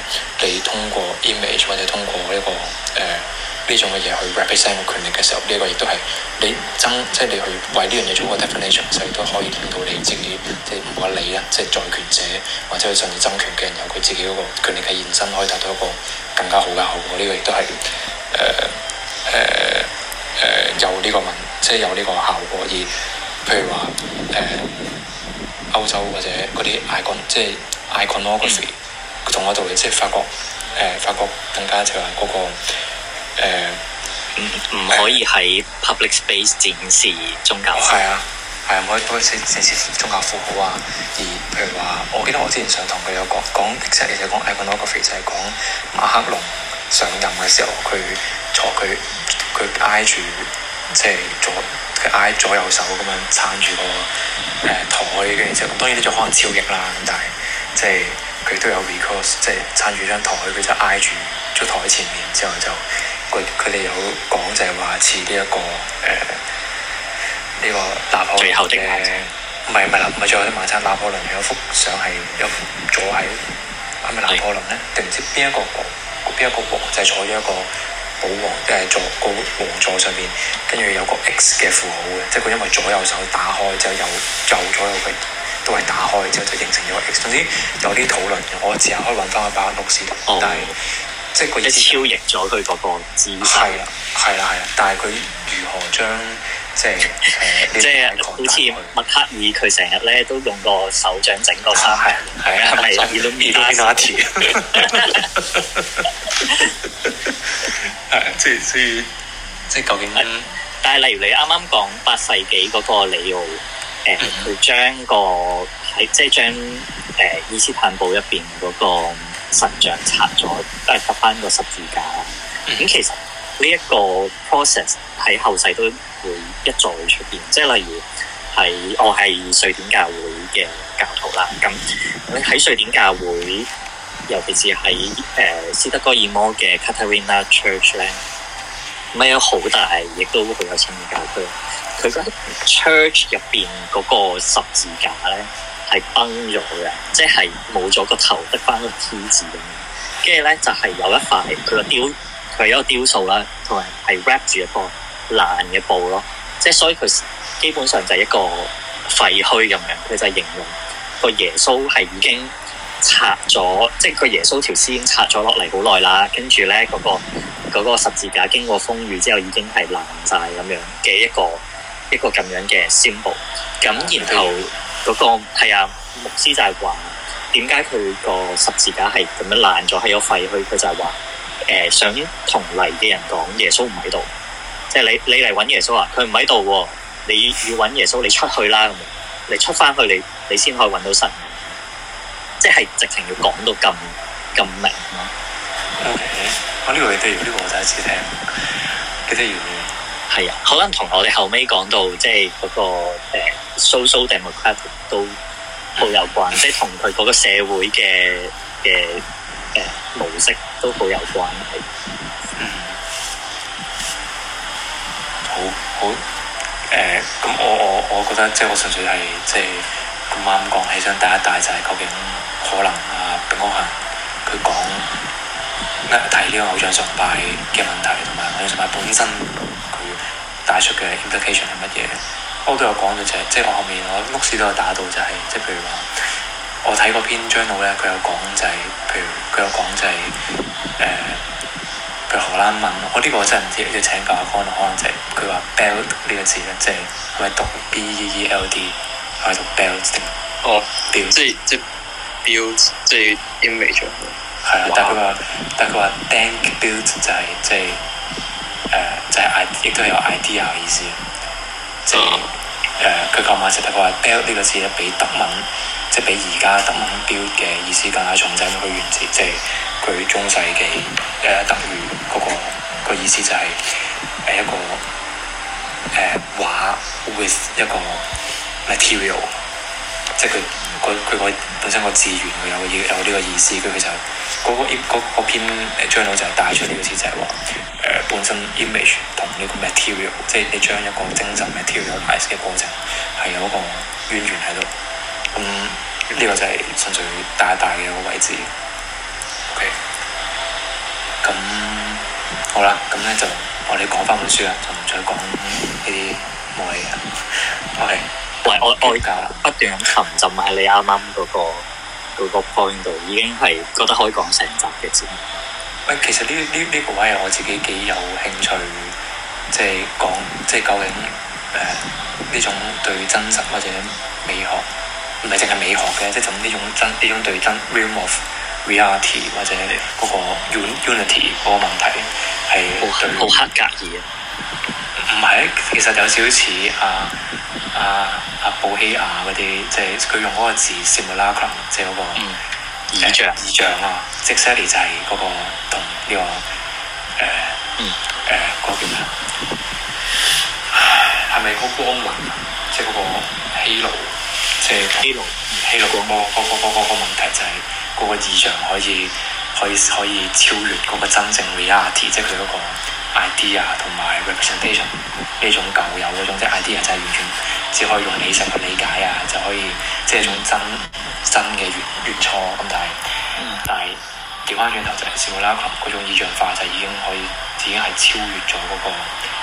你通過 image 或者通過呢、這個誒呢、呃、種嘅嘢去 represent 個權力嘅時候，呢、這個亦都係你爭，即、就、係、是、你去為呢樣嘢做個 definition，所以都可以令到你自己，即係個你啊，即、就、係、是、在權者或者佢甚至爭權嘅人，有佢自己嗰個權力嘅現身，可以達到一個更加好嘅效果。呢、這個亦都係誒。呃誒誒、uh, uh, 有呢個問，即係有呢個效果。而譬如話誒、呃、歐洲或者嗰啲 icon，即係 iconography、嗯、同一道理，即係法國誒法國更加即係話嗰個唔唔、呃、可以喺 public space 展示宗教。係、嗯嗯、啊，係唔、啊、可以可以展展示宗教符號啊？而譬如話，我記得我之前想同佢有講講 exactly 就講 iconography 就係、是、講馬克龍。嗯。上任嘅時候，佢坐佢佢挨住，即係左佢挨左右手咁樣撐住個誒台嘅時候，當然呢就可能超極啦，咁但係即係佢都有 recall，即係撐住張台，佢就挨住咗台前面。之後就佢佢哋有講就係話似呢一個誒呢個拿破，唔係唔係唔係最後啲晚餐，拿破崙有一幅相係一幅坐喺係咪拿破崙咧？定唔知邊一個個？是邊一個王就係坐咗一個寶王誒座個王座上邊，跟住有個 X 嘅符號嘅，即係佢因為左右手打開之後有右左右佢都係打開之後，就形成咗 X。總之有啲討論嘅，我之後可以揾翻個版六線，但係即係佢一超截咗佢嗰個字。係啦係啦係啦，但係佢如何將？即係、啊啊嗯嗯啊，即係，好似麥克爾佢成日咧都用個手掌整個沙皮，係啊，係啊，伊魯係，即係，即係，究竟？但係，例如你啱啱講八世紀嗰個利奧，誒、呃，佢將、mm. 個喺即係將誒伊斯坦堡入邊嗰個神像拆咗，都係插翻個十字架。咁、mm. 嗯、其實呢一個 process 喺後世都，會一再出現，即係例如喺我係瑞典教會嘅教徒啦。咁喺瑞典教會，尤其是喺誒、呃、斯德哥爾摩嘅 Catharina Church 咧，咩係有好大，亦都好有親密教區。佢啲 church 入邊嗰個十字架咧係崩咗嘅，即係冇咗個頭，得翻個 T 字咁樣。跟住咧就係、是、有一塊佢個雕，佢係一個雕塑啦，同埋係 wrap 住一個。爛嘅布咯，即係所以佢基本上就係一個廢墟咁樣，佢就係形容個耶穌係已經拆咗，即係個耶穌條屍已經拆咗落嚟好耐啦，跟住咧嗰個、嗰個十字架經過風雨之後已經係爛晒咁樣嘅一個一個咁樣嘅宣布。咁然後嗰、嗰個係啊牧師就係話，點解佢個十字架係咁樣爛咗，係有廢墟？佢就係話誒想同嚟嘅人講，耶穌唔喺度。即係你你嚟揾耶穌啊，佢唔喺度，你要揾耶穌，你出去啦，咁你出翻去，你你先可以揾到神。即係直情要講到咁咁明咯。O K，我呢個幾得意，呢、呢個我第一次聽幾得意。係啊，可能同我哋後尾講到即係嗰、嗰個、呃、social democratic 都好有關， 即係同佢嗰個社會嘅嘅誒模式都好有關係。好好誒，咁、呃、我我我覺得即係我純粹係即係咁啱講起上，第一大就係、是、究竟可能啊，炳個係佢講提呢個偶像崇拜嘅問題，同埋偶像崇拜本身佢帶出嘅 indication 係乜嘢我都有講到就係，即係我後面我 Lucy 都有打到就係、是，即係譬如話我睇個篇章度咧，佢有講就係、是，譬如佢有講就係、是、誒。呃佢荷蘭文，哦這個，我呢個真係唔知要請教阿康康，就是就是 e 哦，即係佢話 build 呢個字咧，即係係咪讀 B E E L D，係讀 build 定哦即係即係 build 即係 image，係啊，哇但係佢話但係佢話 thank build 就係即係誒，即係 I 亦都有 idea 嘅意思，即、就、係、是。啊誒，佢琴晚實在係 bell 呢個字咧，比德文，即係比而家德文表嘅意思更加重製到佢原始，即係佢中世紀嘅德語嗰個、那個意思就係誒一個誒、uh, 畫 with 一個 material。即係佢，佢佢本身個字源有有呢個意思，佢就嗰、那個嗰、那個、篇 journal 就帶出意思就係、是、話，誒、呃、本身 image 同呢個 material，即係你將一個精神 materialize 嘅過程，係有一個淵源喺度。咁呢個就係純粹大大嘅一個位置。OK，咁好啦，咁咧就我哋講翻本書啦，就唔再講呢啲冇理啦。OK。喂，我我而家不斷咁沉浸喺你啱啱嗰個嗰、那個 point 度，已經係覺得可以講成集嘅先。喂，其實呢呢呢個位係我自己幾有興趣，即、就、係、是、講即係、就是、究竟誒呢、呃、種對真實或者美學，唔係淨係美學嘅，即係就呢、是、種真呢種對真 Real of reality 或者嗰個 unity 嗰個問題係好黑格爾。唔係，其實有少少似阿阿阿布希亞嗰啲，即係佢用嗰個字 simulate，即係嗰個意象意象啊，exactly 就係嗰個同呢個誒誒嗰個叫咩？係咪嗰光環？即係嗰個希露，即係希露，希露嗰個嗰個嗰個問題就係嗰個意象可以可以可以超越嗰個真正 reality，即係佢嗰個 idea 同埋 representation 呢種舊有嗰種，即 idea 就係完全只可以用理性去理解啊，就可以即係、就是、一種真真嘅原原初咁，但係、mm. 但係調翻轉頭就係小拉群啦，嗰種意象化就已經可以已經係超越咗嗰、那個，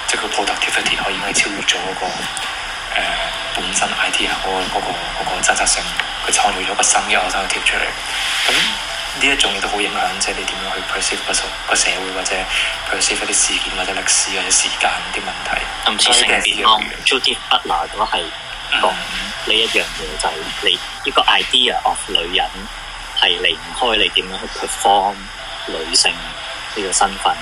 即、就、係、是、佢 productivity 可以已經超越咗嗰、那個、呃、本身 idea 嗰、那個嗰、那個那個、真實性，佢創造咗個新嘅 productivity 出嚟。咁呢一種亦都好影響，即係你點樣去 perceive 個社個社會，或者 perceive 啲事件或者歷史或者時間啲問題。所以嘅 Judith Butler 都係講呢一樣嘢，就係你呢個 idea of 女人係離唔開你點樣去 perform 女性呢個身份。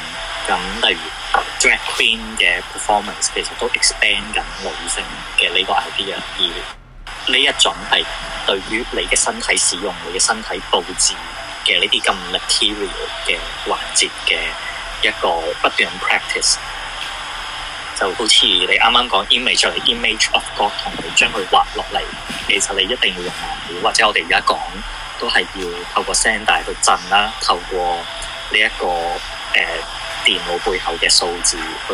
咁，例如 Drag Queen 嘅 performance 其實都 expand 緊女性嘅呢個 idea，而呢一種係對於你嘅身體使用，你嘅身體佈置。嘅呢啲咁 material 嘅環節嘅一個不斷 practice，就好似你啱啱講 image 出嚟，image of God，同你將佢畫落嚟，其實你一定要用顏料，或者我哋而家講都係要透過聲帶去震啦，透過呢一個誒電腦背後嘅數字去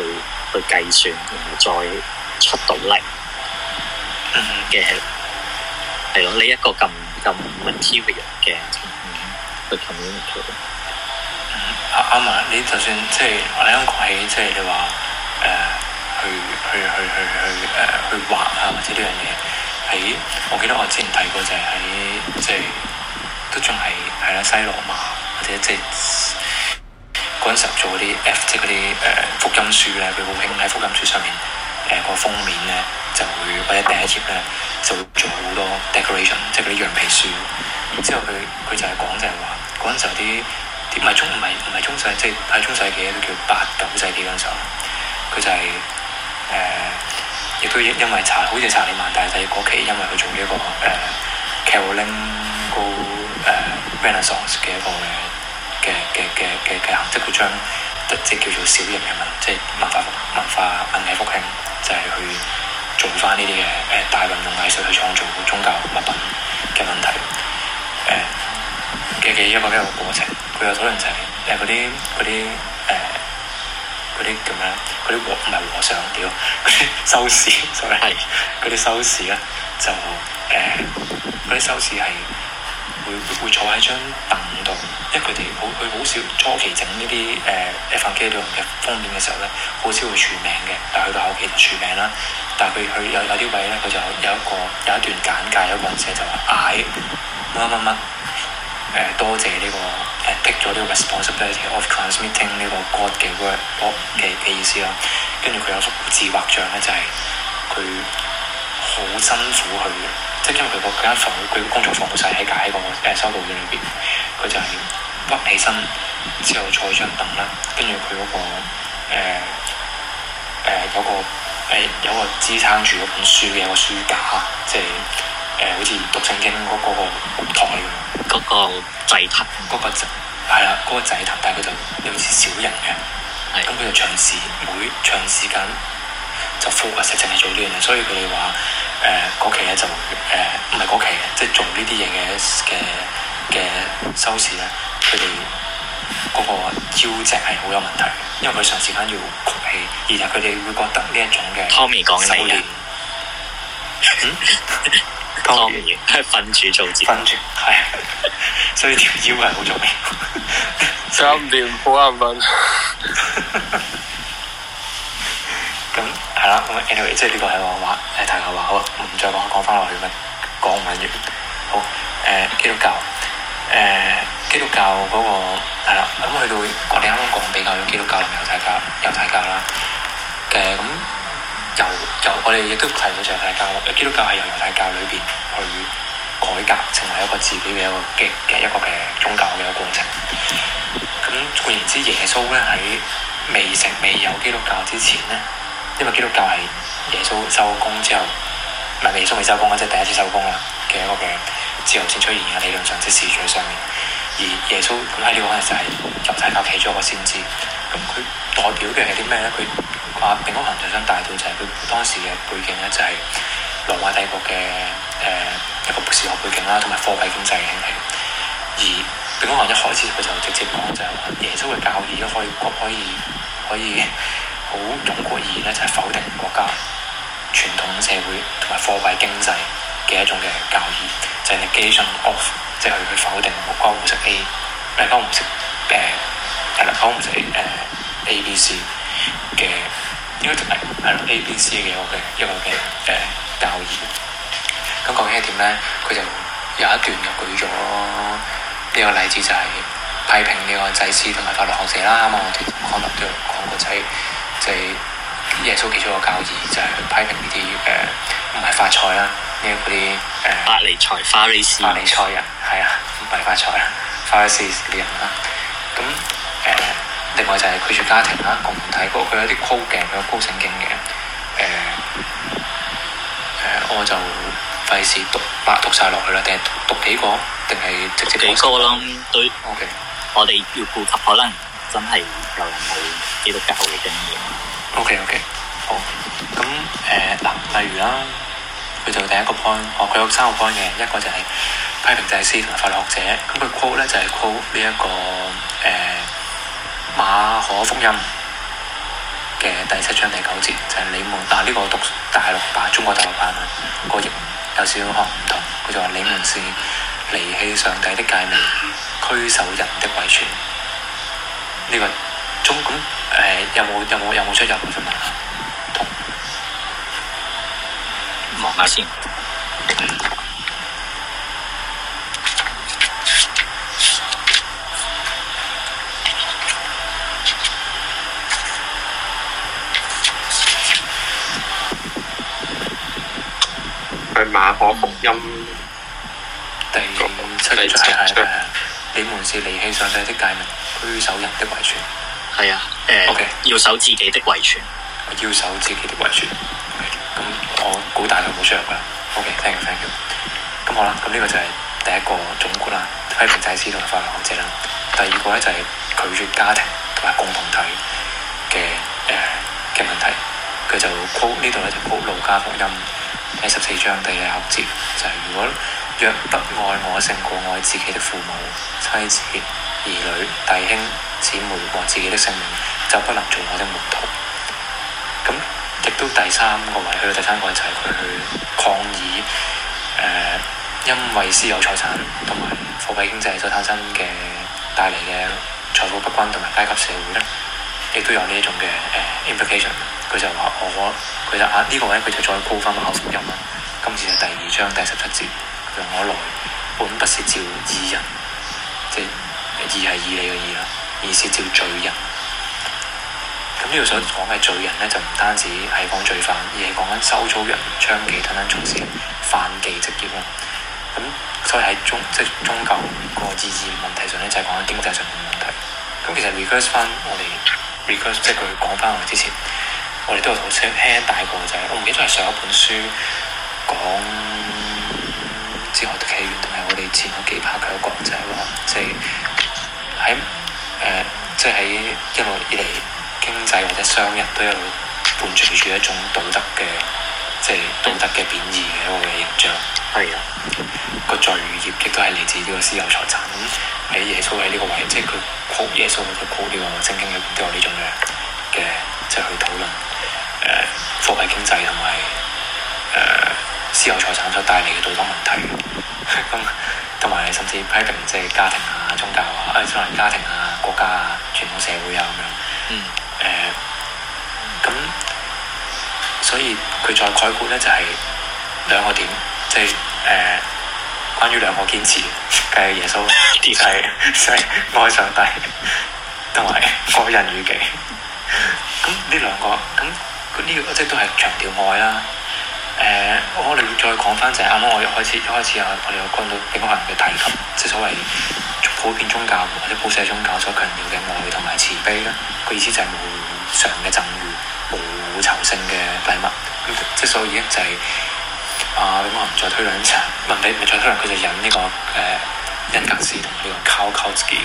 去計算，然後再出到嚟嘅係咯，呢一個咁咁 material 嘅。阿嫲 the、嗯啊啊，你就算即係我啱講起，即係你話誒、呃、去去去去去誒、呃、去畫啊，或者呢樣嘢，喺我記得我之前睇過就係喺即係都仲係係啦西羅馬或者即係嗰陣時候做嗰啲 F，即係嗰啲誒福音書咧，佢好興喺福音書上面。誒個封面咧就會或者、那個、第一頁咧就會做好多 decoration，即係嗰啲羊皮書。之後佢佢就係講就係話嗰陣時候啲啲唔係中唔係唔係中世，即係喺中世紀都叫八九世紀嗰時候。佢就係、是、誒、呃，亦都因因為查好似查理曼，大帝嗰期因為佢做咗一個誒、呃、Carolingo 誒、呃、Renaissance 嘅一個嘅嘅嘅嘅嘅行跡嗰張。即係叫做小型嘅文，即係文化文化文藝復興，就係去做翻呢啲嘅誒大運動藝術去創造宗教物品嘅問題誒嘅嘅一個一個過程。佢有討論就係誒啲啲誒啲噉樣啲和唔係和尚屌，嗰啲修士所謂係啲修士咧就誒啲修士係會會坐喺張凳。因為佢哋好，佢好少初期整呢啲誒飛行機度嘅封面嘅時候咧，好少會署名嘅。但係去到後期署名啦，但係佢佢有有啲位咧，佢就有一個有一段簡介人，有個文字就話：哎乜乜乜誒，多謝呢個誒 take 咗呢個 responsibility of transmitting 呢個 God 嘅 Word 嘅嘅意思咯。跟住佢有幅字畫像咧，就係佢。好辛苦佢，即係因為佢個佢間房佢個工作房好細喺架喺個誒修道院裏邊，佢就係屈起身之後坐張凳啦，跟住佢嗰個誒、呃呃、有個誒、欸、有個支撐住嗰本書嘅一個書架，即係誒好似讀聖經嗰個台咁。嗰個祭壇，嗰、那個、那個、就係啦，嗰個祭壇，但係佢就有啲小人嘅，咁佢就長時每長時間。就敷啊！實淨係做呢樣嘢，所以佢哋話誒嗰期咧，就誒唔係嗰期嘅，即係做呢啲嘢嘅嘅嘅收視咧，佢哋嗰個腰脊係好有問題，因為佢長時間要曲起，而且佢哋會覺得呢一種嘅。Tommy 講嘅手段。嗯？Tommy 係瞓住做字。瞓住係，所以條腰係好重要。三點好眼瞓。咁。係啦，咁、嗯、anyway，即係呢個係我嘅話，係太嘅話，好啊，唔再講，講翻落去咩講唔緊要。好，誒、呃、基督教，誒、呃、基督教嗰、那個係啦，咁、嗯、去到我哋啱啱講比較咗基督教同猶太教、猶太教啦，嘅、嗯、咁由由我哋亦都提到猶太教，基督教係由猶太教裏邊去改革成為一個自己嘅一個嘅嘅一個嘅宗教嘅一個過程。咁換言之，耶穌呢，耶穌咧喺未成未有基督教之前咧。因為基督教係耶穌收工之後，唔係耶穌未收工啊，即係第一次收工啦嘅一個嘅之後先出現嘅理論上，即係時序上面。而耶穌咁喺呢個可能就係猶太教其中一個先知，咁佢代表嘅係啲咩咧？佢話《餅與行就想帶到就係、是、佢當時嘅背景咧，就係羅馬帝國嘅誒、呃、一個歷史學背景啦，同埋貨幣經濟嘅興起。而《餅與行一開始佢就直接講就係、是、話耶穌嘅教義可以可以可以。可以可以好，總括而言咧，就係、是、否定國家傳統社會同埋貨幣經濟嘅一種嘅教義，就係你基上 of，即係佢去否定 A。我光唔識 A，我光唔識 B，係啦，我唔識誒 A B C 嘅，呢個就係係 A B C 嘅一個嘅一個嘅誒、呃、教義。咁究竟係點咧？佢就有一段就舉咗呢個例子，就係批評呢個祭司同埋法律學者啦。啱啱，我哋講到都講過我個仔。就係耶穌基礎個教義，就係批評呢啲誒唔係發財啦，呢嗰啲誒。呃、百利財，花利市。百利財人，係啊，唔係發財啦，花利市人啦。咁誒、呃，另外就係拒絕家庭啦，共同體國，佢有啲高敬，佢有高聖經嘅誒誒，我就費事讀白讀晒落去啦，定係讀，讀幾個，定係直接讀幾個咯？個對，OK，我哋要顧及，可能真係有人冇。基督教嘅經驗。O K O K，好。咁誒嗱，例如啦，佢就第一個 point，哦，佢有三個 point 嘅，一個就係批評祭司同埋法律學者。咁佢 quote 咧就係 quote 呢、這、一個誒、欸、馬可福音嘅第七章第九節，就係你們嗱呢個讀大陸版、中國大陸版啊、那個譯有少少學唔同。佢就話你們是離棄上帝的誡命，拘守人的遺傳。呢、這個中咁。嗯誒有冇有冇有冇出入咁啫嘛？望下先。去馬可福音第五七章係：你們是離棄上帝的誡命，拘守人的遺傳。係啊，誒、呃，Okay. 要守自己的遺傳，要守自己的遺傳。咁、okay. 我估大概冇出入㗎。OK，thank、okay. you，thank you, thank you. 咁好啦，咁呢個就係第一個總括啦，批評祭司同埋法律學者啦。第二個咧就係、是、拒絕家庭同埋共同體嘅誒嘅問題。佢就 quote, 呢度咧就路加福音第十四章第二十六節，就係、是、如果若不愛我，勝過愛自己的父母、妻子。兒女、弟兄、姊妹和自己的性命就不能做我的門徒。咁亦都第三個位，去到第三個位就係、是、佢去抗議誒、呃，因為私有財產同埋貨幣經濟所產生嘅帶嚟嘅財富不均同埋階級社會咧，亦都有呢一種嘅誒 implication。佢、呃、就話我，佢就啊呢、這個位佢就再高翻個馬可福音啦。今次係第二章第十七節，讓我來，本不是召義人，即係。二係以你嘅二啦，意思叫罪人。咁呢度所講嘅罪人咧，就唔單止係講罪犯，而係講緊收租人、娼妓等等從事犯紀職業嘅。咁所以喺終即係宗教個意義問題上咧，就係講緊經濟上面嘅問題。咁其實 reverse 翻我哋 reverse 即係佢講翻我哋之前，我哋都有輕輕帶過就係、是，我唔記得係上一本書講《哲學、嗯、的起源》，同埋我哋前嗰幾 part 佢有講就係、是、話即係。喺、呃、即係喺一路以嚟經濟或者商人，都有伴隨住一種道德嘅，即係道德嘅貶義嘅一個嘅形象。係啊的，個罪業亦都係嚟自呢個私有財產。咁喺耶穌喺呢個位，即係佢講耶穌嗰啲講呢個聖經入面都有呢種嘅嘅，即係去討論誒貨幣經濟同埋誒私有財產所帶嚟嘅道德問題。咁。 同埋甚至批評即係家庭啊、宗教啊，誒，即係家庭啊、國家啊、傳統社會啊咁樣。嗯。誒、呃，咁所以佢再概括咧就係、是、兩個點，即係誒關於兩個堅持，嘅耶穌係、就是，即係 愛上帝同埋愛人如己。咁 呢兩個，咁呢、這個即係都係強調愛啦。誒、呃，我哋再講翻就係啱啱我一開始一開始啊，我哋有講到西可能嘅提及，即所謂普遍宗教或者普世宗教所強調嘅愛同埋慈悲啦。意思就係無償嘅贈與、冇酬性嘅禮物。咁即所以咧就係、是、啊，我唔再推論一層問題，唔再推論啦。佢就引呢、這個誒恩、呃、格斯同呢個 Karl Kautsky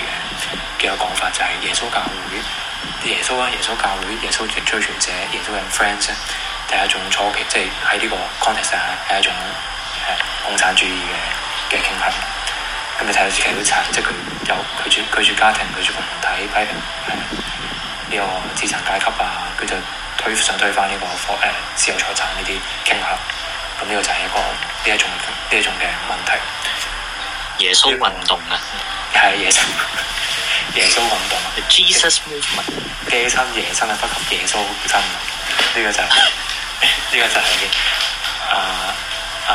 嘅有講法，就係、是、耶穌教會，耶穌啊，耶穌教會，耶穌嘅追隨者，耶穌嘅 friends .係一種初期，即係喺呢個 context 下係一種誒共產主義嘅嘅傾向。咁你睇到自己麗都即係佢有拒絕拒絕家庭，拒絕羣體，批評呢個資產階級啊，佢就推想推翻呢個誒私有財產呢啲傾向。咁、嗯、呢、這個就係一個呢一種呢一種嘅問題。耶穌運動啊，係耶穌，耶穌運動。Jesus movement。耶穌耶森啊，不及耶穌真呢、這個就係、是。啊。呢個就係啊啊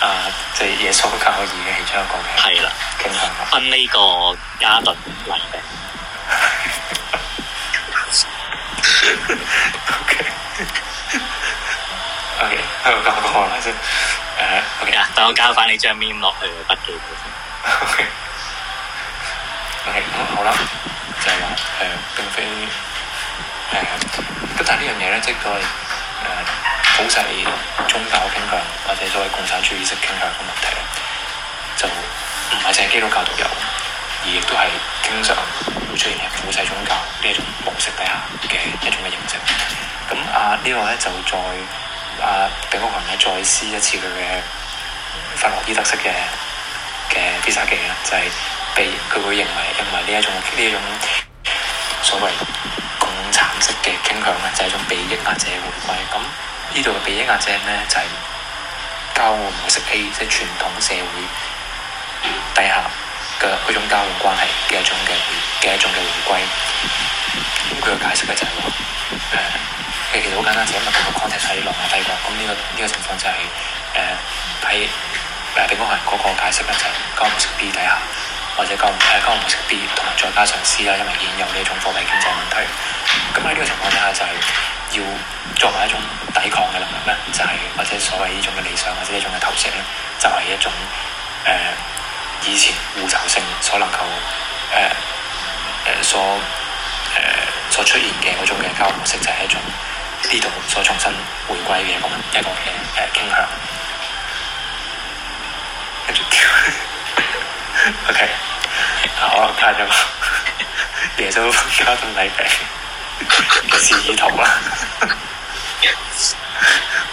啊，即係耶穌教義嘅其中一個嘅傾向咯。按呢個階段嚟嘅。O K，誒，我講個先。誒，O K，啊，等我交翻你張面落去筆記簿。O K，係好啦，就係話，係並非，係啊，咁但係呢樣嘢咧，即係。普世宗教傾向或者所謂共產主義式傾向嘅問題就唔係淨係基督教獨有，而亦都係經常會出現喺普世宗教呢一種模式底下嘅一種嘅形式。咁啊，這個、呢個咧就再阿彼得羣咧再試一次佢嘅法洛伊德式嘅嘅必殺技啊，就係、是、被佢會認為認為呢一種呢一種所謂。橙色嘅傾向咧，就係、是、一種被壓抑者回歸。咁、嗯、呢度嘅被壓抑者係咩？就係、是、交換模式 A，即係傳統社會底下嘅嗰種交換關係嘅一種嘅嘅一種嘅迴歸。咁佢嘅解釋嘅就係、是、話，誒、呃，其實好簡單、就是，呃、簡單就係因為佢個框架喺羅馬帝國。咁、這、呢個呢個情況就係誒喺誒並非係嗰個解釋咧，就係交換模式 B 底下，或者交換、呃、交換模式 B 同埋再加上 C 啦，因為現有呢一種貨幣經濟問題。咁喺呢個情況底下，就係要作為一種抵抗嘅能力咧，就係、是、或者所謂呢種嘅理想或者呢種嘅投射咧，就係、是、一種誒、呃、以前互酬性所能夠誒誒、呃呃、所誒、呃、所出現嘅嗰種嘅交往性，就係一種呢度所重新回歸嘅一個一個嘅誒、呃、傾向。繼續跳，OK，好、嗯，睇下啦，夜宵加樽奶茶。嘅示意圖啦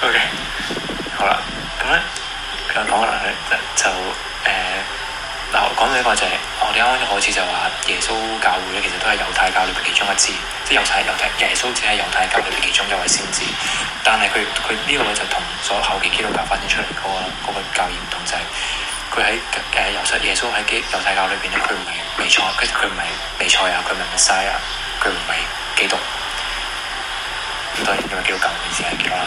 ，OK，好啦，咁咧，佢又講啦。咧就誒，嗱、呃，講呢、這個就係、是、我哋啱啱一開始就話耶穌教會咧，其實都係猶太教裏邊其中一支，即、就是、猶太猶太耶穌只係猶太教裏邊其中一位先知，但係佢佢呢個咧就同咗後期基督教發展出嚟嗰、那個、那個教義唔同，就係佢喺誒猶太耶穌喺基猶太教裏邊咧，佢唔係彌賽，跟佢唔係彌賽啊，佢唔係 Messiah 啊，佢唔係。基督，咁所以你咪叫救恩先係叫啊。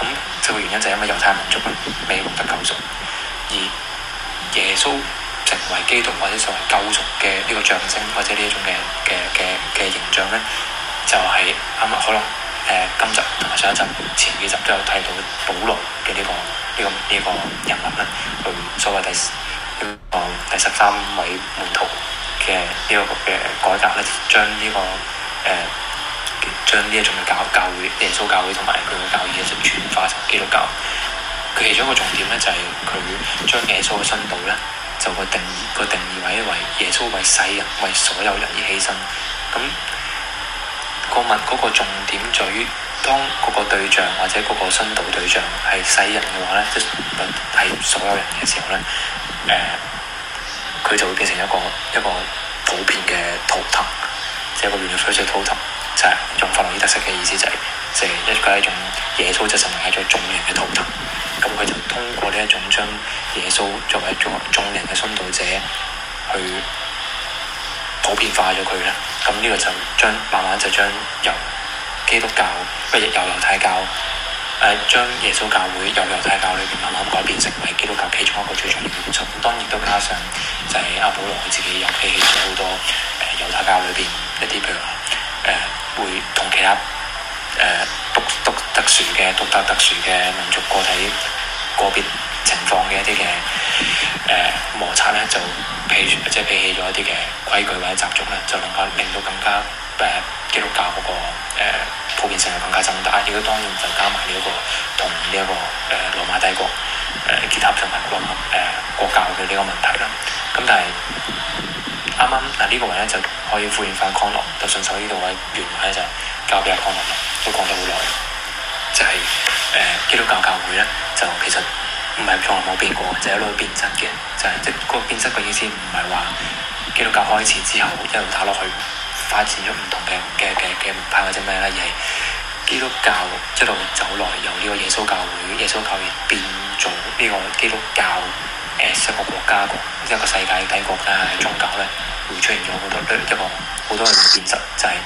咁， 就、anyway, 個原因就係因為猶太民族咧未得救贖，而耶穌成為基督或者成為救贖嘅呢個象徵或者呢一種嘅嘅嘅嘅形象咧，就係啱啱可能誒今集同埋上一集前幾集都有睇到保羅嘅呢個呢、這個呢、這個人物咧，佢所謂第呢個第十三位門徒嘅呢個嘅改革咧，將呢、這個。誒將呢一種嘅教教會耶穌教會同埋佢嘅教義一齊轉化成基督教。佢其中一個重點咧，就係佢將耶穌嘅身度咧，就個定義，個定義為一耶穌為世人，為所有人而犧牲。咁嗰個嗰個重點在於，當嗰個對象或者嗰個身度對象係世人嘅話咧，即係係所有人嘅時候咧，誒、呃、佢就會變成一個一個普遍嘅圖騰。即係個原創式圖騰，就係、是、用法羅伊特色嘅意思、就是，就係即係一個一種耶穌就成為一種眾人嘅圖騰。咁佢就通過呢一種將耶穌作為眾眾人嘅宣道者去普遍化咗佢啦。咁呢個就將慢慢就將由基督教，不如由猶太教誒、呃、將耶穌教會由猶太教裏邊慢慢改變成為基督教其中一個最重要嘅元素。當然都加上就係阿保羅自己又記起咗好多。猶太教裏邊一啲譬如話誒、呃、會同其他誒獨獨特殊嘅獨特特殊嘅民族個體個別情況嘅一啲嘅誒摩擦咧，就譬如即係比起咗一啲嘅規矩或者習俗咧，就能夠令到更加誒基督教嗰、個、呃、普遍性係更加增大。亦都當然就加埋呢一個同呢一個誒、呃、羅馬帝國誒、呃、結合同埋國國誒、呃、教嘅呢個問題啦。咁但係。啱啱，嗱呢個位咧，就可以敷衍返康樂，就順手呢度位原埋就交俾阿康樂咯，都講咗好耐，就係、是、誒、就是呃、基督教教會咧就其實唔係從來冇變過，就是、一路變質嘅，就係、是、即係嗰、這個變質嘅意思唔係話基督教開始之後一路打落去發展咗唔同嘅嘅嘅嘅門派或者咩啦，而係基督教一路走來由呢個耶穌教會、耶穌教會變咗呢個基督教。誒一個國家個一個世界嘅帝家啦，宗教咧會出現咗好多一個好多嘅現實，就係、是、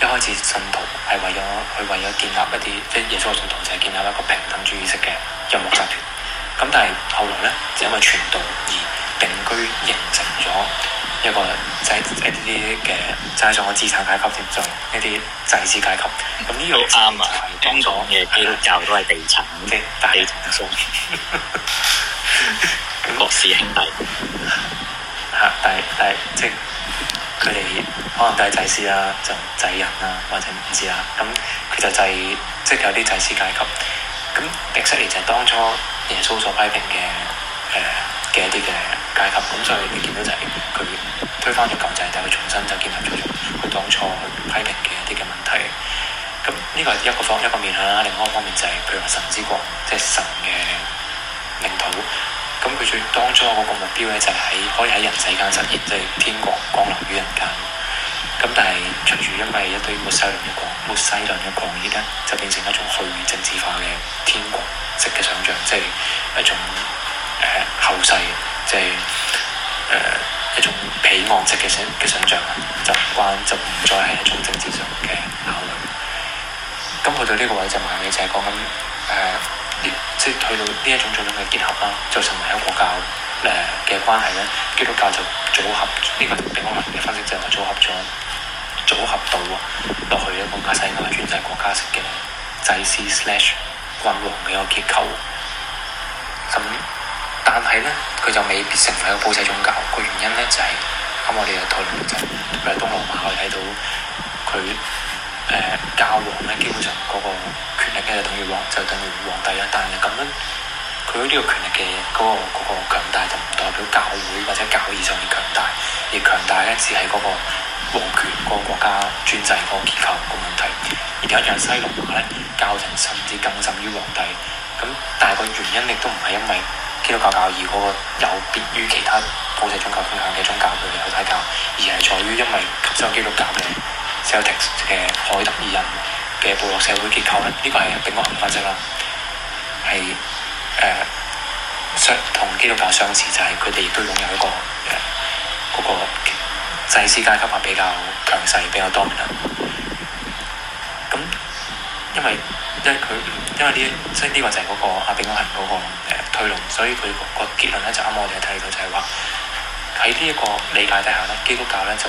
一開始信徒係為咗佢為咗建立一啲即係耶穌嘅信徒就係建立一個平等主義式嘅音樂集團，咁但係後來咧就是、因為傳道而定居形成咗。一個祭一啲啲嘅祭上嘅資產階級，同埋呢啲祭師階級。咁呢個啱、就、啊、是！當咗耶基督都係地產，但係國師兄弟嚇，但係但係即係佢哋可能都係祭師啦，就祭、是、人啦，或者唔知啦。咁佢就祭即係有啲祭師階級。咁迪出尼就係當初耶穌所批評嘅誒嘅一啲嘅階級。咁所以你見到就係、是、佢。推翻咗舊制，但係佢重新就建立咗，佢當初去批評嘅一啲嘅問題。咁呢、這個係一個方一個面向啦，另外一方面就係、是、譬如神之國，即係神嘅領土。咁佢最當初嗰個目標咧，就喺、是、可以喺人世間實現，即係天國降臨於人間。咁但係隨住因為一堆末世論嘅狂，末世論嘅狂熱咧，就變成一種去政治化嘅天國式嘅想像，即係一種誒、呃、後世，即係誒。呃一種彼岸式嘅想嘅想像啦，就唔關，就唔再係一種政治上嘅考慮。咁、嗯呃、去到呢個位就埋尾就係講緊誒，即係去到呢一種種種嘅結合啦，就成為一個教誒嘅、呃、關係咧。基督教就組合呢、這個地方嘅分析就係組合咗組合到落去一個亞細亞專制國家式嘅祭司/君王嘅一個結構。但係咧，佢就未必成為一個普世宗教。個原因咧就係、係，咁我哋又討論就係、東羅馬可以睇到佢誒、呃、教皇咧，基本上嗰個權力咧就等於皇，就等於皇帝啊。但係咁樣，佢呢個權力嘅嗰、嗰個嗰、嗰個、強大就唔代表教會或者教義上面強大，而強大咧只係嗰個皇權、嗰個國家專制個結構個問題。而另一方面西羅馬咧，教廷甚至更甚於皇帝。咁但係個原因亦都唔係因為。基督教教義嗰個有別於其他普世宗教分享嘅宗教佢哋嘅體教，而係在於因為吸收基督教嘅 Celtic 嘅凱特爾人嘅部落社會結構咧，呢、這個係另一個文化性啦，係誒、呃、相同基督教相似，就係佢哋亦都擁有一個嗰個,個祭司階級啊比較強勢比較多嘅咁因為即係佢，因為呢，即係呢個就係嗰個阿炳哥行嗰、嗰個誒推論，所以佢、個結論咧就啱啱我哋睇到，就係話喺呢一個理解底下咧，基督教咧就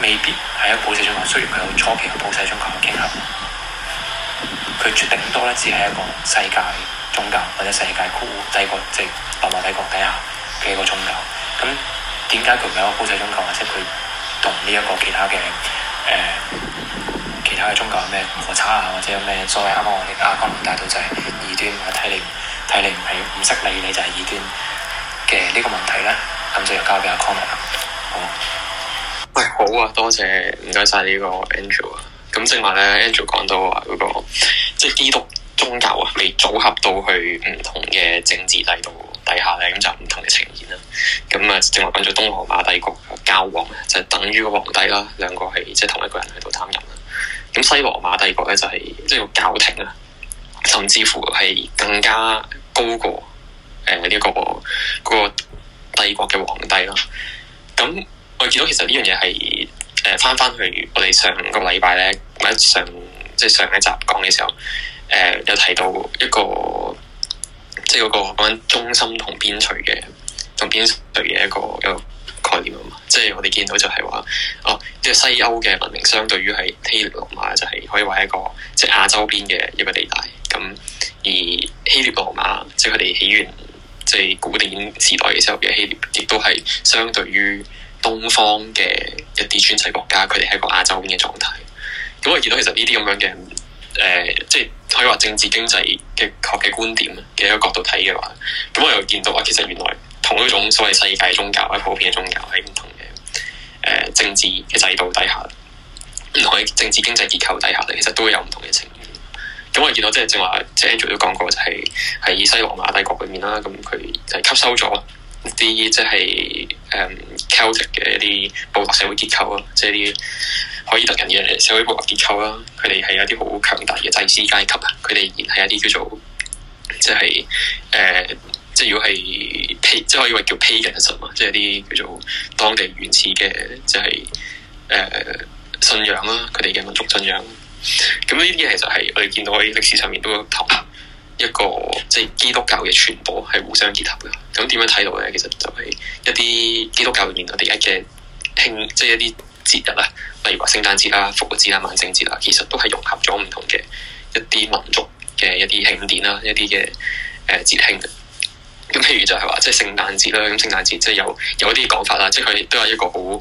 未必係一個普世宗教，雖然佢有初期嘅普世宗教嘅傾向，佢最頂多咧只係一個世界宗教或者世界國帝國，即係羅馬帝國底下嘅一個宗教。咁點解佢唔係一個普世宗教？或者佢同呢一個其他嘅誒？呃睇下宗教咩摩擦啊，或者有咩所謂啱啱我哋阿康明大導就係異端，我睇你睇你唔理唔識理你就係、是、異端嘅呢個問題咧。咁就交俾阿康啦。好，喂、哎，好啊，多謝唔該晒呢、那個 Angel 啊。咁正話咧 Angel 講到話嗰個即係基督宗教啊，你組合到去唔同嘅政治制度底下咧，咁就唔同嘅呈現啦。咁啊，正話講咗東羅馬帝國嘅教皇咧，就係、是、等於個皇帝啦，兩個係即係同一個人喺度擔任。咁西羅馬帝國咧就係即係個教廷啦，甚至乎係更加高過誒呢、呃這個、那個帝國嘅皇帝咯。咁我見到其實呢樣嘢係誒翻翻去我哋上個禮拜咧，或者上即係、就是、上一集講嘅時候，誒、呃、有提到一個即係嗰個講緊中心同邊陲嘅同邊陲嘅一個。概念啊嘛，即係我哋見到就係話，哦，即係西歐嘅文明相對於係希臘羅馬，就係可以話一個即係亞洲邊嘅一個地帶。咁而希臘羅馬，即係佢哋起源，即係古典時代嘅時候嘅希臘，亦都係相對於東方嘅一啲專制國家，佢哋係一個亞洲邊嘅狀態。咁我見到其實呢啲咁樣嘅，誒，即係可以話政治經濟嘅確嘅觀點嘅一個角度睇嘅話，咁我又見到啊，其實原來。同一種所謂世界宗教或者普遍嘅宗教喺唔同嘅誒、呃、政治嘅制度底下，唔同嘅政治經濟結構底下咧，其實都有唔同嘅情況。咁、嗯、我見到即係正話，即係 Andrew 都講過，就係、是、喺西羅馬帝國裏面啦，咁佢就係吸收咗一啲即係誒、嗯、Celtic 嘅一啲暴動社會結構啊，即係啲凱爾特人嘅社會暴動結構啦。佢哋係有啲好強大嘅祭司階級啊，佢哋係一啲叫做即係誒。呃即係如果係 p 即係可以話叫 pay 人嘅神嘛，即係啲叫，叫做當地原始嘅，即係誒、呃、信仰啦，佢哋嘅民族信仰。咁呢啲其實就係我哋見到喺歷史上面都同一個，即係基督教嘅傳播係互相結合嘅。咁點樣睇到咧？其實就係一啲基督教入面，佢哋一嘅慶，即係一啲節日啊，例如話聖誕節啊、復活節啊、萬聖節啊，其實都係融合咗唔同嘅一啲民族嘅一啲慶典啦、一啲嘅誒節慶。咁譬如就係話，即係聖誕節啦。咁聖誕節即係有有一啲講法啦，即係佢都有一個好誒，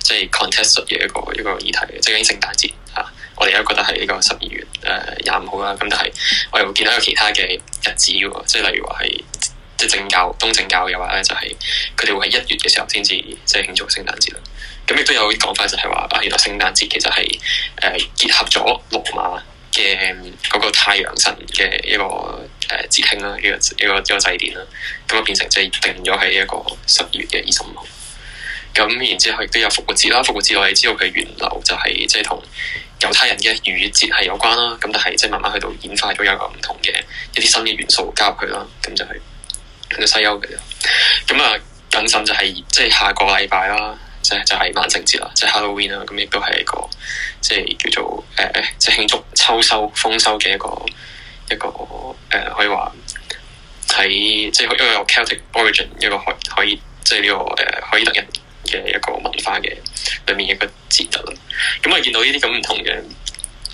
即係 contested 嘅一個一個議題嘅。即係聖誕節嚇，啊，我哋而家覺得係呢個十二月誒廿五號啦。咁但係我哋會見到有其他嘅日子喎。即係例如話係即係正教東正教嘅話咧，就係佢哋會喺一月嘅時候先至即係慶祝聖誕節啦。咁亦都有啲講法就係話啊，原來聖誕節其實係誒結合咗羅馬。嘅嗰個太陽神嘅一個誒節慶啦，呢個呢個呢個祭典啦，咁啊變成即係定咗喺一個十月嘅二十五號。咁然之後亦都有復活節啦，復活節我哋知道佢源流就係即係同猶太人嘅逾越節係有關啦，咁但係即係慢慢去到演化咗一個唔同嘅一啲新嘅元素加入佢啦，咁就係、係就西歐嘅。咁啊，更甚就係即係下個禮拜啦。即係就係萬聖節啦，即、就、係、是、Halloween 啦，咁亦都係一個即係、就是、叫做誒，即、呃、係、就是、慶祝秋收豐收嘅一個一個誒、呃，可以話喺即係因為有 Celtic origin 一個可可以即係呢個誒凱爾特人嘅一個文化嘅裏面嘅一個節日啦。咁、嗯、啊，我見到呢啲咁唔同嘅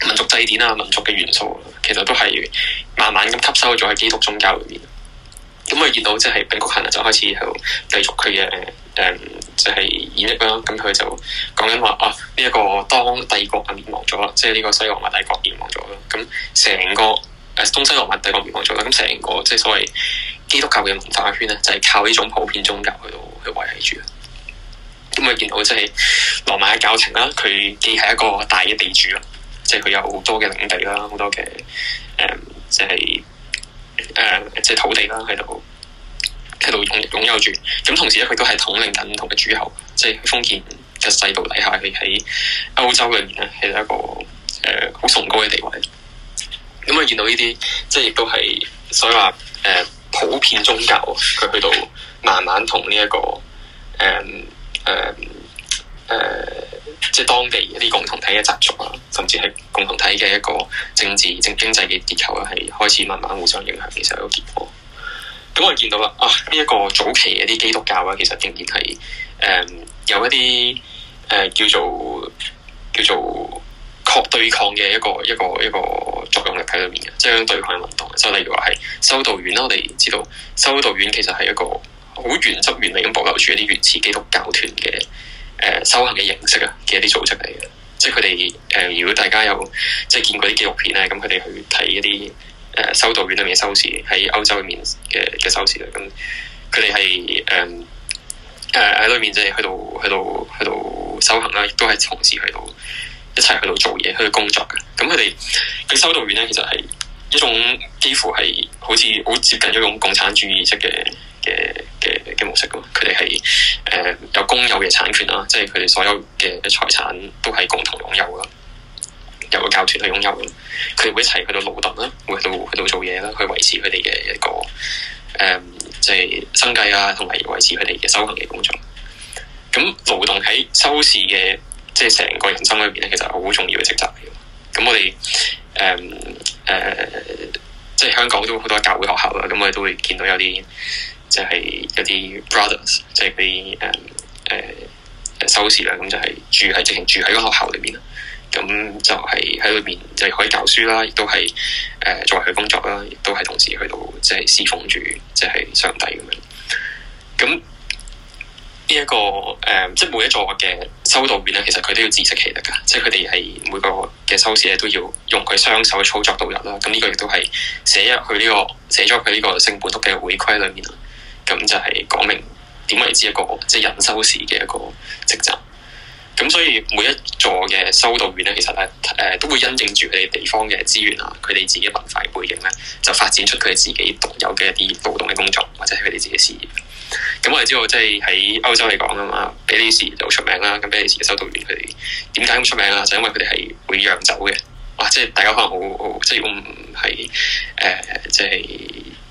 民族祭典啊、民族嘅元素啊，其實都係慢慢咁吸收咗喺基督宗教裏面。咁、嗯、啊，我見到即係《冰菊恨》就開始喺度繼續佢嘅。誒、um, 就係演繹啦，咁佢就講緊話啊，呢、這、一個當帝國啊滅亡咗啦，即係呢個西羅馬帝國滅亡咗啦，咁成個誒東西羅馬帝國滅亡咗啦，咁成個即係、就是、所謂基督教嘅文化圈咧，就係靠呢種普遍宗教去去維繫住。咁佢見到即係羅馬嘅教廷啦，佢既係一個大嘅地主啦，即係佢有好多嘅領地啦，好多嘅誒即係誒即係土地啦喺度。喺度擁擁有住，咁同時咧，佢都係統領緊唔同嘅諸侯，即係封建嘅制度底下，佢喺歐洲裏面咧係一個誒好、呃、崇高嘅地位。咁我見到呢啲，即係亦都係，所以話誒、呃、普遍宗教佢去到慢慢同呢一個誒誒誒，即係當地一啲共同體嘅習俗啊，甚至係共同體嘅一個政治、政經濟嘅結構啊，係開始慢慢互相影響，其實有個結果。咁我見到啦，啊呢一個早期嘅啲基督教啊，其實仍然係誒、呃、有一啲誒、呃、叫做叫做確對抗嘅一個一個一個作用力喺裏面嘅，即係一種對抗嘅運動。就例如話係修道院啦，我哋知道修道院其實係一個好原汁原味咁保留住一啲原始基督教團嘅誒修行嘅形式啊嘅一啲組織嚟嘅。即係佢哋誒，如果大家有即係見過啲紀錄片咧，咁佢哋去睇一啲。誒修道院裏面嘅修士，喺歐洲裏面嘅嘅修士啦，咁佢哋係誒誒喺裏面即係去到去到去到修行啦，亦都係從事去到一齊去到做嘢去到工作嘅。咁佢哋佢修道院咧，其實係一種幾乎係好似好接近一種共產主義式嘅嘅嘅嘅模式噶嘛。佢哋係誒有公有嘅產權啦，即係佢哋所有嘅財產都係共同擁有啦。有個教團去擁有，佢哋會一齊去到勞動啦，會去到去到做嘢啦，去維持佢哋嘅一個誒，即、嗯、係、就是、生計啊，同埋維持佢哋嘅修行嘅工作。咁勞動喺修士嘅即係成個人生裏邊咧，其實係好重要嘅職責嚟。咁我哋誒誒，即、嗯、係、呃就是、香港都好多教會學校啦，咁我哋都會見到有啲即係有啲 brothers，即係啲誒誒修士啦，咁就係、是嗯呃、住係直情住喺、就是、個學校裏邊啊。咁就係喺裏邊，就可以教書啦，亦都係誒作為佢工作啦，亦都係同時去到即係侍奉住，即係上帝咁樣。咁呢一個誒，即、呃、係、就是、每一座嘅修道院咧，其實佢都要自食其力噶，即係佢哋係每個嘅修士咧都要用佢雙手操作度日啦。咁呢個亦都係寫入佢呢個寫咗佢呢個聖本篤嘅會規裏面啦。咁就係講明點為之一個即係、就是、人修士嘅一個職責。咁所以每一座嘅修道院咧，其實咧誒、呃、都會因應住佢哋地方嘅資源啊，佢哋自己文化嘅背景咧，就發展出佢哋自己獨有嘅一啲勞動嘅工作，或者係佢哋自己事業。咁我哋知道即係喺歐洲嚟講啊嘛，比利時就出名啦。咁比利時嘅修道院佢哋點解咁出名啊？就因為佢哋係會釀酒嘅。哇、啊！即係大家可能好，我即係我唔係誒，即係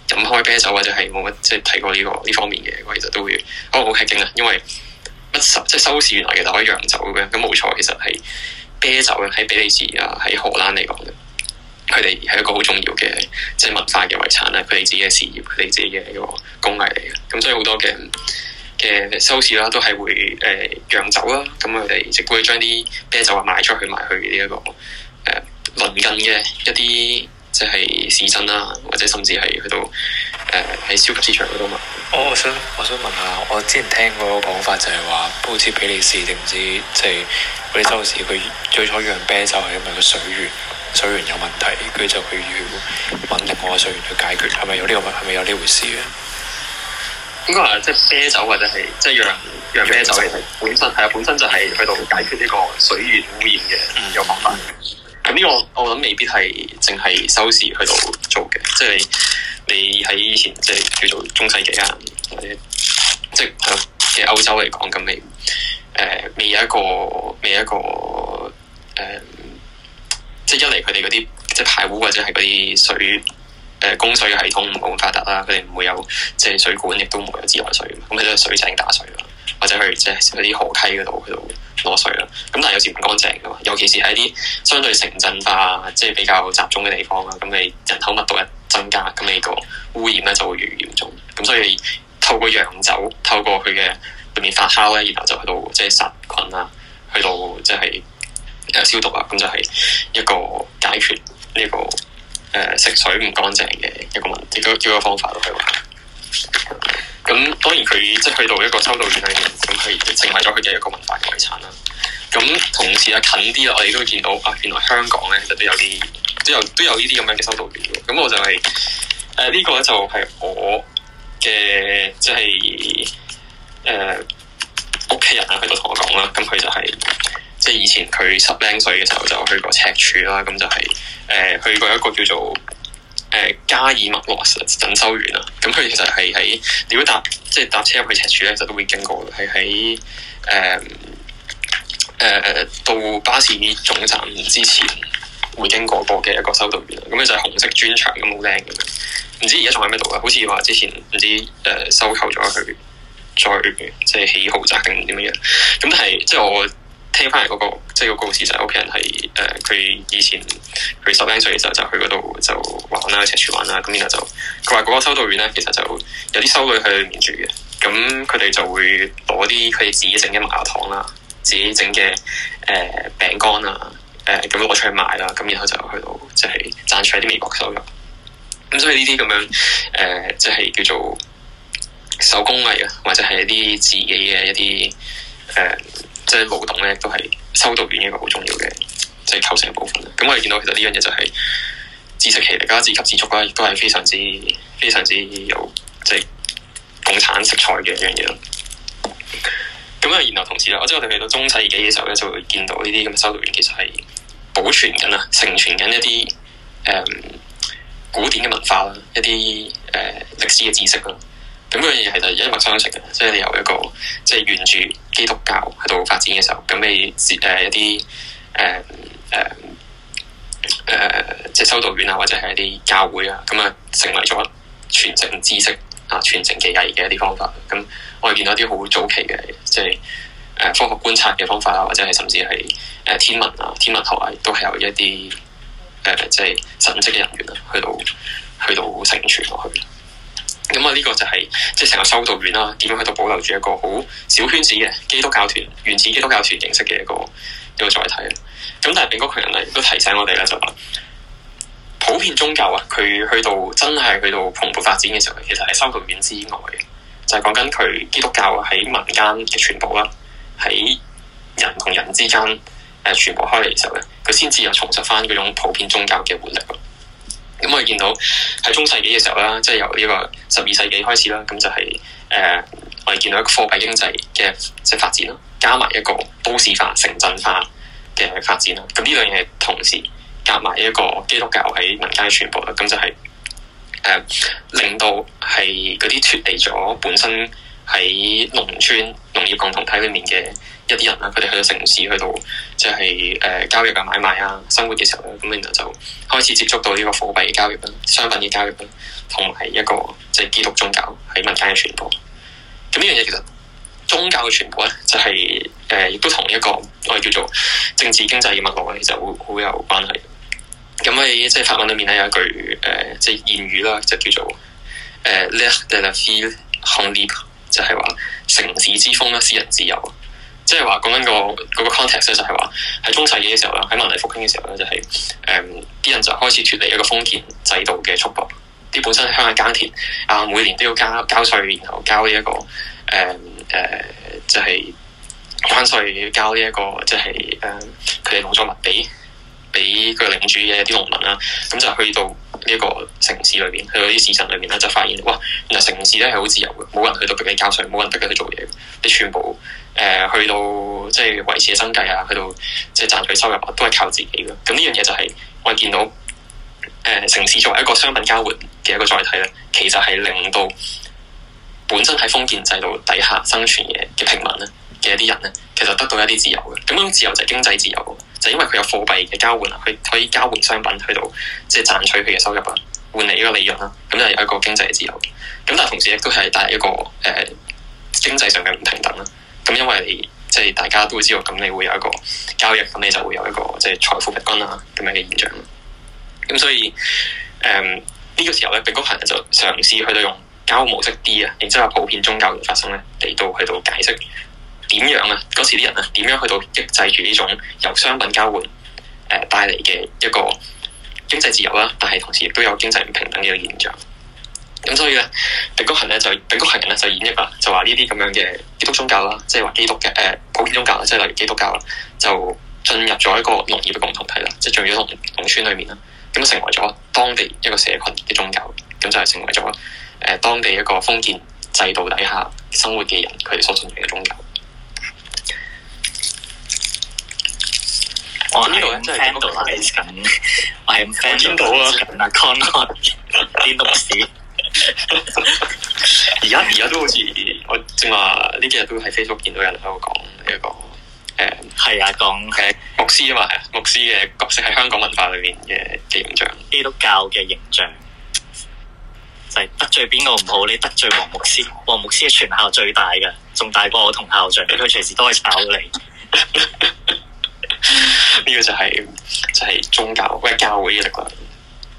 飲、呃、開啤酒或者係冇乜即係睇過呢、這個呢方面嘅，我其實都會可能好吃驚啊，因為，即係收市，原來嘅就可以釀酒咁樣，咁冇錯，其實係啤酒喺比利時啊，喺荷蘭嚟講，佢哋係一個好重要嘅即係文化嘅遺產啦，佢哋自己嘅事業，佢哋自己嘅一個工藝嚟嘅，咁所以好多嘅嘅收市啦，都係會誒釀酒啦，咁佢哋亦都會將啲啤酒啊賣出去賣去呢一、這個誒、呃、鄰近嘅一啲。即係市鎮啦，或者甚至係去到誒喺超級市場嗰度嘛。我我想我想問下，我之前聽過個講法就係話，不知比利時定唔知即係嗰啲州市，佢、啊、最初釀啤酒係因為個水源水源有問題，佢就去要揾另外水源去解決。係咪有呢個問題？係咪有呢回事啊？應該係即係啤酒或者係即係釀釀啤酒係本身係啊水，本身就係去到解決呢個水源污染嘅嗯，有辦法。咁呢、這個我諗未必係淨係收視去到做嘅，即係你喺以前即係叫做中世紀啊，或、呃、者即係嘅歐洲嚟講，咁你誒未有一個未有一個誒、呃，即係一嚟佢哋嗰啲即係排污或者係嗰啲水誒、呃、供水嘅系統唔咁發達啦，佢哋唔會有即係水管，亦都唔會有自來水，咁佢都係水井打水或者去即係啲河溪嗰度去度攞水啦，咁但係有時唔乾淨噶嘛，尤其是喺啲相對城鎮化即係比較集中嘅地方啦，咁你人口密度一增加，咁你個污染咧就會越嚟越嚴重。咁所以透過釀酒，透過佢嘅裏面發酵咧，然後就去到即係殺菌啊，去到即係消毒啊，咁就係一個解決呢個誒食水唔乾淨嘅一個問題，一個一個方法咯，可以話。咁當然佢即係去到一個修道院裏面，咁佢成為咗佢嘅一個文化嘅遺產啦。咁同時啊近啲啦，我哋都會見到啊，原來香港咧其實都有啲都有都有呢啲咁樣嘅修道院嘅。咁我就係誒呢個咧就係我嘅、就是呃就是、即係誒屋企人啊喺度同我講啦。咁佢就係即係以前佢十零歲嘅時候就去過赤柱啦。咁就係、是、誒、呃、去過一個叫做。誒、呃、加爾麥羅什總修員啊，咁、嗯、佢其實係喺如果搭即係、就是、搭車入去赤柱咧，其實都會經過，係喺誒誒到巴士總站之前會經過過嘅一個修道院啊。咁、嗯、佢就係紅色專場咁、嗯，好靚嘅。唔知而家仲喺咩度啊？好似話之前唔知誒、呃、收購咗佢，再即係、就是、起豪宅定點樣咁，但係即係我。拎翻嚟嗰個，即、就、係、是、個告示就係屋企人係誒，佢、呃、以前佢十零歲嘅時候就去嗰度就玩啦，一齊出玩啦。咁然後就佢話嗰個修道院咧，其實就有啲修女喺裏面住嘅。咁佢哋就會攞啲佢哋自己整嘅麻辣糖啦，自己整嘅誒餅乾啊，誒咁攞出去賣啦。咁然後就去到即係賺取啲微薄收入。咁所以呢啲咁樣誒，即、呃、係、就是、叫做手工藝啊，或者係一啲自己嘅一啲誒。呃即係勞動咧，都係修道院一個好重要嘅，即係構成一部分。咁我哋見到其實呢樣嘢就係自食其力啦，自給自足啦，亦都係非常之、非常之有即係共產色彩嘅一樣嘢咯。咁啊，然後同時啦，即我之後我哋去到中世紀嘅時候咧，就會見到呢啲咁嘅修道院，其實係保存緊啊、承傳緊一啲誒、呃、古典嘅文化啦，一啲誒歷史嘅知識啦。咁嗰樣嘢係就一脈相承嘅，即係你由一個即係沿住基督教喺度發展嘅時候，咁你誒一啲誒誒誒即係修道院啊，或者係一啲教會啊，咁啊成為咗傳承知識啊、傳承技藝嘅一啲方法。咁我哋見到一啲好早期嘅，即係誒科學觀察嘅方法啊，或者係甚至係誒天文啊、天文學啊，都係由一啲誒、呃、即係神職嘅人員啊，去到去到承傳落去。咁啊，呢個就係即係成個修道院啦，點樣喺度保留住一個好小圈子嘅基督教團、原始基督教團形式嘅一個一個載體啦。咁但係彼得強人咧都提醒我哋咧、就是，就話普遍宗教啊，佢去到真係去到蓬勃發展嘅時候，其實係修道院之外嘅，就係講緊佢基督教喺民間嘅傳播啦，喺人同人之間誒傳播開嚟嘅時候咧，佢先至有重拾翻嗰種普遍宗教嘅活力。咁、嗯、我哋見到喺中世紀嘅時候啦，即係由呢個十二世紀開始啦，咁就係、是、誒、呃、我哋見到一個貨幣經濟嘅即係發展啦，加埋一個都市化、城鎮化嘅發展啦。咁呢兩樣嘢同時夾埋一個基督教喺民間嘅傳播啦，咁就係、是、誒、呃、令到係嗰啲脫離咗本身，喺農村農業共同體裏面嘅一啲人啦，佢哋去到城市，去到即係誒交易啊、買賣啊、生活嘅時候咧，咁然後就開始接觸到呢個貨幣嘅交易啦、商品嘅交易啦，同埋一個即係基督宗教喺民間嘅傳播。咁呢樣嘢其實宗教嘅傳播咧，就係、是、誒、呃、亦都同一個我哋叫做政治經濟嘅脈絡咧，就好、是、好有關係。咁喺即係法文裏面咧，有一句誒即係諺語啦，就叫做誒、呃、le de la vie humble。就係話城市之風啦，使人自由，即係話講緊個嗰個 context 咧，就係話喺中世紀嘅時候啦，喺文藝復興嘅時候咧，就係誒啲人就開始脫離一個封建制度嘅束縛，啲本身喺鄉下耕田啊，每年都要交交稅，然後交呢、這、一個誒誒，即、嗯、係、呃就是、關稅、這個，交呢一個即係誒佢哋攞咗物地。嗯俾佢領主嘅啲農民啦，咁就去到呢個城市裏邊，去到啲市鎮裏面，啦，就發現哇，原來城市咧係好自由嘅，冇人去到佢嘅交稅，冇人得嘅去做嘢，你全部誒去到即係維持嘅生計啊，去到、呃、去到即係賺取收入啊，都係靠自己嘅。咁呢樣嘢就係、係、我見到誒、呃、城市作為一個商品交換嘅一個載體咧，其實係令到本身喺封建制度底下生存嘅嘅平民咧嘅一啲人咧，其實得到一啲自由嘅。咁樣自由就係經濟自由。就因為佢有貨幣嘅交換啊，佢可以交換商品去到即係賺取佢嘅收入啊，換嚟呢個利潤啦，咁就有一個經濟嘅自由。咁但係同時亦都係帶嚟一個誒、呃、經濟上嘅唔平等啦。咁因為即係大家都會知道，咁你會有一個交易，咁你就會有一個即係財富不均啊咁樣嘅現象。咁所以誒呢、呃這個時候咧，美國行就嘗試去到用交易模式啲啊，亦即係話普遍宗教嘅發生咧，嚟到去到解釋。點樣啊？嗰時啲人啊，點樣去到抑制住呢種由商品交換誒帶嚟嘅一個經濟自由啦？但係同時亦都有經濟唔平等嘅現象。咁所以咧，彼得行咧就彼得行人咧就演繹啦，就話呢啲咁樣嘅基督宗教啦，即係話基督嘅誒、呃，普遍宗教啦，即係例如基督教啦，就進入咗一個農業嘅共同體啦，即係仲要同農村裡面啦，咁成為咗當地一個社群嘅宗教，咁就係成為咗誒、呃、當地一個封建制度底下生活嘅人佢哋所信嘅宗教。我係 handle 緊，我係 handle 緊啊！康康啲牧師，而家而家都好似我正話呢幾日都喺 Facebook 見到人喺度講呢個誒，係啊講牧師啊嘛，牧師嘅角色喺香港文化裏面嘅形象，基督教嘅形象就係得罪邊個唔好，你得罪黃牧師，黃牧師係全校最大嘅，仲大過我同校長，佢隨時都可以炒你。呢個就係、是、就係、是、宗教，喂教會嘅力量，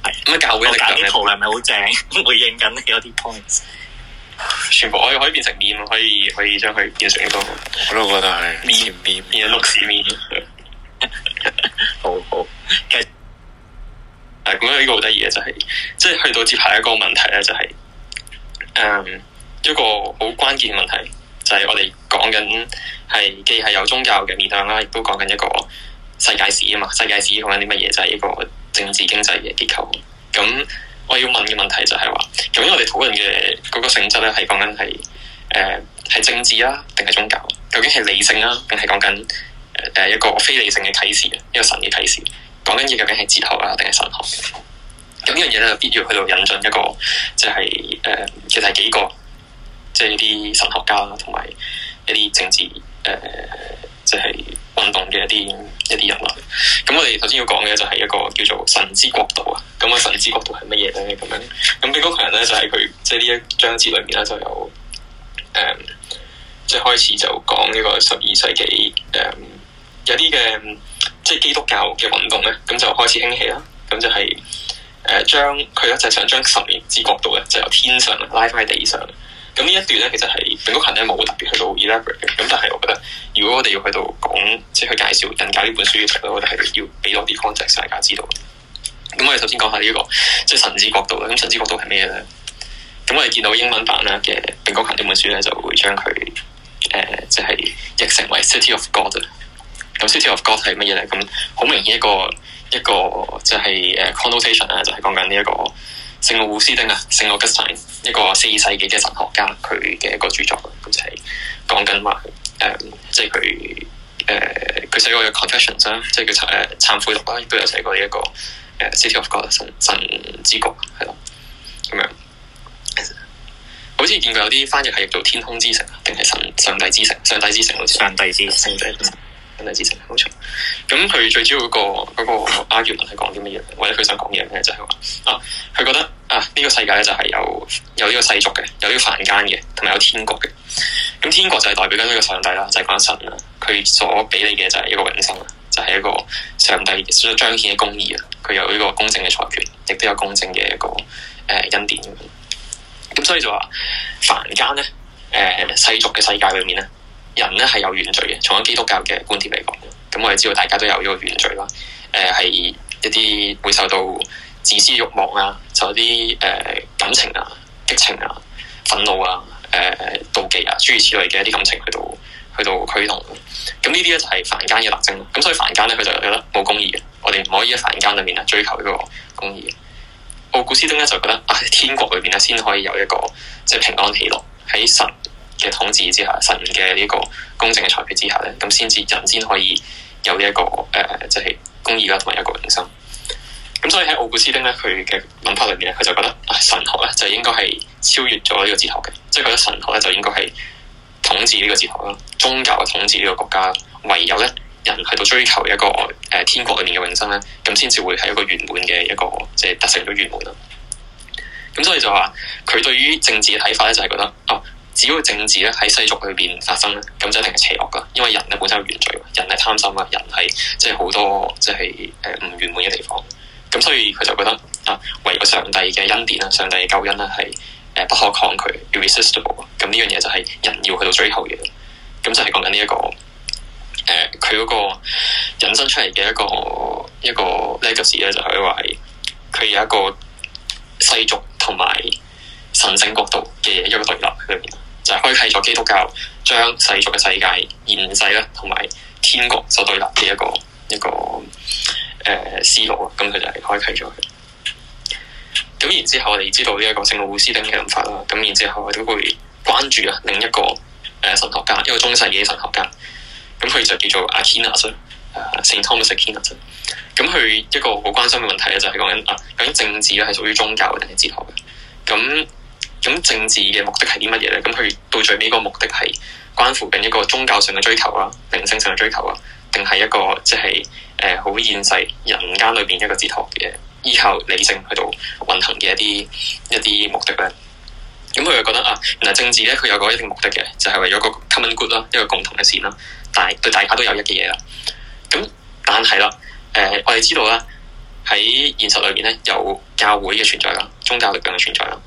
係咁啊！教會嘅力量的呢幅圖係咪好正？回應緊有啲 point，全部可以可以變成面，可以可以將佢變成一個，我都覺得係面面變咗碌士面，好好。係好咁實啊！呢、這個好得意嘅就係、是，即、就、係、是、去到接下一個問題咧，就係誒一個好關鍵問題。就係我哋講緊係既係有宗教嘅面向啦，亦都講緊一個世界史啊嘛。世界史講緊啲乜嘢？就係、是、一個政治經濟嘅結構。咁我要問嘅問題就係話，究竟我哋討論嘅嗰個性質咧，係講緊係誒係政治啦、啊，定係宗教？究竟係理性啦、啊，定係講緊誒一個非理性嘅啟示？一個神嘅啟示？講緊嘢究竟係哲學啊，定係神學？咁呢樣嘢咧，就必要去到引進一個，即係誒，其實係幾個？即係啲神學家啦，同埋一啲政治誒、呃，即係運動嘅一啲一啲人啦。咁、嗯、我哋首先要講嘅就係一個叫做神之國度啊。咁、嗯、啊，神之國度係乜嘢咧？咁樣咁，英、嗯、國人咧就喺、是、佢即係呢一張紙裏面咧就有誒，即、嗯、係、就是、開始就講呢個十二世紀誒、嗯、有啲嘅即係基督教嘅運動咧，咁、嗯、就開始興起啦。咁、嗯、就係、是、誒、呃、將佢一直想將神之國度咧，就由天上拉翻喺地上。咁呢一段咧，其實係《靈谷勤咧冇特別去到 elaborate 嘅。咁但係我覺得，如果我哋要去到講，即係去介紹《人間》呢本書嘅時候咧，我哋係要俾多啲 context 大家知道。咁我哋首先講下呢一個，即係神之角度咧。咁神之角度係咩咧？咁我哋見到英文版咧嘅《靈谷勤呢本書咧，就會將佢誒即係譯成為 City of God。咁 City of God 係乜嘢咧？咁好明顯一個一個即係誒 connotation 啊，uh, connotation, 就係講緊呢一個。聖奧古斯丁啊，聖奧吉斯，一個四世紀嘅神學家，佢嘅一個著作。咁就係講緊話誒，即係佢誒佢寫過嘅 confessions，即係佢誒懺悔錄啦，亦都有寫過一個誒 city of God 神神之國，係咯咁樣。好似見過有啲翻譯係譯做天空之城，定係神上帝之城，上帝之城好似。上帝之嗯咁佢、嗯、最主要嗰、那個阿卷文係講啲乜嘢？或者佢想講嘢咩？就係話啊，佢覺得啊，呢、這個世界咧就係有有呢個世俗嘅，有呢個凡間嘅，同埋有，有天國嘅。咁、嗯、天國就係代表緊呢個上帝啦，就係、是、講神啦，佢所俾你嘅就係一個永生，就係、是、一個上帝所彰顯嘅公義啊。佢有呢個公正嘅裁決，亦都有公正嘅一個誒恩、呃、典咁樣。咁、嗯、所以就話凡間咧，誒世俗嘅世界裏面咧。人咧係有原罪嘅，從咗基督教嘅觀點嚟講，咁我哋知道大家都有呢個原罪啦。誒、呃、係一啲會受到自私慾望啊，就一啲誒、呃、感情啊、激情啊、憤怒啊、誒、呃、妒忌啊諸如此類嘅一啲感情去到去到驅動。咁呢啲咧就係凡間嘅特徵。咁所以凡間咧佢就覺得冇公義嘅，我哋唔可以喺凡間裏面啊追求呢個公義嘅。奧、哦、古斯丁咧就覺得啊，喺天國裏面咧先可以有一個即係、就是、平安喜樂喺神。嘅統治之下，神嘅呢個公正嘅裁決之下咧，咁先至人先可以有呢、這、一個誒，即、呃、係、就是、公義啦，同埋一個永生。咁所以喺奧古斯丁咧，佢嘅諗法裏面咧，佢就覺得、哎、神學咧就應該係超越咗呢個哲學嘅，即、就、係、是、覺得神學咧就應該係統治呢個哲學啦，宗教啊統治呢個國家，唯有咧人去到追求一個誒天國裏面嘅永生咧，咁先至會係一個圓滿嘅一個即係、就是、達成咗圓滿啦。咁所以就話佢對於政治嘅睇法咧，就係覺得啊～、哦只要政治咧喺世俗裏邊發生咧，咁就一定係邪惡噶，因為人咧本身係原罪，人係貪心啊，人係即係好多即係誒唔圓滿嘅地方。咁所以佢就覺得啊，唯有上帝嘅恩典啦，上帝嘅救恩啦係誒不可抗拒 （irresistible）。咁呢樣嘢就係人要去到最後嘅，咁就係講緊呢一個誒佢嗰個引申出嚟嘅一個一個 legacy 咧，就係因為佢有一個世俗同埋神聖角度嘅一個對立就係開啓咗基督教將世俗嘅世界現世啦，同埋天國所對立嘅一個一個誒、呃、思路，咁佢就係開啓咗。咁然之後，我哋知道呢一個聖奧古斯丁嘅諗法啦。咁然之後，我哋都會關注啊另一個誒神學家，一個中世紀神學家。咁佢就叫做阿基納斯，姓湯姆嘅阿基納什。咁佢一個好關心嘅問題咧，就是，就係講緊啊究竟政治咧係屬於宗教定係哲學嘅？咁咁政治嘅目的係啲乜嘢咧？咁佢到最尾個目的係關乎緊一個宗教上嘅追求啦，靈性上嘅追求啊，定係一個即係誒好現世人間裏邊一個哲學嘅依靠理性去到運行嘅一啲一啲目的咧。咁佢就覺得啊，嗱，政治咧佢有嗰一,一定目的嘅，就係、是、為咗個 common good 啦，一個共同嘅善啦，但大對大家都有益嘅嘢啦。咁但係啦，誒、呃，我哋知道啦，喺現實裏邊咧有教會嘅存在啦，宗教力量嘅存在啦。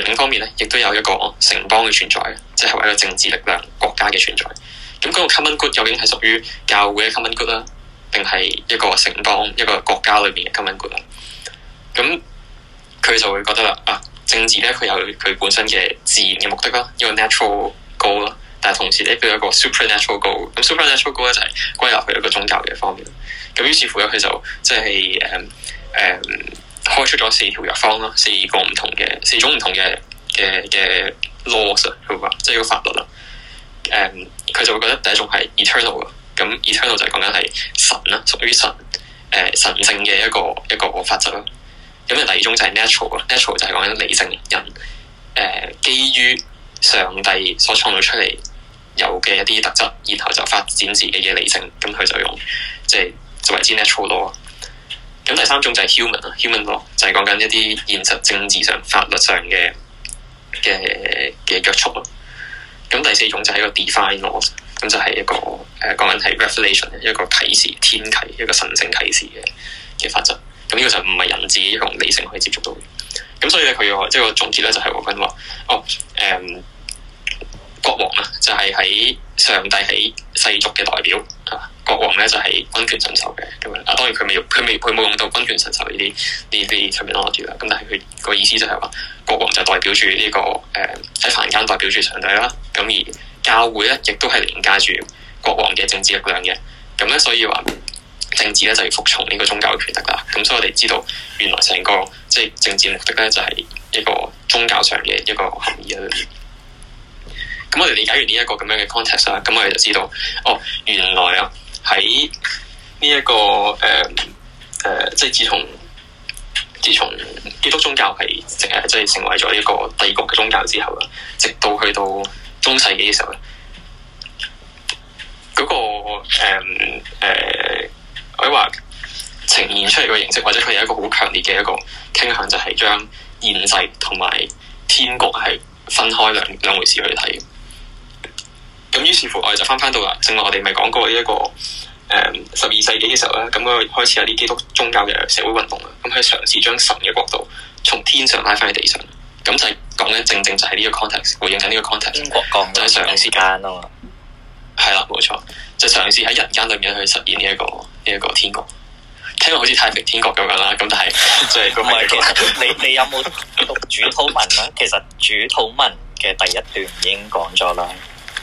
另一方面咧，亦都有一個城邦嘅存在，即係一個政治力量國家嘅存在。咁、那、嗰個 common good 究竟係屬於教會嘅 common good 啦，定係一個城邦一個國家裏邊嘅 common good 啦？咁佢就會覺得啦，啊，政治咧佢有佢本身嘅自然嘅目的咯，一個 natural goal 咯，但係同時咧佢有一個 supernatural goal，咁 supernatural goal 咧就係、是、歸入去一個宗教嘅方面。咁於是乎咧，佢就即係誒誒。Um, um, 開出咗四條藥方啦，四個唔同嘅四種唔同嘅嘅嘅 laws 啊，叫法即係個法律啦。誒、嗯，佢就會覺得第一種係 eternal 啊，咁 eternal 就係講緊係神啦，屬於神誒、呃、神性嘅一個一個法則啦。咁、嗯、啊，第二種就係 natural 啊 ，natural 就係講緊理性人誒、呃，基於上帝所創造出嚟有嘅一啲特質，然後就發展自己嘅理性，咁佢就用即係作為之 natural law 咯。咁第三種就係 human 啊，human law 就係講緊一啲現實政治上、法律上嘅嘅嘅約束咯。咁第四種就係一個 define law，咁就係一個誒，講、呃、緊係 revelation，一個啟示、天啟、一個神聖啟示嘅嘅法則。咁呢個就唔係人智同理性可以接觸到嘅。咁所以咧，佢個即係個總結咧，就係我講話：哦，誒、嗯，國王啊，就係喺。上帝係世俗嘅代表，啊，國王咧就係君權神授嘅咁啊。當然佢未佢未佢冇用到君權神授呢啲呢啲 terminology 啦。咁但係佢個意思就係話，國王就，就，國王就代表住呢、這個誒喺、呃、凡間代表住上帝啦。咁而教會咧，亦都係凌駕住國王嘅政治力量嘅。咁咧，所以話政治咧就要服從呢個宗教權力啦。咁所以我哋知道，原來成個即係、就是、政治目的咧，就係、是、一個宗教上嘅一個含義去。咁我哋理解完呢一個咁樣嘅 context 啦，咁我哋就知道哦，原來啊喺呢一個誒誒，即係自從自從基督宗教係誒即係成為咗一個帝國嘅宗教之後啦，直到去到中世紀嘅時候咧，個誒誒，我話呈現出嚟嘅形式，或者佢有一個好強烈嘅一個傾向，就係將現世同埋天國係分開兩兩回事去睇。咁於是乎，我哋就翻翻到啦。正話我哋咪講過呢、這、一個誒十二世紀嘅時候咧，咁佢開始有啲基督宗教嘅社會運動啦。咁佢嘗試將神嘅國度從天上拉翻去地上，咁就係講咧，正正就喺呢個 context，回應緊呢個 context，國國就係嘗試間啊嘛。係啦，冇錯，就嘗試喺人間裏面去實現呢、這、一個呢一、這個天國。聽落好似太平天國咁樣啦，咁但係即係我哋其實你你有冇讀主禱文咧？ 其實主禱文嘅第一段已經講咗啦。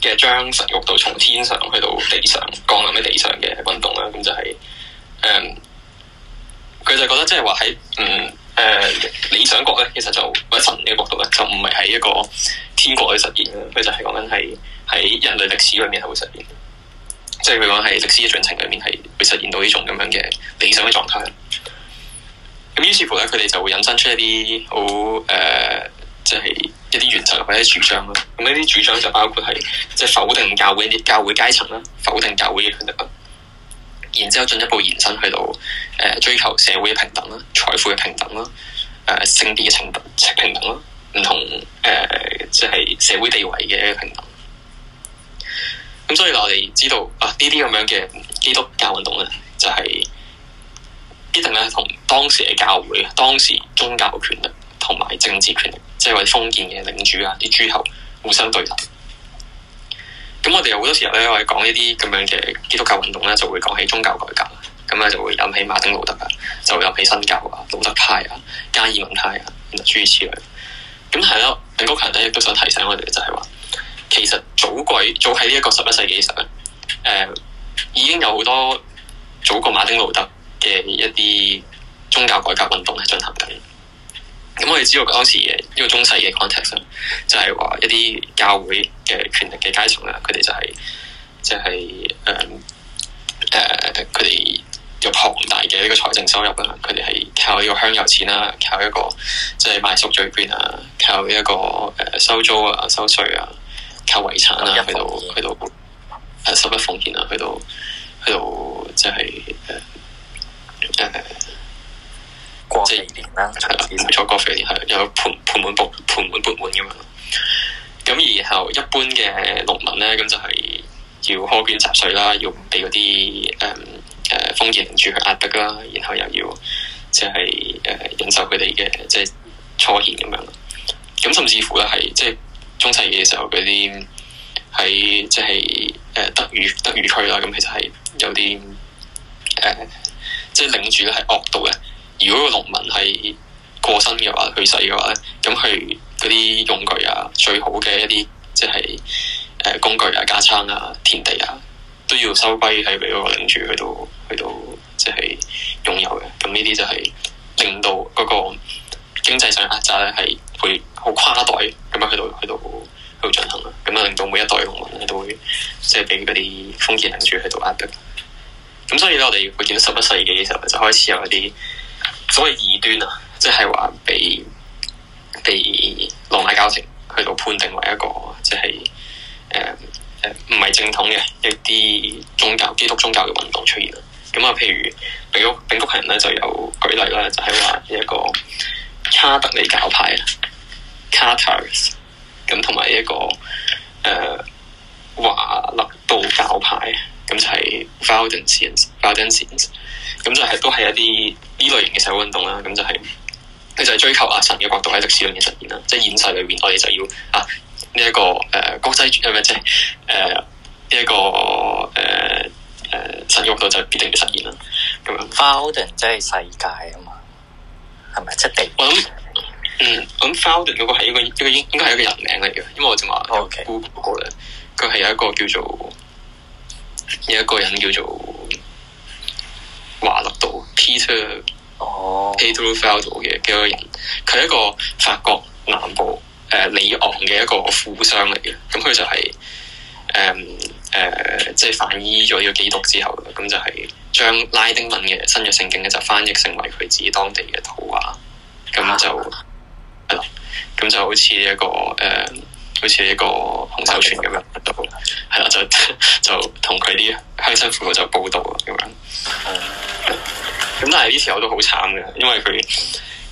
嘅將神國度從天上去到地上降臨喺地上嘅運動啦，咁就係、是、誒，佢、嗯、就覺得即係話喺嗯誒、呃、理想國咧，其實就或者神嘅國度咧，就唔係喺一個天國去實現嘅，佢、嗯、就係講緊係喺人類歷史裏面係會實現，即係佢講係歷史嘅進程裏面係會實現到呢種咁樣嘅理想嘅狀態。咁於是乎咧，佢哋就會引申出一啲好誒、呃即係一啲原則或者主張啦，咁呢啲主張就包括係即係否定教會啲教會階層啦，否定教會嘅權力啦，然之後進一步延伸去到誒、呃、追求社會嘅平等啦、財富嘅平等啦、誒性別嘅平等平等啦、唔同誒即係社會地位嘅平等。咁所以我哋知道啊，呢啲咁樣嘅基督教運動咧，就係、是、必定係同當時嘅教會、當時宗教權力同埋政治權力。即係話封建嘅領主啊，啲諸侯互相對立。咁我哋有好多時候咧，我哋講呢啲咁樣嘅基督教運動咧，就會講起宗教改革。咁咧，就會引起馬丁路德啊，就會諗起新教啊、路德派啊、加爾文派啊，諸如此類。咁係咯，林國勤咧亦都想提醒我哋，就係話，其實早季早喺呢一個十一世紀時咧，誒、呃、已經有好多早過馬丁路德嘅一啲宗教改革運動係進行緊。咁、嗯、我哋知道當時呢個中世嘅 context 就係話一啲教會嘅權力嘅階層啦，佢哋就係即係誒誒，佢、就、哋、是呃呃、有龐大嘅呢個財政收入啦，佢哋係靠呢個香油錢啦，靠一個即係賣贖罪券啊，靠一個誒、呃、收租啊、收稅啊、靠遺產啊，去到去到誒十一奉獻啊，去到去到即係誒誒。就是呃呃即稅是年啦，係啦，唔錯。國稅年係有盤盤滿鉢，盤滿鉢滿嘅嘛。咁然後一般嘅農民咧，咁就係、是、要苛捐雜稅啦，要俾嗰啲誒誒封建領主去壓迫啦，然後又要即係誒忍受佢哋嘅即係初欠咁樣。咁甚至乎咧係即係中世紀嘅時候嗰啲喺即係誒德語德語區啦，咁其實係有啲誒、呃、即係領主咧係惡到嘅。如果個農民係過身嘅話，去世嘅話咧，咁佢嗰啲用具啊，最好嘅一啲即係誒工具啊、家產啊、田地啊，都要收歸喺畀嗰個領主去到去到即係擁有嘅。咁呢啲就係令到嗰個經濟上壓榨咧，係會好跨代咁樣去到去到去到進行啦。咁啊，令到每一代農民咧都會即係俾嗰啲封建領主去到壓迫。咁所以咧，我哋會見到十一世紀嘅時候就開始有一啲。所謂異端啊，即係話被被羅馬教廷去到判定為一個即係誒誒唔係正統嘅一啲宗教、基督宗教嘅運動出現啦。咁、嗯、啊，譬如俾屋、俾屋人咧就有舉例啦，就係、是、話一個卡德里教派 （Cathars） 咁，同埋、嗯、一個誒、呃、華勒道教派。咁就係 Valentine，Valentine 咁就係、是、都係一啲呢類型嘅社會運動啦。咁就係、是、佢就係追求阿神嘅角度喺歷史裏面實現啦。即係現實裏面，我哋就要啊呢一、這個誒、呃、國際誒咪？即係誒呢一個誒誒、呃呃、神嘅角度就係必定要實現啦。咁樣 Valentine 即係世界啊嘛，係咪即地？我諗嗯，我諗 Valentine 嗰個係一個應該應該係一個人名嚟嘅，因為我正話 Google 佢係有一個叫做。有一個人叫做華勒道 Peter，Peter、oh. Fouldo 嘅幾個人，佢係一個法國南部誒、呃、里昂嘅一個富商嚟嘅，咁佢就係誒誒，即係皈依咗基督之後，咁就係將拉丁文嘅新約聖經咧就翻譯成為佢自己當地嘅土話，咁就係啦，咁、ah. 嗯、就好似一個誒。呃好似一個洪秀全咁樣得到，係啦、嗯， 就就同佢啲鄉親父母就報道咁樣。咁 但係呢條我都好慘嘅，因為佢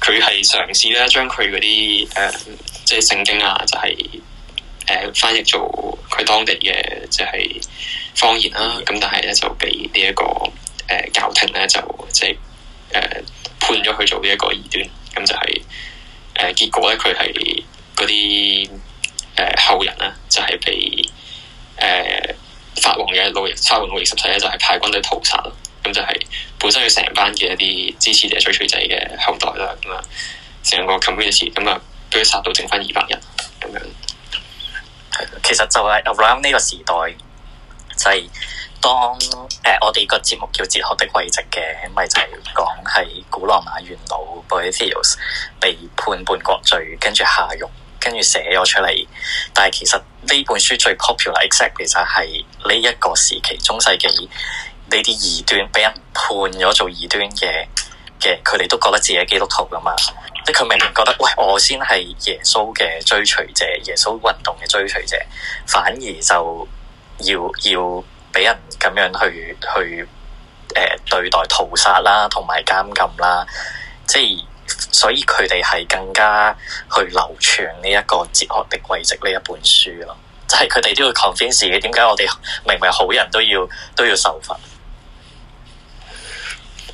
佢係嘗試咧將佢嗰啲誒即係聖經啊，就係、是、誒、呃、翻譯做佢當地嘅就係、是、方言啦、啊。咁但係咧就俾呢一個誒、呃、教廷咧就即係誒判咗佢做呢一個異端。咁就係、是、誒、呃、結果咧佢係嗰啲。誒、呃、後人咧、啊、就係、是、被誒、呃、法王嘅路易差官奴役十世咧就係、是、派軍隊屠殺啦。咁就係本身佢成班嘅一啲支持者、追隨者嘅後代啦。咁啊，成個 communities 咁啊，俾佢殺到剩翻二百人咁樣。其實就係 around 呢個時代，就係當誒我哋個節目叫《哲學的慰藉》嘅，咪就係、是、講係古羅馬元老 Boethius 被判叛國罪，跟住下獄。跟住寫咗出嚟，但係其實呢本書最 popular except 其實係呢一個時期中世紀呢啲異端俾人判咗做異端嘅，嘅佢哋都覺得自己係基督徒噶嘛，即佢明明覺得，喂我先係耶穌嘅追隨者，耶穌運動嘅追隨者，反而就要要俾人咁樣去去誒、呃、對待屠殺啦，同埋監禁啦，即係。所以佢哋係更加去流傳呢一個哲學的遺跡呢一本書咯，就係佢哋都要 confess 嘅。點解我哋明明係好人都要都要受罰？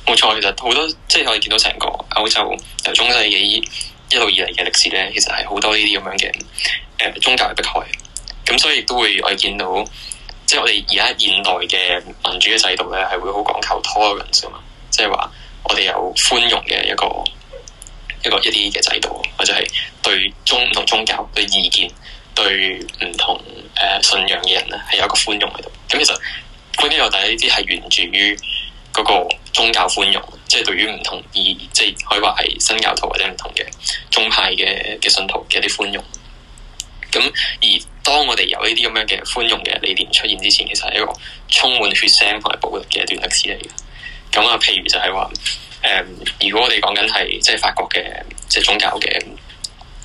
冇錯，其實好多即係我哋見到成個歐洲由中世紀一路以嚟嘅歷史咧，其實係好多呢啲咁樣嘅誒、呃、宗教嘅迫害。咁所以亦都會我哋見到，即係我哋而家現代嘅民主嘅制度咧，係會好講求 tolerance 啊，即係話我哋有寬容嘅一個。一個一啲嘅制度，或者係對宗唔同宗教對意見，對唔同誒信仰嘅人咧，係有一個寬容喺度。咁其實，關鍵我哋呢啲係源自於嗰個宗教寬容，即係對於唔同意義，即係可以話係新教徒或者唔同嘅宗派嘅嘅信徒嘅一啲寬容。咁而當我哋有呢啲咁樣嘅寬容嘅理念出現之前，其實係一個充滿血腥同埋暴力嘅一段歷史嚟嘅。咁啊，譬如就係話。誒，um, 如果我哋講緊係即係法國嘅即係宗教嘅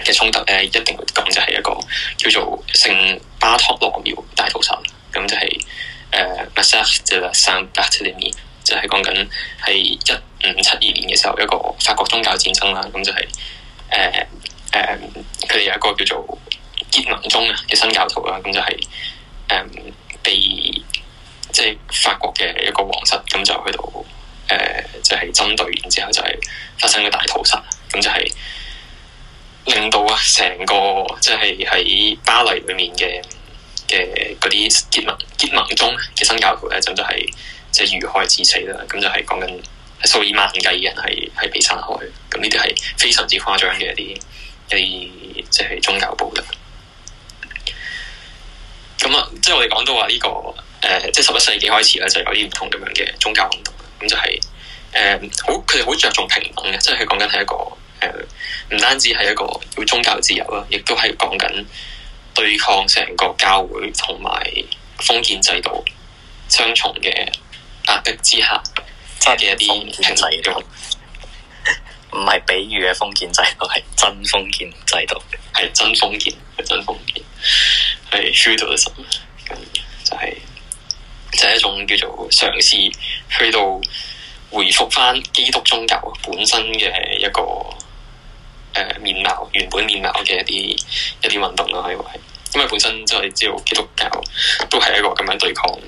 嘅衝突咧，啊，一定會講就係一個叫做聖巴托羅繆大屠殺。咁就係、是、誒、uh,，massacre de saint Bartholomew 就係講緊係一五七二年嘅時候，一個法國宗教戰爭啦。咁就係誒誒佢哋有一個叫做結盟宗啊嘅新教徒啦。咁就係、是、誒、um, 被即係、就是、法國嘅一個皇室咁就去到。誒，即係、呃就是、針對，然之後就係發生咗大屠殺，咁就係令到啊，成個即係喺巴黎裏面嘅嘅嗰啲結盟結盟中嘅新教徒咧，就真係即係遇害致死啦。咁就係講緊數以萬計人係係被殺害，咁呢啲係非常之誇張嘅一啲一啲，即係宗教暴動。咁、呃、啊，即係我哋講到話呢個誒，即係十一世紀開始咧，就有啲唔同咁樣嘅宗教運動。咁就係、是，誒、呃，好，佢哋好着重平等嘅，即係佢講緊係一個，誒、呃，唔單止係一個要宗教自由啦，亦都係講緊對抗成個教會同埋封建制度雙重嘅壓迫，迫之下，即係嘅一啲制度，唔係比喻嘅封建制度，係 真封建制度，係 真封建，真封建，係 Hugo 嘅心，咁 就係、是。就係一種叫做嘗試去到回復翻基督宗教本身嘅一個誒、呃、面貌，原本面貌嘅一啲一啲運動咯，可以話係。因為本身即係知道基督教都係一個咁樣對抗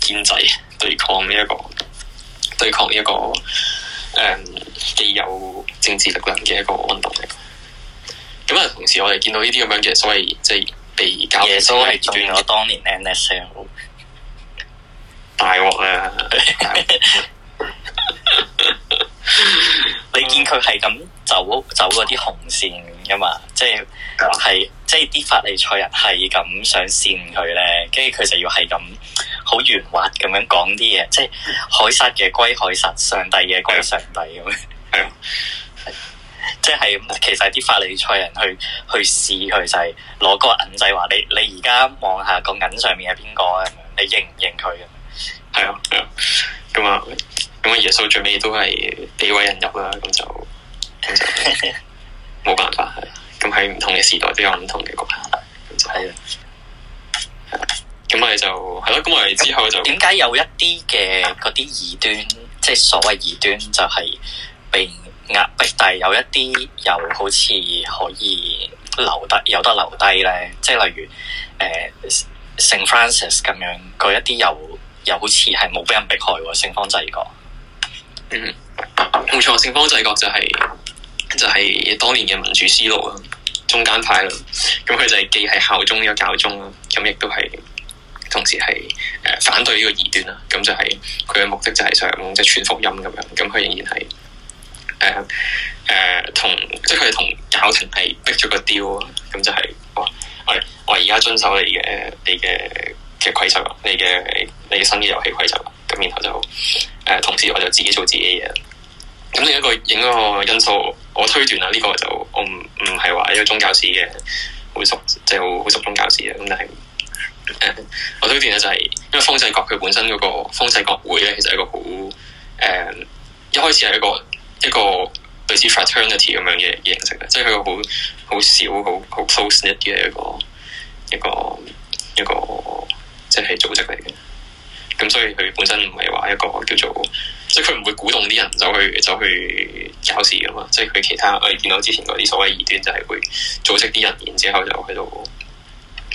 建制、對抗呢一個對抗呢一個誒既、呃、有政治力量嘅一個運動嚟。咁、嗯、啊，同時我哋見到呢啲咁樣嘅所謂即係被教，耶穌係斷咗當年 NSL 大鑊啊！ 你見佢係咁走走嗰啲紅線噶嘛？即係係即係啲法利賽人係咁想扇佢咧，跟住佢就要係咁好圓滑咁樣講啲嘢，即係凱撒嘅歸凱撒，上帝嘅歸上帝咁樣。係、 就是，即係其實啲法利賽人去去試佢就係攞個銀仔話你你而家望下個銀上面係邊個啊？你認唔認佢啊？係啊，係啊，咁啊，咁啊，耶穌最尾都係俾委任入啦，咁就咁就冇辦法係。咁喺唔同嘅時代都有唔同嘅國家，係啊。咁咪就係咯，咁咪之後就點解有一啲嘅嗰啲異端，即係所謂異端，就係、是、被壓迫，但係有一啲又好似可以留得有得留低咧，即係例如誒聖、呃、Francis 咁樣，嗰一啲又。又好似係冇俾人逼害喎，聖方濟各。嗯，冇錯，聖方濟各就係、是、就係、是、當年嘅民主思路啊，中間派啦。咁佢就係既係效忠呢個教宗啦，咁亦都係同時係誒、呃、反對呢個異端啊。咁就係佢嘅目的就係想即係、就是、傳福音咁樣。咁佢仍然係誒誒同，即係佢同教廷係逼咗個 deal 啊、就是。咁就係我我我而家遵守你嘅你嘅。嘅規則啦，你嘅你嘅新嘅遊戲規則啦，咁然後就誒、呃、同時我就自己做自己嘢。咁另一個另一個因素，我推斷啦，呢個就我唔唔係話一個宗教史嘅好熟，即係好熟宗教史嘅咁，但係、呃、我推斷咧就係、是、因為方濟各佢本身嗰個方濟各會咧，其實係一個好誒、呃、一開始係一個一個類似 fraternity 咁樣嘅形式，即係佢個好好少好好 close 一啲嘅一個一個一個。一個一個一個即係組織嚟嘅，咁所以佢本身唔係話一個叫做，即係佢唔會鼓動啲人走去走去搞事㗎嘛，即係佢其他我哋見到之前嗰啲所謂異端就係會組織啲人，然之後就喺度，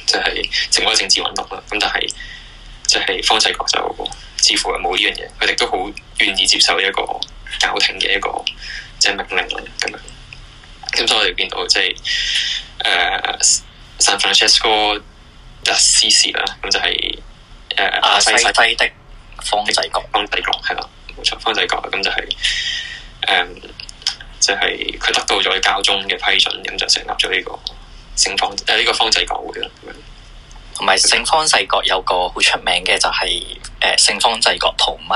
即係整個政治運動啦。咁但係，即係方濟各就似乎係冇呢樣嘢，佢哋都好願意接受一個教廷嘅一個即係命令咁樣。咁所以我哋見到即係誒，San Francisco。啊，斯氏啦，咁就係誒阿西西的方濟各，啊，方濟各係啦，冇錯，就是，方濟各咁就係誒，就係、是、佢得到咗教宗嘅批准，咁就成立咗呢、這個聖方誒呢、啊這個方濟各會啦。同埋聖方濟各有個好出名嘅就係誒聖方濟各圖物，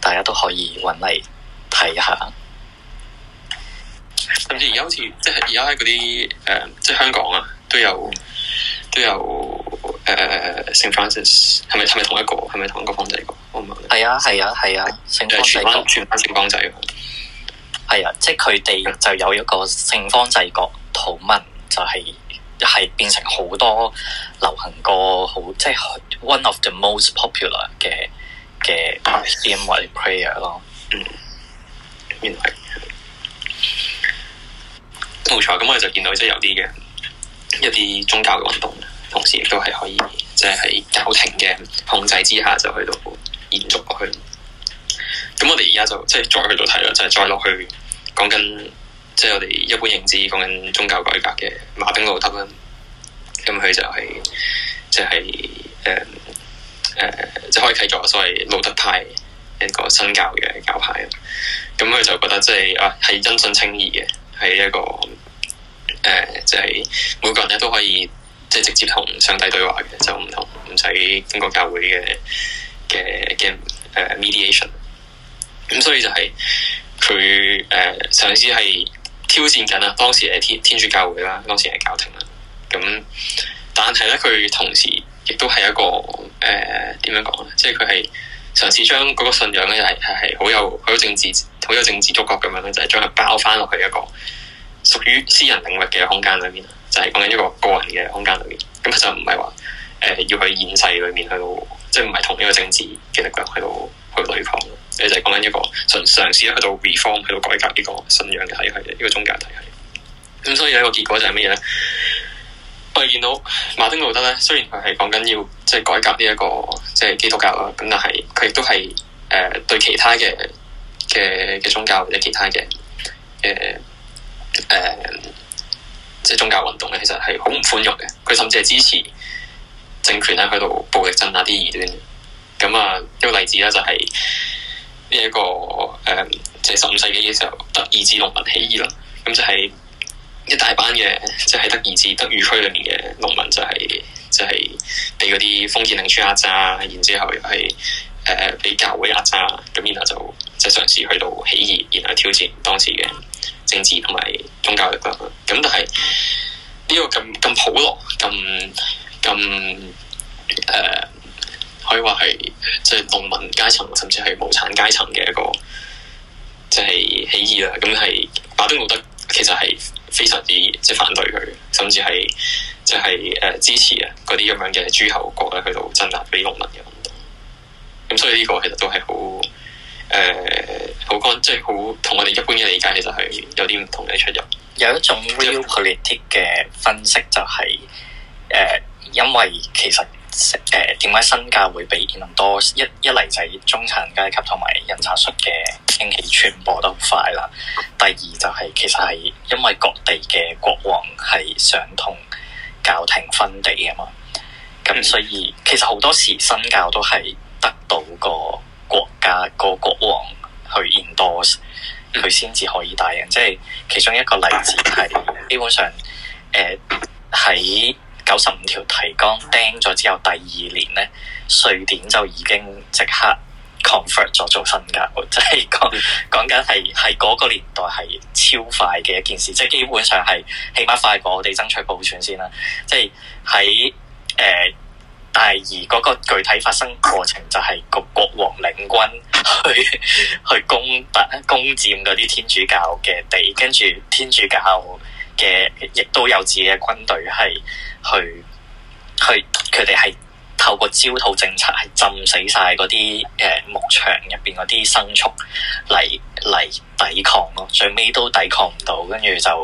大家都可以搵嚟睇下。甚至而家好似即係而家喺嗰啲誒，即係、呃、香港啊，都有。都有誒聖方濟，係咪係咪同一個？係咪同一個方濟各？係啊，係啊，係啊，聖方濟各。係啊，即係佢哋就有一個聖方濟各圖文，就係、是、係變成好多流行歌，好即係 one of the most popular 嘅嘅 theme or prayer 咯。嗯，原來係冇錯。咁我哋就見到即係有啲嘅。一啲宗教嘅運動，同時亦都係可以即係喺教廷嘅控制之下，就去到延續落去。咁我哋而家就即係再去到睇啦，就係、是、再落去講緊即係我哋一般認知講緊宗教改革嘅馬丁路德啦。咁佢就係即係誒誒，即係開啟咗所謂路德派一個新教嘅教派。咁佢就覺得即係啊，係真信稱義嘅，係一個。誒、呃，就係、是、每個人咧都可以即係、就是、直接同上帝對話嘅，就唔同唔使經過教會嘅嘅嘅誒 mediation。咁、呃 Med 嗯、所以就係佢誒嘗試係挑戰緊啦。當時係天天主教會啦，當時係教廷啦。咁、嗯、但係咧，佢同時亦都係一個誒點、呃、樣講咧？即係佢係嘗試將嗰個信仰咧，又係係好有好有政治好有政治觸角咁樣咧，就係、是、將佢包翻落去一個，屬於私人領域嘅空間裏面，就係講緊一個個人嘅空間裏面，咁就唔係話誒要去現世裏面去到，到即係唔係同一個政治嘅力量去到去對抗咯。你就講緊一個嘗嘗試去到 reform，去到改革呢個信仰嘅體系，呢個宗教體系。咁所以有一個結果就係乜嘢咧？我哋見到馬丁路德咧，雖然佢係講緊要即係改革呢一個即係基督教啦，咁但係佢亦都係誒對其他嘅嘅嘅宗教或者其他嘅嘅。誒，即係、uh, 宗教運動咧，其實係好唔寬容嘅。佢甚至係支持政權咧喺度暴力鎮壓啲異端。咁啊，一個例子咧就係呢一個誒，即係十五世紀嘅時候，德意志農民起義啦。咁就係一大班嘅，即係德意志德語區裏面嘅農民，就是，就係即係被嗰啲封建領主壓榨，然之後又係誒被教會壓榨，咁然後就即係嘗試去到起義，然後挑戰當時嘅。政治同埋宗教力啦，咁但係呢、這個咁咁普羅咁咁誒，可以話係即係農民階層，甚至係無產階層嘅一個即係、就是、起義啦。咁係馬丁路德其實係非常之即係反對佢，甚至係即係誒支持啊嗰啲咁樣嘅諸侯國咧去到鎮壓啲農民嘅運動。咁所以呢個其實都係好誒。呃好乾，即係好同我哋一般嘅理解，其實係有啲唔同嘅出入。有一種 real politics 嘅分析就係、是、誒、呃，因為其實誒點解新教會比咁多一一嚟就係中產階級同埋印刷術嘅興起傳播得快啦。第二就係、是、其實係因為各地嘅國王係想同教廷分地啊嘛，咁所以、嗯、其實好多時新教都係得到個國家、個國王。去 endorse 佢先至可以打贏，即係其中一個例子係基本上誒喺九十五條提綱釘咗之後第二年咧，瑞典就已經即刻 convert 咗做新教，即係講講緊係係嗰個年代係超快嘅一件事，即係基本上係起碼快過我哋爭取補選先啦，即係喺誒。呃但係，而嗰個具體發生過程就係個國王領軍去去攻打、攻佔嗰啲天主教嘅地，跟住天主教嘅亦都有自己嘅軍隊係去去，佢哋係透過焦土政策係浸死晒嗰啲誒牧場入邊嗰啲牲畜嚟嚟抵抗咯，最尾都抵抗唔到，跟住就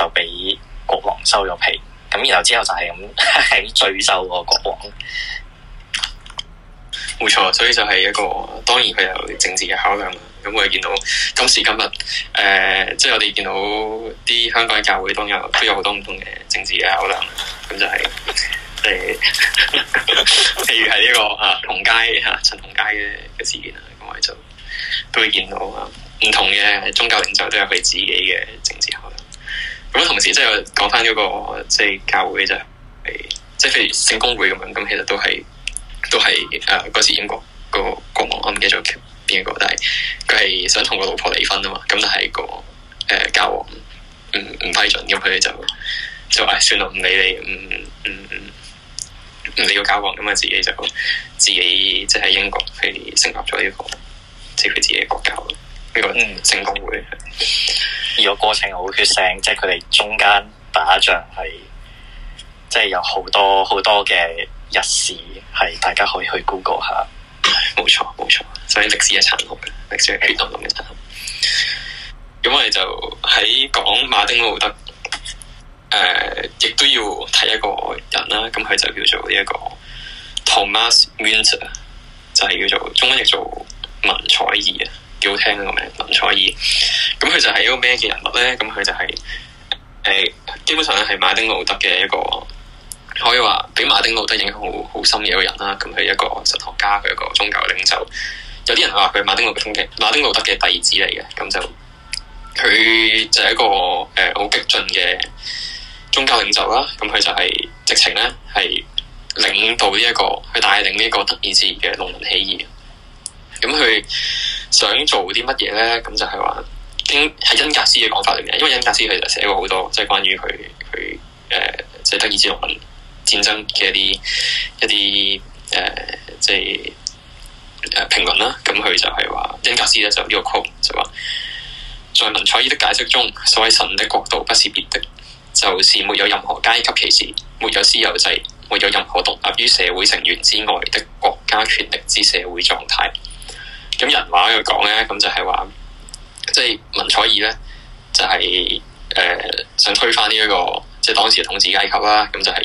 就俾國王收咗皮。咁然後之後就係咁喺詛咒個國王，冇錯，所以就係一個當然佢有政治嘅考量啦。咁我哋見到今時今日，誒、呃，即、就、係、是、我哋見到啲香港教會都有都有好多唔同嘅政治嘅考量，咁就係、是、誒，譬 如係呢、這個啊，同佳嚇陳同佳嘅嘅事件啊，咁我哋就都會見到啊，唔同嘅宗教領袖都有佢自己嘅政治考量。咁同時即係講翻嗰個即係教會啫，即係，就係，即係譬如聖公會咁樣，咁其實都係都係誒嗰時英國個國王，我唔記得咗邊個，但係佢係想同個老婆離婚啊嘛，咁但係個誒教皇唔唔批准，咁佢就就話算咯，唔理你，唔唔唔理個教皇咁啊，自己就自己即係英國係成立咗呢個即係佢自己嘅國教。呢嗯，個成功會。呢、嗯，這個過程好血腥，即係佢哋中間打仗係，即、就、係、是、有好多好多嘅日事，係大家可以去 Google 下。冇錯， 冇錯，所以歷史係殘酷嘅，歷 史係血淋淋嘅殘酷。咁 我哋就喺講馬丁路德，誒、呃，亦都要睇一個人啦。咁佢就叫做呢一個 Thomas Winsor，就係叫做中文譯做文采儀啊。幾好聽個名林采宜，咁 佢就係一個咩嘅人物咧？咁佢就係、是、誒、呃，基本上係馬丁路德嘅一個可以話俾馬丁路德影響好好深嘅一個人啦。咁佢一個神學家，佢一個宗教領袖。有啲人話佢馬丁路德嘅馬丁路德嘅弟子嚟嘅。咁就佢就係一個誒好、呃、激進嘅宗教領袖啦。咁佢就係、是、直情咧係領導呢、這、一個，去帶領呢個德意志嘅農民起義。咁佢想做啲乜嘢咧？咁就係話經喺恩格斯嘅講法裏面，因為恩格斯佢就寫過好多，即係關於佢佢、誒，即係德意志農民戰爭嘅一啲一啲誒，即係誒評論啦。咁佢就係話，恩格斯咧就呢個 quote，就話，在閔采爾的解釋中，所謂神的國度不是別的，就是沒有任何階級歧視、沒有私有制、沒有任何獨立於社會成員之外的國家權力之社會狀態。咁人話喺度講咧，咁就係話，即係文采爾咧，就係、是、誒、就是呃、想推翻呢、這、一個，即、就、係、是、當時統治階級啦。咁就係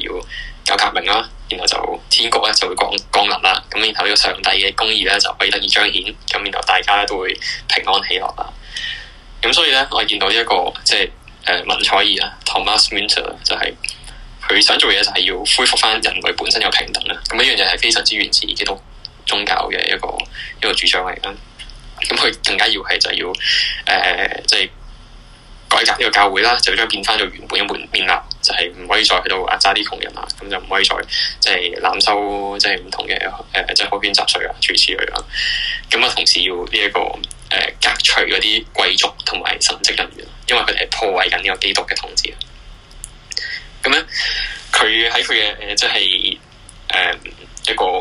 要搞革命啦，然後就天國咧就會降降臨啦。咁然後呢個上帝嘅公義咧就可以得以彰顯。咁然後大家咧都會平安喜樂啦。咁所以咧，我見到呢、這、一個即係誒文采爾啊，Thomas Müntzer 就係、是、佢想做嘢就係要恢復返人類本身有平等啦。咁一樣嘢係非常之原始嘅都。宗教嘅一個一個主張嚟嘅，咁、嗯、佢更加要係就是要誒，即、呃、係、就是、改革呢個教會啦，就要將變翻做原本嘅門面，就係、是、唔可以再去到壓榨啲窮人啊，咁就唔可以再即係、就是、濫收即係唔同嘅誒即係苛捐雜稅啊，諸、呃、如、就是、此類啦。咁、嗯、啊，同時要呢、這個呃、一個誒革除嗰啲貴族同埋神職人員，因為佢哋係破壞緊呢個基督嘅統治啊。咁、嗯、咧，佢喺佢嘅誒即係誒一個。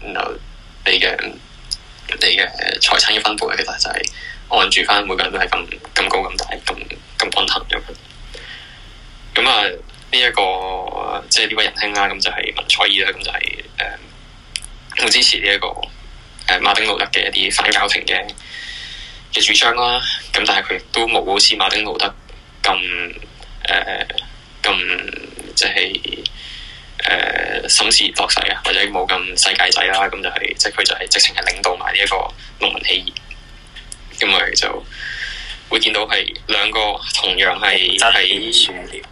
然後你嘅你嘅財產嘅分配，其實就係按住翻每個人都係咁咁高咁大咁咁均衡咁。咁啊呢一、這個即係呢位仁兄啦，咁、啊、就係、是、文采爾啦，咁、啊、就係、是、誒、啊，我支持呢、這、一個誒、啊、馬丁路德嘅一啲反教廷嘅嘅主張啦。咁、啊、但係佢亦都冇好似馬丁路德咁誒咁即係。啊誒審時、呃、度勢啊，或者冇咁世界仔啦，咁、啊、就係即係佢就係、是、直情係領導埋呢一個農民起義，咁咪就會見到係兩個同樣係喺樹葉，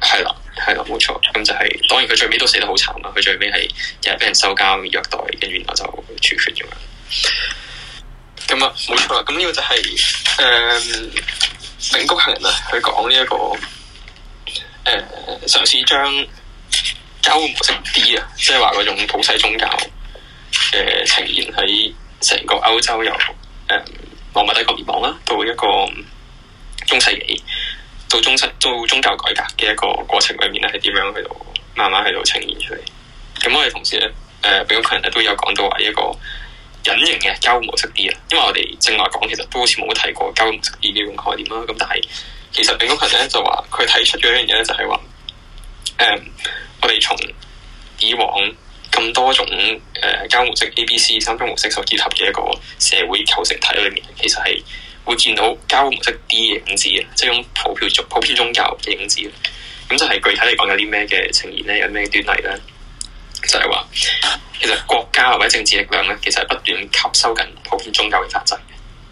係啦係啦冇錯，咁就係、是、當然佢最尾都死得好慘啊！佢最尾係又係俾人收監虐待，跟住然後就處決咗啦。咁啊冇錯啦，咁呢個就係誒明谷行啊，佢講呢一個誒嘗試將。交換模式 D 啊，即係話嗰種普世宗教嘅，呃、呈現喺成個歐洲由誒羅馬帝國滅亡啦，到一個中世紀，到中世到宗教改革嘅一個過程裏面咧，係點樣去到慢慢去到呈現出嚟？咁、嗯、我哋同時咧，誒、呃，柄谷行人咧都有講到話一個隱形嘅交換模式 D 啊，因為我哋正話講，其實都好似冇提過交換模式 D 呢種概念啦。咁但係其實柄谷行人咧就話佢睇出咗一樣嘢咧，就係話。就是誒，um, 我哋從以往咁多種誒、呃、交互式 A、B、C 三種模式所結合嘅一個社會構成體裏面，其實係會見到交互式 D 嘅影子啊，即係種普遍宗普遍宗教嘅影子啊。咁就係具體嚟講，有啲咩嘅呈現咧？有咩端倪咧？就係話，其實國家或者政治力量咧，其實係不斷吸收緊普遍宗教嘅法制，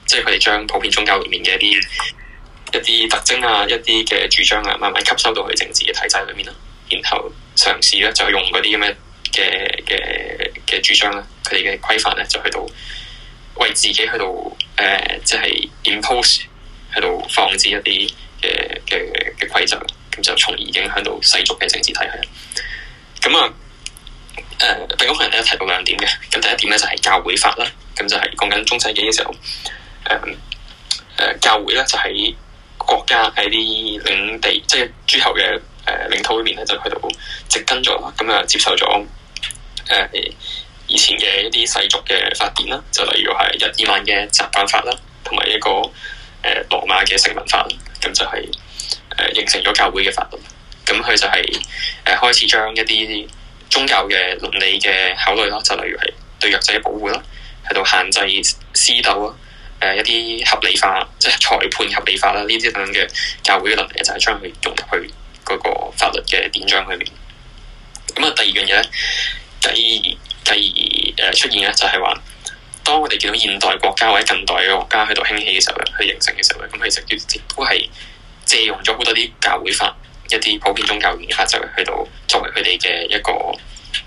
即係佢哋將普遍宗教裡面嘅一啲一啲特徵啊、一啲嘅主張啊，慢慢吸收到佢政治嘅體制裏面咯。然後嘗試咧就用嗰啲咁嘅嘅嘅嘅主張啦，佢哋嘅規範咧就去到為自己去到誒，即係 impose 喺度，去到放置一啲嘅嘅嘅規則，咁就從而影響到世俗嘅政治體系。咁啊誒，我、呃、個人咧提到兩點嘅，咁第一點咧就係、是、教會法啦，咁就係講緊中世紀嘅時候，誒、呃、誒、呃、教會咧就喺國家喺啲領地，即係諸侯嘅。誒領土裏面咧就喺度植根咗啦，咁啊接受咗誒、呃、以前嘅一啲世俗嘅法典啦，就例如係日耳曼嘅習慣法啦，同埋一個誒、呃、羅馬嘅成文法，咁就係、是、誒、呃、形成咗教會嘅法律。咁佢就係、是、誒、呃、開始將一啲宗教嘅倫理嘅考慮啦，就例如係對弱者嘅保護啦，喺度限制私鬥啦，誒、呃、一啲合理化即係裁判合理化啦，呢啲等嘅教會嘅倫理就係將佢融入去。嗰個法律嘅典章裏面，咁啊第二樣嘢咧，第二第二誒、呃、出現咧就係話，當我哋見到現代國家或者近代嘅國家喺度興起嘅時候， 去形成嘅時候，咁其實都係借用咗好多啲教會法一啲普遍宗教源嘅法則去到作為佢哋嘅一個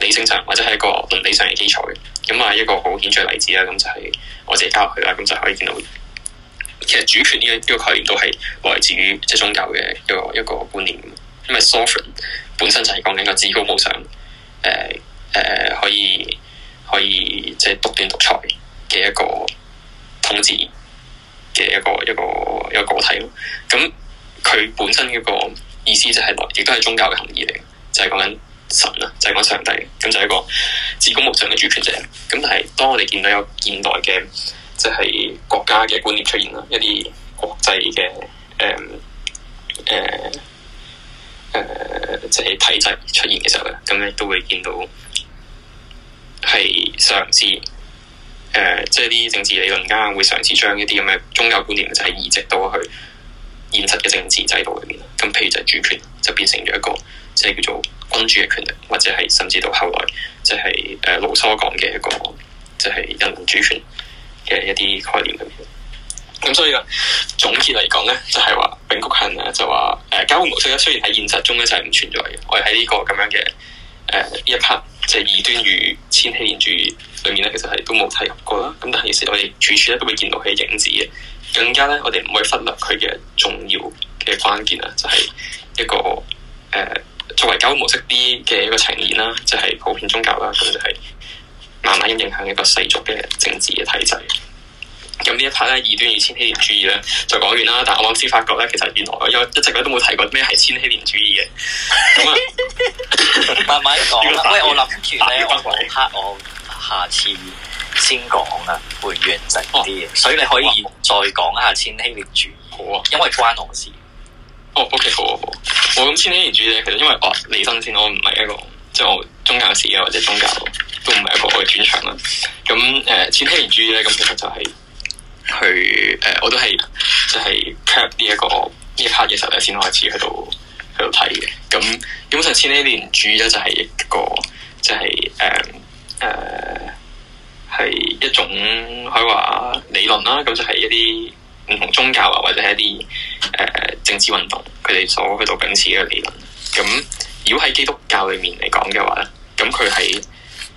理性上或者係一個倫理上嘅基礎。咁啊一個好顯著嘅例子啦，咁就係我自己加入去啦，咁就可以見到，其實主權呢一個概念都係來自於即係宗教嘅一個一個觀念。因為 sovereign 本身就係講緊個至高無上，誒、呃、誒、呃，可以可以即係、就是、獨斷獨裁嘅一個統治嘅一個一個一個個體咯。咁佢本身一個意思即係來，亦都係宗教嘅含義嚟嘅，就係講緊神啊，就係、是、講上帝。咁就係一個至高無上嘅主權者。咁但係當我哋見到有現代嘅即係國家嘅觀念出現啦，一啲國際嘅誒誒。呃呃誒即係體制出現嘅時候咧，咁咧都會見到係嘗試誒，即係啲政治理論家會嘗試將一啲咁嘅宗教觀念就係移植到去現實嘅政治制度裏面。咁譬如就係主權就變成咗一個即係、就是、叫做君主嘅權力，或者係甚至到後來即係誒盧梭講嘅一個即係、就是、人民主權嘅一啲概念咁樣。咁所以啊，總結嚟講咧，就係話，柄谷行人咧就話，誒，交換模式咧雖然喺現實中咧就係唔存在嘅，我哋喺呢個咁樣嘅誒呢一 part 即係異端與千禧年主義裏面咧，其實係都冇提及過啦。咁但係其實我哋處處咧都會見到佢嘅影子嘅，更加咧我哋唔可以忽略佢嘅重要嘅關鍵啊！就係一個誒，作為交換模式啲嘅一個呈現啦，即係普遍宗教啦，咁就係慢慢影響一個世俗嘅政治嘅體制。咁呢一 part 咧，二端與千禧年主義咧，就講完啦。但係我啱先發覺咧，其實原來因為我一一直都冇提過咩係千禧年主義嘅。咁啊，慢慢講啦。喂，我諗住咧，嗰刻我，我下次先講啊，哦、會詳盡啲嘢，所以你可以再講一下千禧年主義。好啊，因為關我事。哦，OK，好啊好啊。我咁、啊哦、千禧年主義咧，其實因為啊，李、哦、身先，我唔係一個即係我宗教史啊，或者宗教都唔係一個我嘅專長啦。咁誒、呃，千禧年主義咧，咁其實就係、是。去誒、呃，我都係即係 prep 呢一個呢一 part 嘅時候咧，先開始去到去到睇嘅。咁咁，基本上千禧年主義咧就係一個，即係誒誒，係、嗯呃、一種可以話理論啦。咁就係一啲唔同宗教啊，或者係一啲誒、呃、政治運動佢哋所去到秉持嘅理論。咁、嗯、如果喺基督教裏面嚟講嘅話咧，咁佢係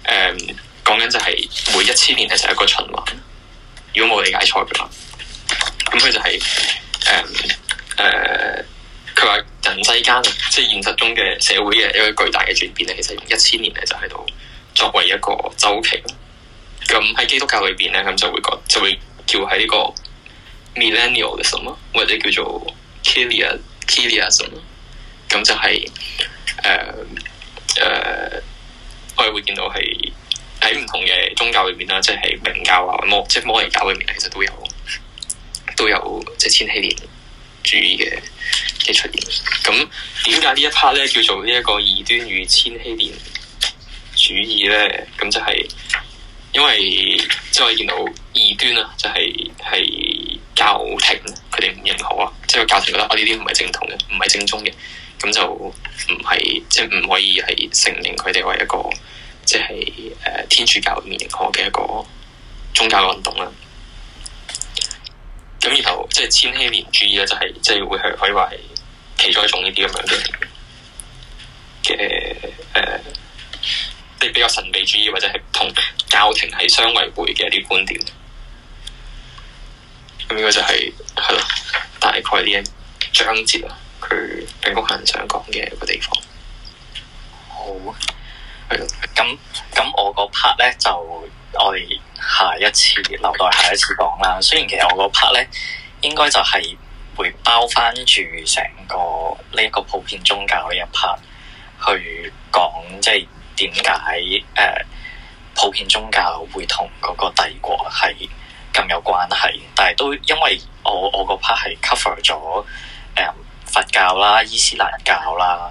誒講緊就係每一千年咧就係一個循環。如果冇理解錯嘅話，咁佢就係誒誒，佢、um, 話、uh, 人世間即係現實中嘅社會嘅一個巨大嘅轉變咧，其、就、實、是、用一千年咧就喺度作為一個周期咯。咁喺基督教裏邊咧，咁就會覺就會叫喺呢個 millennialism，或者叫做 kiliakiliakism 咯。咁就係誒誒，uh, uh, 我哋會見到係。喺唔同嘅宗教裏面啦，即係明教啊、魔即係摩尼教裏面，其實都有都有即係千禧年主義嘅嘅出現。咁點解呢一 part 咧叫做呢一個異端與千禧年主義咧？咁就係因為即係我哋見到異端啊，就係係教廷佢哋唔認可啊，即係個教廷覺得啊呢啲唔係正統嘅，唔係正宗嘅，咁就唔係即係唔可以係承認佢哋為一個。即係誒天主教裡面認可嘅一個宗教運動啦。咁然後即係千禧年主義咧，就是，就係即係會係可以話係其中一種呢啲咁樣嘅嘅誒，即係、呃、比較神秘主義或者係同教廷係相違背嘅一啲觀點。咁呢個就係係咯，大概啲章節咯，佢李國恒想講嘅一個地方。好、啊。咁咁，我個 part 咧就我哋下一次留待下一次講啦。雖然其實我個 part 咧應該就係會包翻住成個呢一個普遍宗教呢一 part 去講，即係點解誒普遍宗教會同嗰個帝國係咁有關係？但係都因為我我個 part 係 cover 咗，誒、呃、佛教啦、伊斯蘭教啦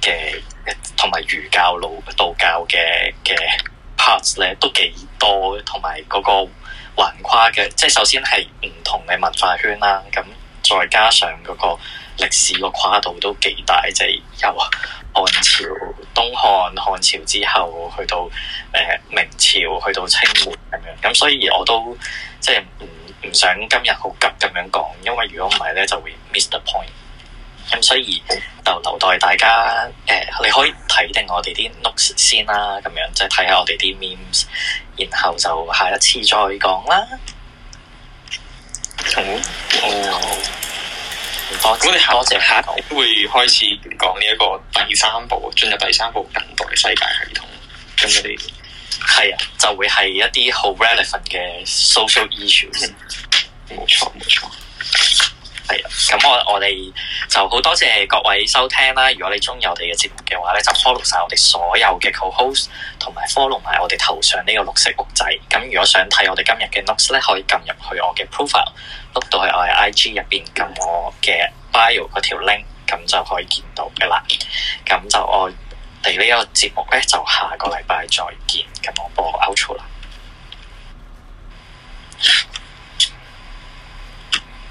嘅。同埋儒教、路道教嘅嘅 parts 咧，都幾多，同埋嗰個橫跨嘅，即係首先係唔同嘅文化圈啦。咁再加上嗰個歷史個跨度都幾大，即係由漢朝、東漢漢朝之後去到誒明朝，去到清末咁樣，咁所以我都即係唔唔想今日好急咁樣講，因為如果唔係咧，就會 miss the point。咁、嗯、所以就留待大家誒、呃，你可以睇定我哋啲 notes 先啦，咁樣，即係睇下我哋啲 memes，e 然後就下一次再講啦。好、嗯，好、嗯，我我下多謝嚇，下謝會開始講呢一個第三步，進入第三步近代世界系統。咁你係 啊，就會係一啲好 relevant 嘅 social issues。冇、嗯、錯，冇錯。咁我我哋就好多謝各位收聽啦！如果你中意我哋嘅節目嘅話咧，就 follow 晒我哋所有嘅 co-host 同埋 follow 埋我哋頭上呢個綠色屋仔。咁如果想睇我哋今日嘅 notes 咧，可以撳入去我嘅 profile，碌到去我嘅 IG 入邊，撳我嘅 bio 嗰條 link，咁就可以見到噶啦。咁就我哋呢個節目咧，就下個禮拜再見。咁我播 outro 啦。